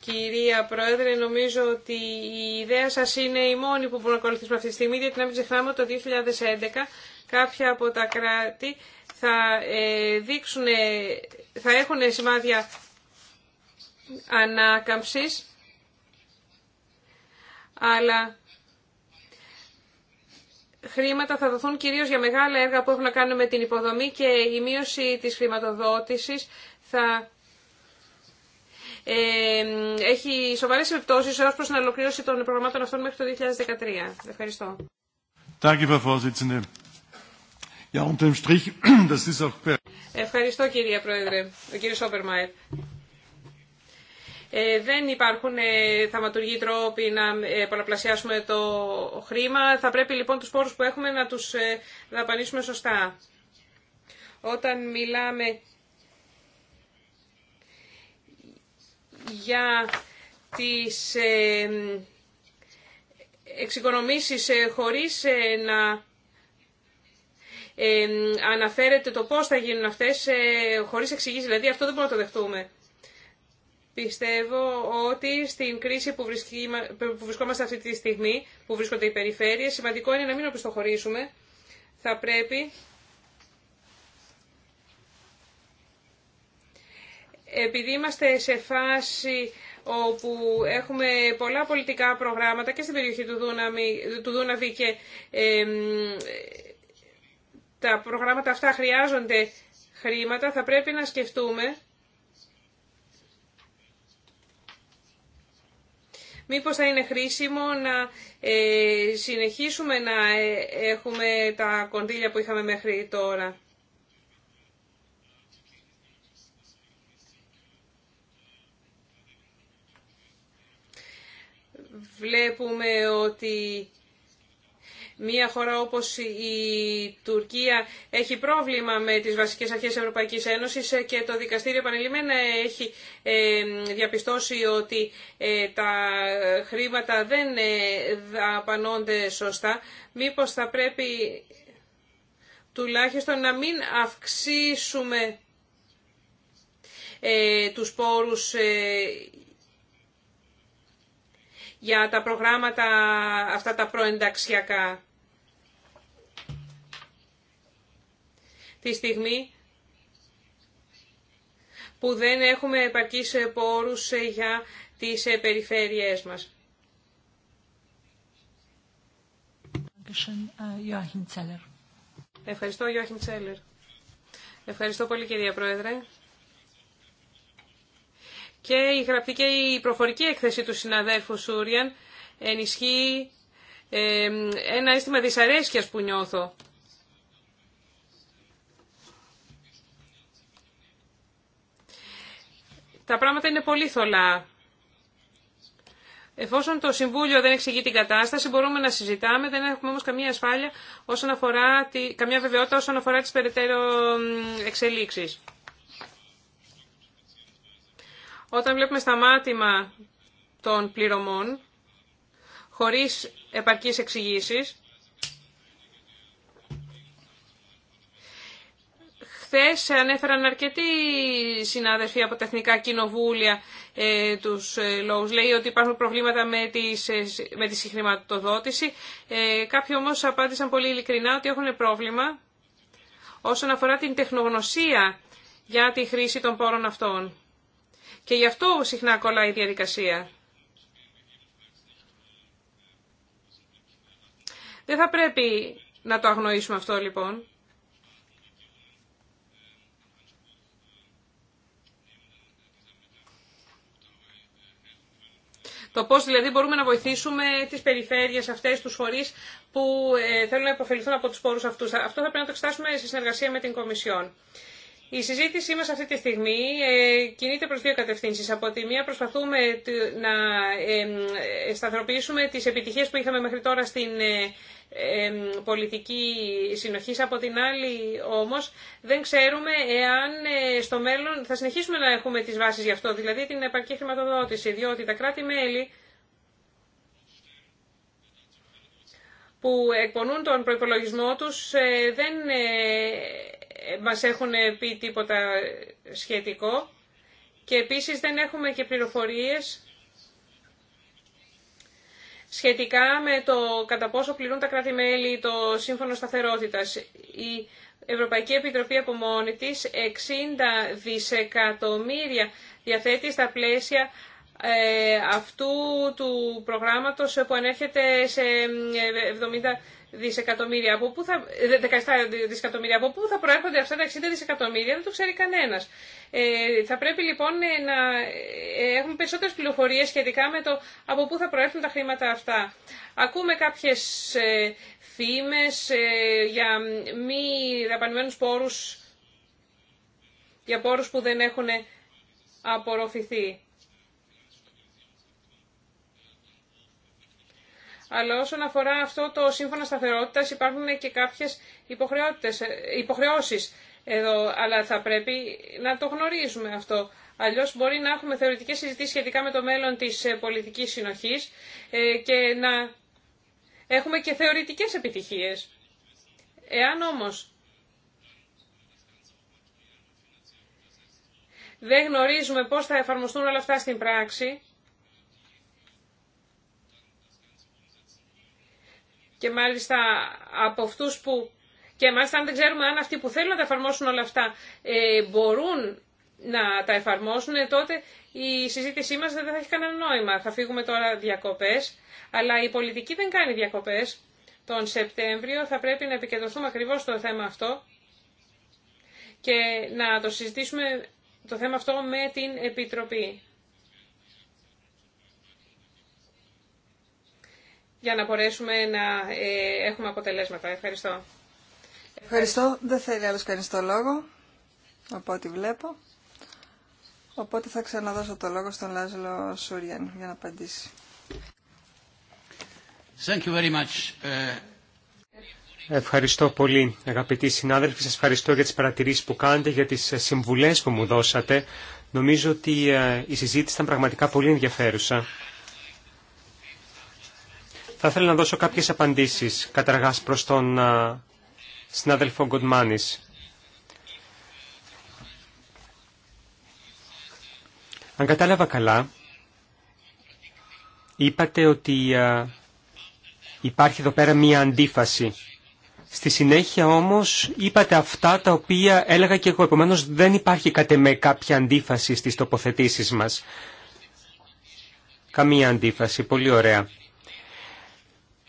Κυρία Πρόεδρε, νομίζω ότι η ιδέα σας είναι η μόνη που μπορούμε να ακολουθήσουμε αυτή τη στιγμή, γιατί να μην ξεχνάμε ότι το 2011 κάποια από τα κράτη θα, ε, θα έχουν σημάδια ανάκαμψης, αλλά χρήματα θα δοθούν κυρίως για μεγάλα έργα που έχουν να κάνουν με την υποδομή και η μείωση της χρηματοδότησης θα ε, έχει σοβαρές επιπτώσεις ως προς την ολοκλήρωση των προγραμμάτων αυτών μέχρι το 2013. Ευχαριστώ. Ευχαριστώ κύριε Πρόεδρε, ο κύριος ε, δεν υπάρχουν ε, θαυματουργοί τρόποι να ε, πολλαπλασιάσουμε το χρήμα. Θα πρέπει λοιπόν τους πόρους που έχουμε να τους δαπανίσουμε σωστά. Όταν μιλάμε για τις εξοικονομήσεις χωρίς να αναφέρεται το πώς θα γίνουν αυτές, χωρίς εξηγήσει. Δηλαδή αυτό δεν μπορούμε να το δεχτούμε. Πιστεύω ότι στην κρίση που, βρισκόμαστε αυτή τη στιγμή, που βρίσκονται οι περιφέρειες, σημαντικό είναι να μην οπισθοχωρήσουμε. Θα πρέπει επειδή είμαστε σε φάση όπου έχουμε πολλά πολιτικά προγράμματα και στην περιοχή του, Δούναμι, του Δούναβη και τα προγράμματα αυτά χρειάζονται χρήματα, θα πρέπει να σκεφτούμε μήπως θα είναι χρήσιμο να ε, συνεχίσουμε να ε, έχουμε τα κονδύλια που είχαμε μέχρι τώρα. Βλέπουμε ότι Μία χώρα όπως η Τουρκία έχει πρόβλημα με τις βασικές αρχές της Ευρωπαϊκής Ένωσης ε, και το δικαστήριο επανειλημμένα έχει ε, διαπιστώσει ότι ε, τα χρήματα δεν απανώνται σωστά. Μήπως θα πρέπει τουλάχιστον να μην αυξήσουμε τους πόρους για τα προγράμματα αυτά τα προενταξιακά. τη στιγμή που δεν έχουμε επαρκείς πόρους για τις περιφέρειές μας. Ευχαριστώ, Ιωάχιν Τσέλερ. Ευχαριστώ πολύ, κυρία Πρόεδρε. Και η γραπτή και η προφορική έκθεση του συναδέλφου Σούριαν ενισχύει ε, ένα αίσθημα δυσαρέσκειας που νιώθω. Τα πράγματα είναι πολύ θολά. Εφόσον το Συμβούλιο δεν εξηγεί την κατάσταση, μπορούμε να συζητάμε, δεν έχουμε όμως καμία ασφάλεια, όσον αφορά τη, καμία βεβαιότητα όσον αφορά τις περαιτέρω εξελίξεις. Όταν βλέπουμε σταμάτημα των πληρωμών, χωρίς επαρκείς εξηγήσεις, Χθε ανέφεραν αρκετοί συνάδελφοι από τα Εθνικά Κοινοβούλια ε, τους ε, Λέει ότι υπάρχουν προβλήματα με, τις, ε, με τη συγχρηματοδότηση. Ε, κάποιοι όμως απάντησαν πολύ ειλικρινά ότι έχουν πρόβλημα όσον αφορά την τεχνογνωσία για τη χρήση των πόρων αυτών. Και γι' αυτό συχνά κολλάει η διαδικασία. Δεν θα πρέπει να το αγνοήσουμε αυτό λοιπόν. Το πώς δηλαδή μπορούμε να βοηθήσουμε τις περιφέρειες αυτές, τους φορείς που ε, θέλουν να υποφεληθούν από τους πόρους αυτούς. Αυτό θα πρέπει να το εξετάσουμε σε συνεργασία με την Κομισιόν. Η συζήτησή μας αυτή τη στιγμή ε, κινείται προς δύο κατευθύνσεις. Από τη μία προσπαθούμε να σταθεροποιήσουμε τις επιτυχίες που είχαμε μέχρι τώρα στην ε, πολιτική συνοχής. Από την άλλη όμως δεν ξέρουμε εάν ε, στο μέλλον θα συνεχίσουμε να έχουμε τις βάσεις γι' αυτό, δηλαδή την επαρκή χρηματοδότηση, διότι τα κράτη-μέλη που εκπονούν τον προϋπολογισμό τους δεν μας έχουν πει τίποτα σχετικό και επίσης δεν έχουμε και πληροφορίες σχετικά με το κατά πόσο πληρούν τα κράτη-μέλη το σύμφωνο σταθερότητας. Η Ευρωπαϊκή Επιτροπή από μόνη της 60 δισεκατομμύρια διαθέτει στα πλαίσια ε, αυτού του προγράμματος που ανέρχεται σε 70 ε, δισεκατομμύρια, από πού θα, 17 ε, δισεκατομμύρια, από πού θα προέρχονται αυτά τα 60 δισεκατομμύρια, δεν το ξέρει κανένας. Ε, θα πρέπει λοιπόν ε, να ε, έχουμε περισσότερες πληροφορίες σχετικά με το από πού θα προέρχονται τα χρήματα αυτά. Ακούμε κάποιες φημε φήμες για μη δαπανημένους πόρους, για πόρους που δεν έχουν απορροφηθεί. Αλλά όσον αφορά αυτό το σύμφωνο σταθερότητας υπάρχουν και κάποιες ε, υποχρεώσεις εδώ, αλλά θα πρέπει να το γνωρίζουμε αυτό. Αλλιώ μπορεί να έχουμε θεωρητικές συζητήσει σχετικά με το μέλλον της ε, πολιτικής συνοχής ε, και να έχουμε και θεωρητικές επιτυχίες. Εάν όμως δεν γνωρίζουμε πώς θα εφαρμοστούν όλα αυτά στην πράξη, και μάλιστα από αυτού που... Και μάλιστα αν δεν ξέρουμε αν αυτοί που θέλουν να τα εφαρμόσουν όλα αυτά ε, μπορούν να τα εφαρμόσουν, ε, τότε η συζήτησή μα δεν θα έχει κανένα νόημα. Θα φύγουμε τώρα διακοπέ, αλλά η πολιτική δεν κάνει διακοπέ. Τον Σεπτέμβριο θα πρέπει να επικεντρωθούμε ακριβώ στο θέμα αυτό και να το συζητήσουμε το θέμα αυτό με την Επιτροπή. για να μπορέσουμε να ε, έχουμε αποτελέσματα. Ευχαριστώ. Ευχαριστώ. Δεν θέλει άλλος κανείς το λόγο, από ό,τι βλέπω. Οπότε θα ξαναδώσω το λόγο στον Λάζλο Σούριαν για να απαντήσει. Thank you very much. Ε. Ευχαριστώ πολύ αγαπητοί συνάδελφοι, σας ευχαριστώ για τις παρατηρήσεις που κάνετε, για τις ε, συμβουλές που μου δώσατε. Νομίζω ότι η συζήτηση ήταν πραγματικά πολύ ενδιαφέρουσα. Θα ήθελα να δώσω κάποιες απαντήσεις καταργάς προς τον συνάδελφο Γκοντμάνης. Αν κατάλαβα καλά, είπατε ότι υπάρχει εδώ πέρα μία αντίφαση. Στη συνέχεια όμως είπατε αυτά τα οποία έλεγα και εγώ, επομένως δεν υπάρχει κάτι με κάποια αντίφαση στις τοποθετήσεις μας. Καμία αντίφαση, πολύ ωραία.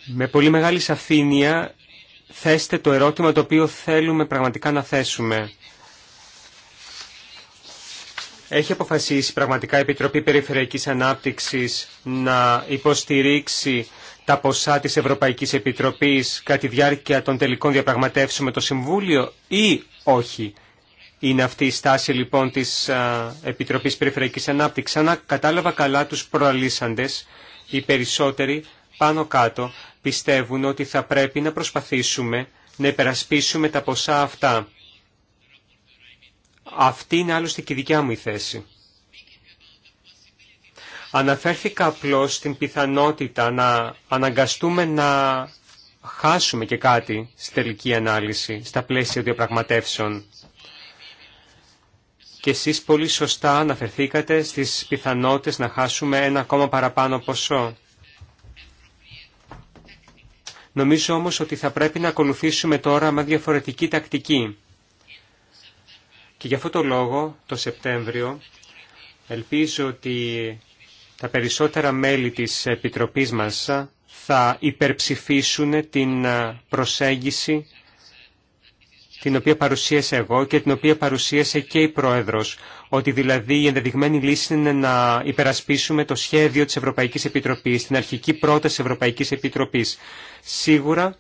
Με πολύ μεγάλη σαφήνεια θέστε το ερώτημα το οποίο θέλουμε πραγματικά να θέσουμε. Έχει αποφασίσει πραγματικά η Επιτροπή Περιφερειακής Ανάπτυξης να υποστηρίξει τα ποσά της Ευρωπαϊκής Επιτροπής κατά τη διάρκεια των τελικών διαπραγματεύσεων με το Συμβούλιο ή όχι. Είναι αυτή η στάση λοιπόν της Επιτροπής Περιφερειακής Ανάπτυξης. Αν κατάλαβα καλά τους προαλήσαντες, οι περισσότεροι πάνω κάτω πιστεύουν ότι θα πρέπει να προσπαθήσουμε να υπερασπίσουμε τα ποσά αυτά. Αυτή είναι άλλωστε και η δικιά μου η θέση. Αναφέρθηκα απλώς στην πιθανότητα να αναγκαστούμε να χάσουμε και κάτι στη τελική ανάλυση, στα πλαίσια διαπραγματεύσεων. Και εσείς πολύ σωστά αναφερθήκατε στις πιθανότητες να χάσουμε ένα ακόμα παραπάνω ποσό. Νομίζω όμως ότι θα πρέπει να ακολουθήσουμε τώρα με διαφορετική τακτική. Και γι' αυτό το λόγο, το Σεπτέμβριο, ελπίζω ότι τα περισσότερα μέλη της Επιτροπής μας θα υπερψηφίσουν την προσέγγιση την οποία παρουσίασα εγώ και την οποία παρουσίασε και η Πρόεδρος, ότι δηλαδή η ενδεδειγμένη λύση είναι να υπερασπίσουμε το σχέδιο της Ευρωπαϊκής Επιτροπής, την αρχική πρόταση Ευρωπαϊκής Επιτροπής. Σίγουρα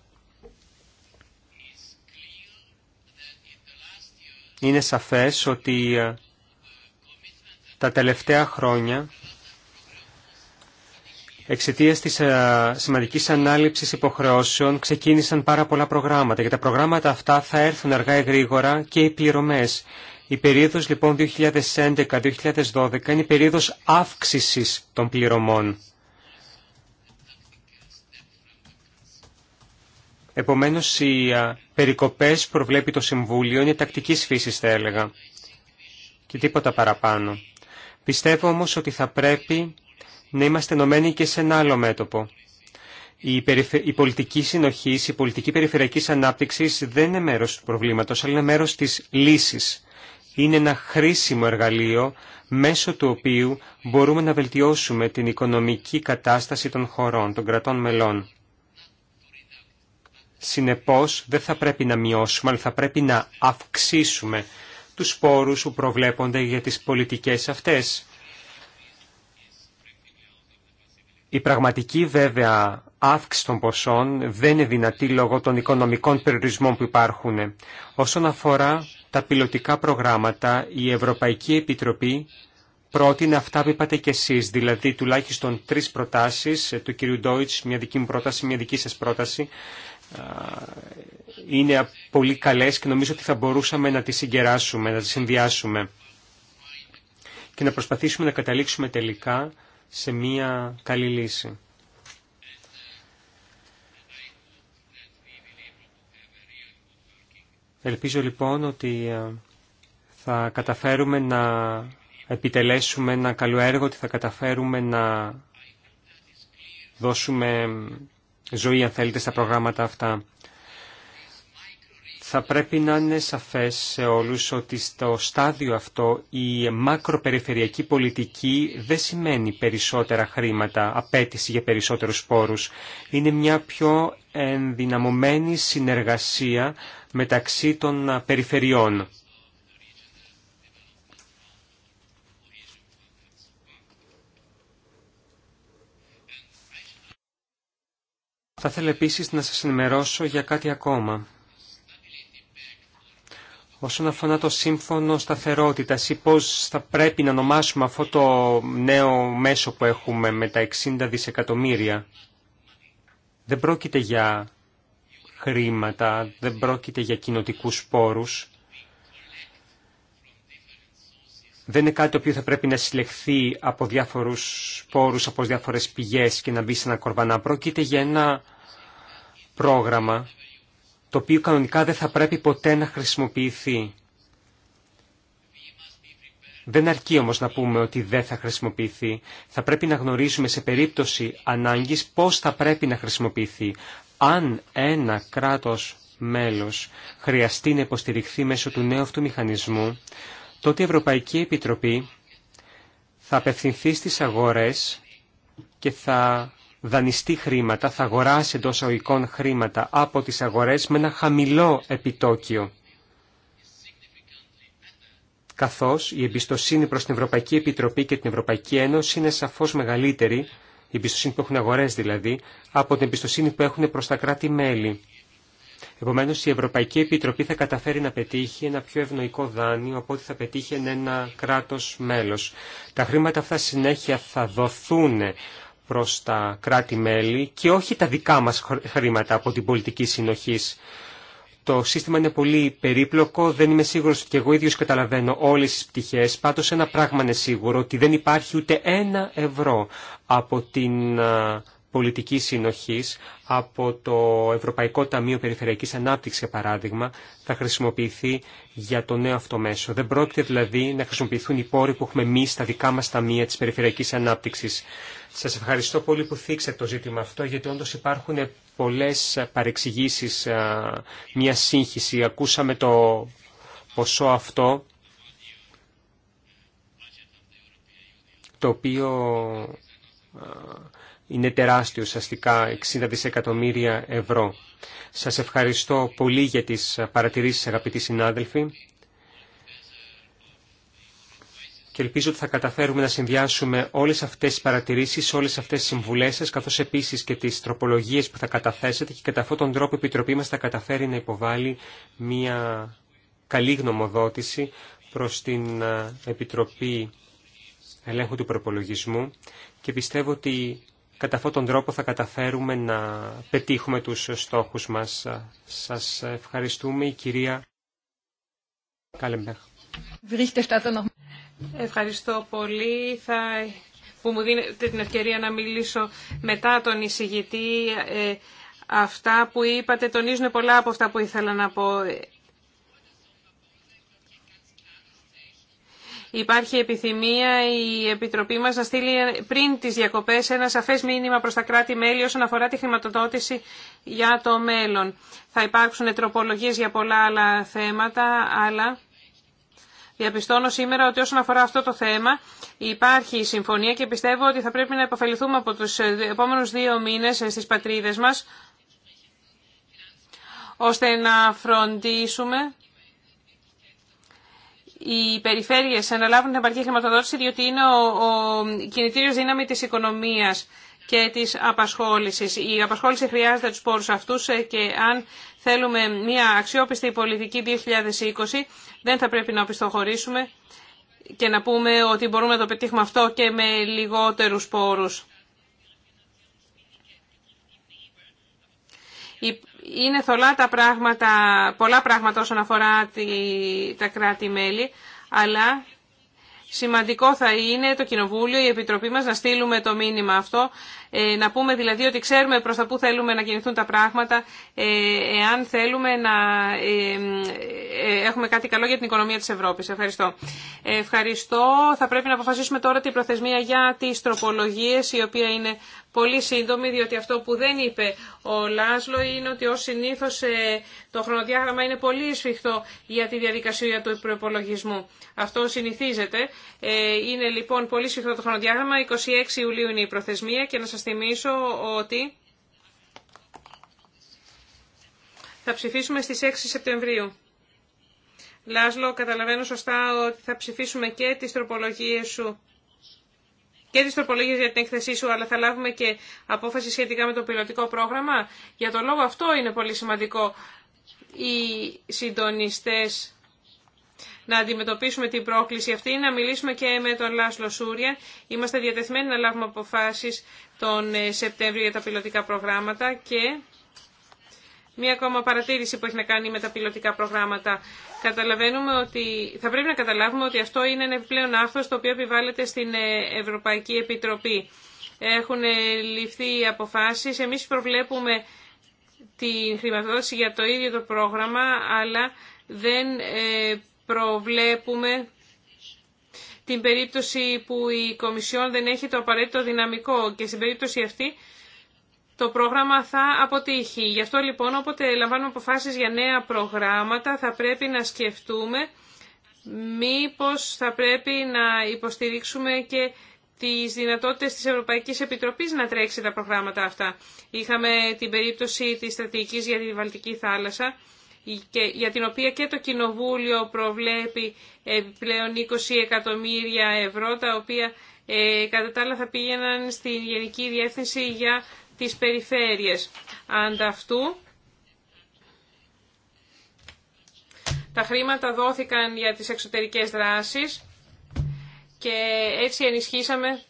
είναι σαφές ότι ε, τα τελευταία χρόνια Εξαιτία τη ε, σημαντική ανάληψη υποχρεώσεων ξεκίνησαν πάρα πολλά προγράμματα και τα προγράμματα αυτά θα έρθουν αργά ή γρήγορα και οι πληρωμέ. Η περίοδος λοιπόν 2011-2012 είναι η περίοδος αύξησης των πληρωμών. Επομένως οι που προβλέπει το Συμβούλιο είναι τακτική φύση, θα έλεγα και τίποτα παραπάνω. Πιστεύω όμω ότι θα πρέπει να είμαστε ενωμένοι και σε ένα άλλο μέτωπο. Η, πολιτική συνοχή, η πολιτική περιφερειακή ανάπτυξη δεν είναι μέρο του προβλήματος, αλλά είναι μέρο τη λύση. Είναι ένα χρήσιμο εργαλείο μέσω του οποίου μπορούμε να βελτιώσουμε την οικονομική κατάσταση των χωρών, των κρατών μελών. Συνεπώς δεν θα πρέπει να μειώσουμε, αλλά θα πρέπει να αυξήσουμε τους πόρους που προβλέπονται για τις πολιτικές αυτές. Η πραγματική βέβαια αύξηση των ποσών δεν είναι δυνατή λόγω των οικονομικών περιορισμών που υπάρχουν. Όσον αφορά τα πιλωτικά προγράμματα, η Ευρωπαϊκή Επιτροπή πρότεινε αυτά που είπατε κι εσείς, δηλαδή τουλάχιστον τρει προτάσει, του κ. Ντόιτ, μια δική μου πρόταση, μια δική σα πρόταση. Είναι πολύ καλέ και νομίζω ότι θα μπορούσαμε να τις συγκεράσουμε, να τις συνδυάσουμε και να προσπαθήσουμε να καταλήξουμε τελικά σε μία καλή λύση. Ελπίζω λοιπόν ότι ε, θα καταφέρουμε να επιτελέσουμε ένα καλό έργο, ότι θα καταφέρουμε να δώσουμε ζωή αν θέλετε στα προγράμματα αυτά θα πρέπει να είναι σαφές σε όλους ότι στο στάδιο αυτό η μακροπεριφερειακή πολιτική δεν σημαίνει περισσότερα χρήματα, απέτηση για περισσότερους πόρους. Είναι μια πιο ενδυναμωμένη συνεργασία μεταξύ των περιφερειών. Θα ήθελα επίσης να σας ενημερώσω για κάτι ακόμα. Όσον αφορά το σύμφωνο σταθερότητα, ή πώς θα πρέπει να ονομάσουμε αυτό το νέο μέσο που έχουμε με τα 60 δισεκατομμύρια, δεν πρόκειται για χρήματα, δεν πρόκειται για κοινοτικού πόρους. Δεν είναι κάτι το οποίο θα πρέπει να συλλεχθεί από διάφορους πόρους, από διάφορες πηγές και να μπει σε ένα κορβανά. Πρόκειται για ένα πρόγραμμα το οποίο κανονικά δεν θα πρέπει ποτέ να χρησιμοποιηθεί. Δεν αρκεί όμως να πούμε ότι δεν θα χρησιμοποιηθεί. Θα πρέπει να γνωρίζουμε σε περίπτωση ανάγκης πώς θα πρέπει να χρησιμοποιηθεί. Αν ένα κράτος μέλος χρειαστεί να υποστηριχθεί μέσω του νέου αυτού μηχανισμού, τότε η Ευρωπαϊκή Επιτροπή θα απευθυνθεί στις αγορές και θα δανειστεί χρήματα, θα αγοράσει εντό οικών χρήματα από τις αγορές με ένα χαμηλό επιτόκιο. Καθώς η εμπιστοσύνη προς την Ευρωπαϊκή Επιτροπή και την Ευρωπαϊκή Ένωση είναι σαφώς μεγαλύτερη, η εμπιστοσύνη που έχουν αγορές δηλαδή, από την εμπιστοσύνη που έχουν προς τα κράτη-μέλη. Επομένως, η Ευρωπαϊκή Επιτροπή θα καταφέρει να πετύχει ένα πιο ευνοϊκό δάνειο από ό,τι θα πετύχει ένα κράτος μέλος. Τα χρήματα αυτά συνέχεια θα δοθούν προς τα κράτη-μέλη και όχι τα δικά μας χρήματα από την πολιτική συνοχή. Το σύστημα είναι πολύ περίπλοκο, δεν είμαι σίγουρος ότι και εγώ ίδιος καταλαβαίνω όλες τις πτυχές, πάντως ένα πράγμα είναι σίγουρο, ότι δεν υπάρχει ούτε ένα ευρώ από την πολιτική συνοχή από το Ευρωπαϊκό Ταμείο Περιφερειακής Ανάπτυξης, για παράδειγμα, θα χρησιμοποιηθεί για το νέο αυτό μέσο. Δεν πρόκειται δηλαδή να χρησιμοποιηθούν οι πόροι που έχουμε εμεί στα δικά μας ταμεία της Περιφερειακής Ανάπτυξης. Σας ευχαριστώ πολύ που θίξατε το ζήτημα αυτό, γιατί όντως υπάρχουν πολλές παρεξηγήσεις, μια σύγχυση. Ακούσαμε το ποσό αυτό, το οποίο είναι τεράστιο ουσιαστικά 60 δισεκατομμύρια ευρώ. Σας ευχαριστώ πολύ για τις παρατηρήσεις αγαπητοί συνάδελφοι και ελπίζω ότι θα καταφέρουμε να συνδυάσουμε όλες αυτές τις παρατηρήσεις, όλες αυτές τις συμβουλές σας, καθώς επίσης και τις τροπολογίες που θα καταθέσετε και κατά αυτόν τον τρόπο η Επιτροπή μας θα καταφέρει να υποβάλει μια καλή γνωμοδότηση προς την Επιτροπή Ελέγχου του Προπολογισμού και πιστεύω ότι κατά αυτόν τον τρόπο θα καταφέρουμε να πετύχουμε τους στόχους μας. Σας ευχαριστούμε η κυρία Κάλεμπεχ. Ευχαριστώ πολύ. που μου δίνετε την ευκαιρία να μιλήσω μετά τον εισηγητή. Ε, αυτά που είπατε τονίζουν πολλά από αυτά που ήθελα να πω. Υπάρχει επιθυμία η Επιτροπή μας να στείλει πριν τις διακοπές ένα σαφές μήνυμα προς τα κράτη-μέλη όσον αφορά τη χρηματοδότηση για το μέλλον. Θα υπάρξουν τροπολογίες για πολλά άλλα θέματα, αλλά Διαπιστώνω σήμερα ότι όσον αφορά αυτό το θέμα υπάρχει συμφωνία και πιστεύω ότι θα πρέπει να υποφεληθούμε από τους επόμενους δύο μήνες στις πατρίδες μας ώστε να φροντίσουμε οι περιφέρειες να λάβουν την επαρκή χρηματοδότηση διότι είναι ο, κινητήριος δύναμη της οικονομίας και της απασχόλησης. Η απασχόληση χρειάζεται τους πόρους αυτούς ε, και αν Θέλουμε μια αξιόπιστη πολιτική 2020. Δεν θα πρέπει να πιστοχωρήσουμε και να πούμε ότι μπορούμε να το πετύχουμε αυτό και με λιγότερους πόρους. Είναι θολά τα πράγματα, πολλά πράγματα όσον αφορά τα κράτη-μέλη, αλλά σημαντικό θα είναι το Κοινοβούλιο, η Επιτροπή μας να στείλουμε το μήνυμα αυτό ε, να πούμε δηλαδή ότι ξέρουμε προς τα που θέλουμε να κινηθούν τα πράγματα, ε, εάν θέλουμε να ε, έχουμε κάτι καλό για την οικονομία της Ευρώπης. Ευχαριστώ. Ευχαριστώ. Θα πρέπει να αποφασίσουμε τώρα την προθεσμία για τις τροπολογίες, η οποία είναι πολύ σύντομη, διότι αυτό που δεν είπε ο Λάσλο είναι ότι ως συνήθως το χρονοδιάγραμμα είναι πολύ σφιχτό για τη διαδικασία του προπολογισμού. Αυτό συνηθίζεται. Είναι λοιπόν πολύ σφιχτό το χρονοδιάγραμμα. 26 Ιουλίου είναι η προθεσμία και να σας θυμίσω ότι θα ψηφίσουμε στις 6 Σεπτεμβρίου. Λάσλο, καταλαβαίνω σωστά ότι θα ψηφίσουμε και τις τροπολογίες σου και τις τροπολογίες για την έκθεσή σου, αλλά θα λάβουμε και απόφαση σχετικά με το πιλωτικό πρόγραμμα. Για τον λόγο αυτό είναι πολύ σημαντικό οι συντονιστές να αντιμετωπίσουμε την πρόκληση αυτή, να μιλήσουμε και με τον Λάσλο Σούρια. Είμαστε διατεθμένοι να λάβουμε αποφάσει τον ε, Σεπτέμβριο για τα πιλωτικά προγράμματα και... Μία ακόμα παρατήρηση που έχει να κάνει με τα πιλωτικά προγράμματα. Καταλαβαίνουμε ότι, θα πρέπει να καταλάβουμε ότι αυτό είναι ένα επιπλέον άρθρο το οποίο επιβάλλεται στην ε, Ευρωπαϊκή Επιτροπή. Έχουν ε, ληφθεί αποφάσει. Εμεί προβλέπουμε τη χρηματοδότηση για το ίδιο το πρόγραμμα, αλλά δεν προβλέπουμε την περίπτωση που η Κομισιόν δεν έχει το απαραίτητο δυναμικό και στην περίπτωση αυτή το πρόγραμμα θα αποτύχει. Γι' αυτό λοιπόν όποτε λαμβάνουμε αποφάσεις για νέα προγράμματα θα πρέπει να σκεφτούμε μήπως θα πρέπει να υποστηρίξουμε και τις δυνατότητες της Ευρωπαϊκής Επιτροπής να τρέξει τα προγράμματα αυτά. Είχαμε την περίπτωση της στρατηγικής για τη Βαλτική θάλασσα για την οποία και το Κοινοβούλιο προβλέπει ε, πλέον 20 εκατομμύρια ευρώ, τα οποία ε, κατά τα άλλα θα πήγαιναν στην Γενική Διεύθυνση για τις Περιφέρειες. Ανταυτού, τα χρήματα δόθηκαν για τις εξωτερικές δράσεις και έτσι ενισχύσαμε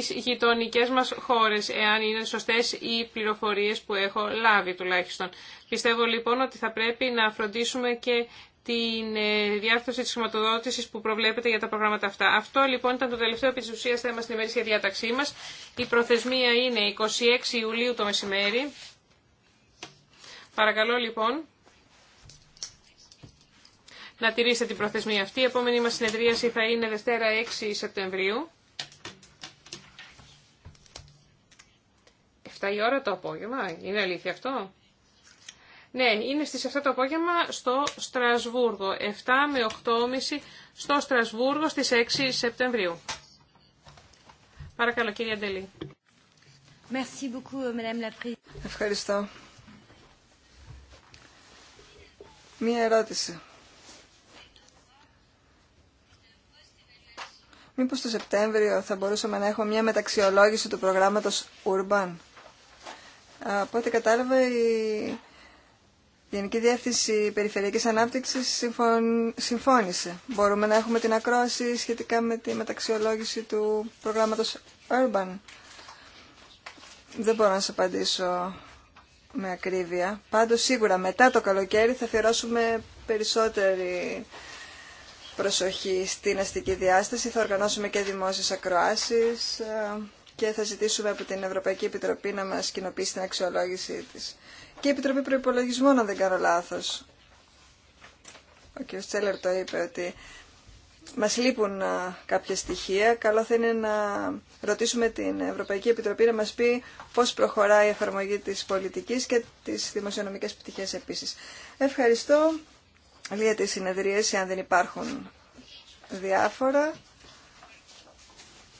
στις γειτονικές μας χώρες, εάν είναι σωστές οι πληροφορίες που έχω λάβει τουλάχιστον. Πιστεύω λοιπόν ότι θα πρέπει να φροντίσουμε και την ε, διάρθρωση της χρηματοδότησης που προβλέπεται για τα προγράμματα αυτά. Αυτό λοιπόν ήταν το τελευταίο επί της ουσίας θέμα στην ημερήσια διάταξή μας. Η προθεσμία είναι 26 Ιουλίου το μεσημέρι. Παρακαλώ λοιπόν να τηρήσετε την προθεσμία αυτή. Η επόμενη μας συνεδρίαση θα είναι Δευτέρα 6 Σεπτεμβρίου. 7 η ώρα το απόγευμα. Είναι αλήθεια αυτό. Ναι, είναι στις 7 το απόγευμα στο Στρασβούργο. 7 με 8.30 στο Στρασβούργο στις 6 Σεπτεμβρίου. Παρακαλώ κύριε Αντελή. Ευχαριστώ. Μία ερώτηση. Μήπως το Σεπτέμβριο θα μπορούσαμε να έχουμε μια μεταξιολόγηση του προγράμματος Urban. Από ό,τι κατάλαβα, η Γενική Διεύθυνση Περιφερειακής Ανάπτυξης συμφώνησε. Μπορούμε να έχουμε την ακρόαση σχετικά με τη μεταξιολόγηση του προγράμματος Urban. Δεν μπορώ να σας απαντήσω με ακρίβεια. Πάντως σίγουρα μετά το καλοκαίρι θα αφιερώσουμε περισσότερη προσοχή στην αστική διάσταση. Θα οργανώσουμε και δημόσιες ακροάσεις ε, και θα ζητήσουμε από την Ευρωπαϊκή Επιτροπή να μας κοινοποιήσει την αξιολόγησή της. Και η Επιτροπή Προϋπολογισμών, αν δεν κάνω λάθος. Ο κ. Τσέλερ το είπε ότι μας λείπουν κάποια στοιχεία. Καλό θα είναι να ρωτήσουμε την Ευρωπαϊκή Επιτροπή να μας πει πώς προχωράει η εφαρμογή της πολιτικής και της δημοσιονομικές πτυχές επίσης. Ευχαριστώ. Λύεται τις συνεδρίες, αν δεν υπάρχουν διάφορα.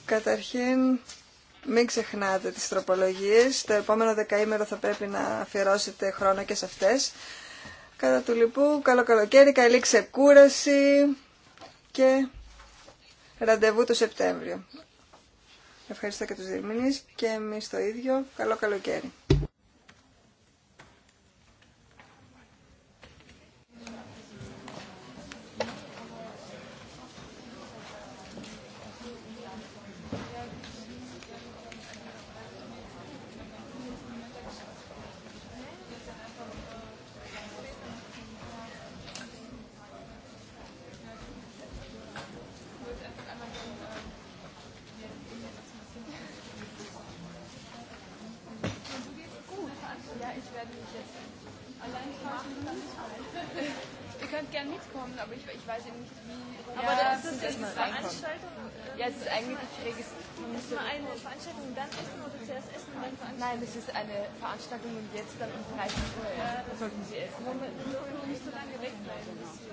Καταρχήν μην ξεχνάτε τις τροπολογίες. Το επόμενο δεκαήμερο θα πρέπει να αφιερώσετε χρόνο και σε αυτές. Κατά του λοιπού, καλό καλοκαίρι, καλή ξεκούραση και ραντεβού το Σεπτέμβριο. Ευχαριστώ και τους Δήμινες και εμείς το ίδιο. Καλό καλοκαίρι. Wollen wir lange wegbleiben?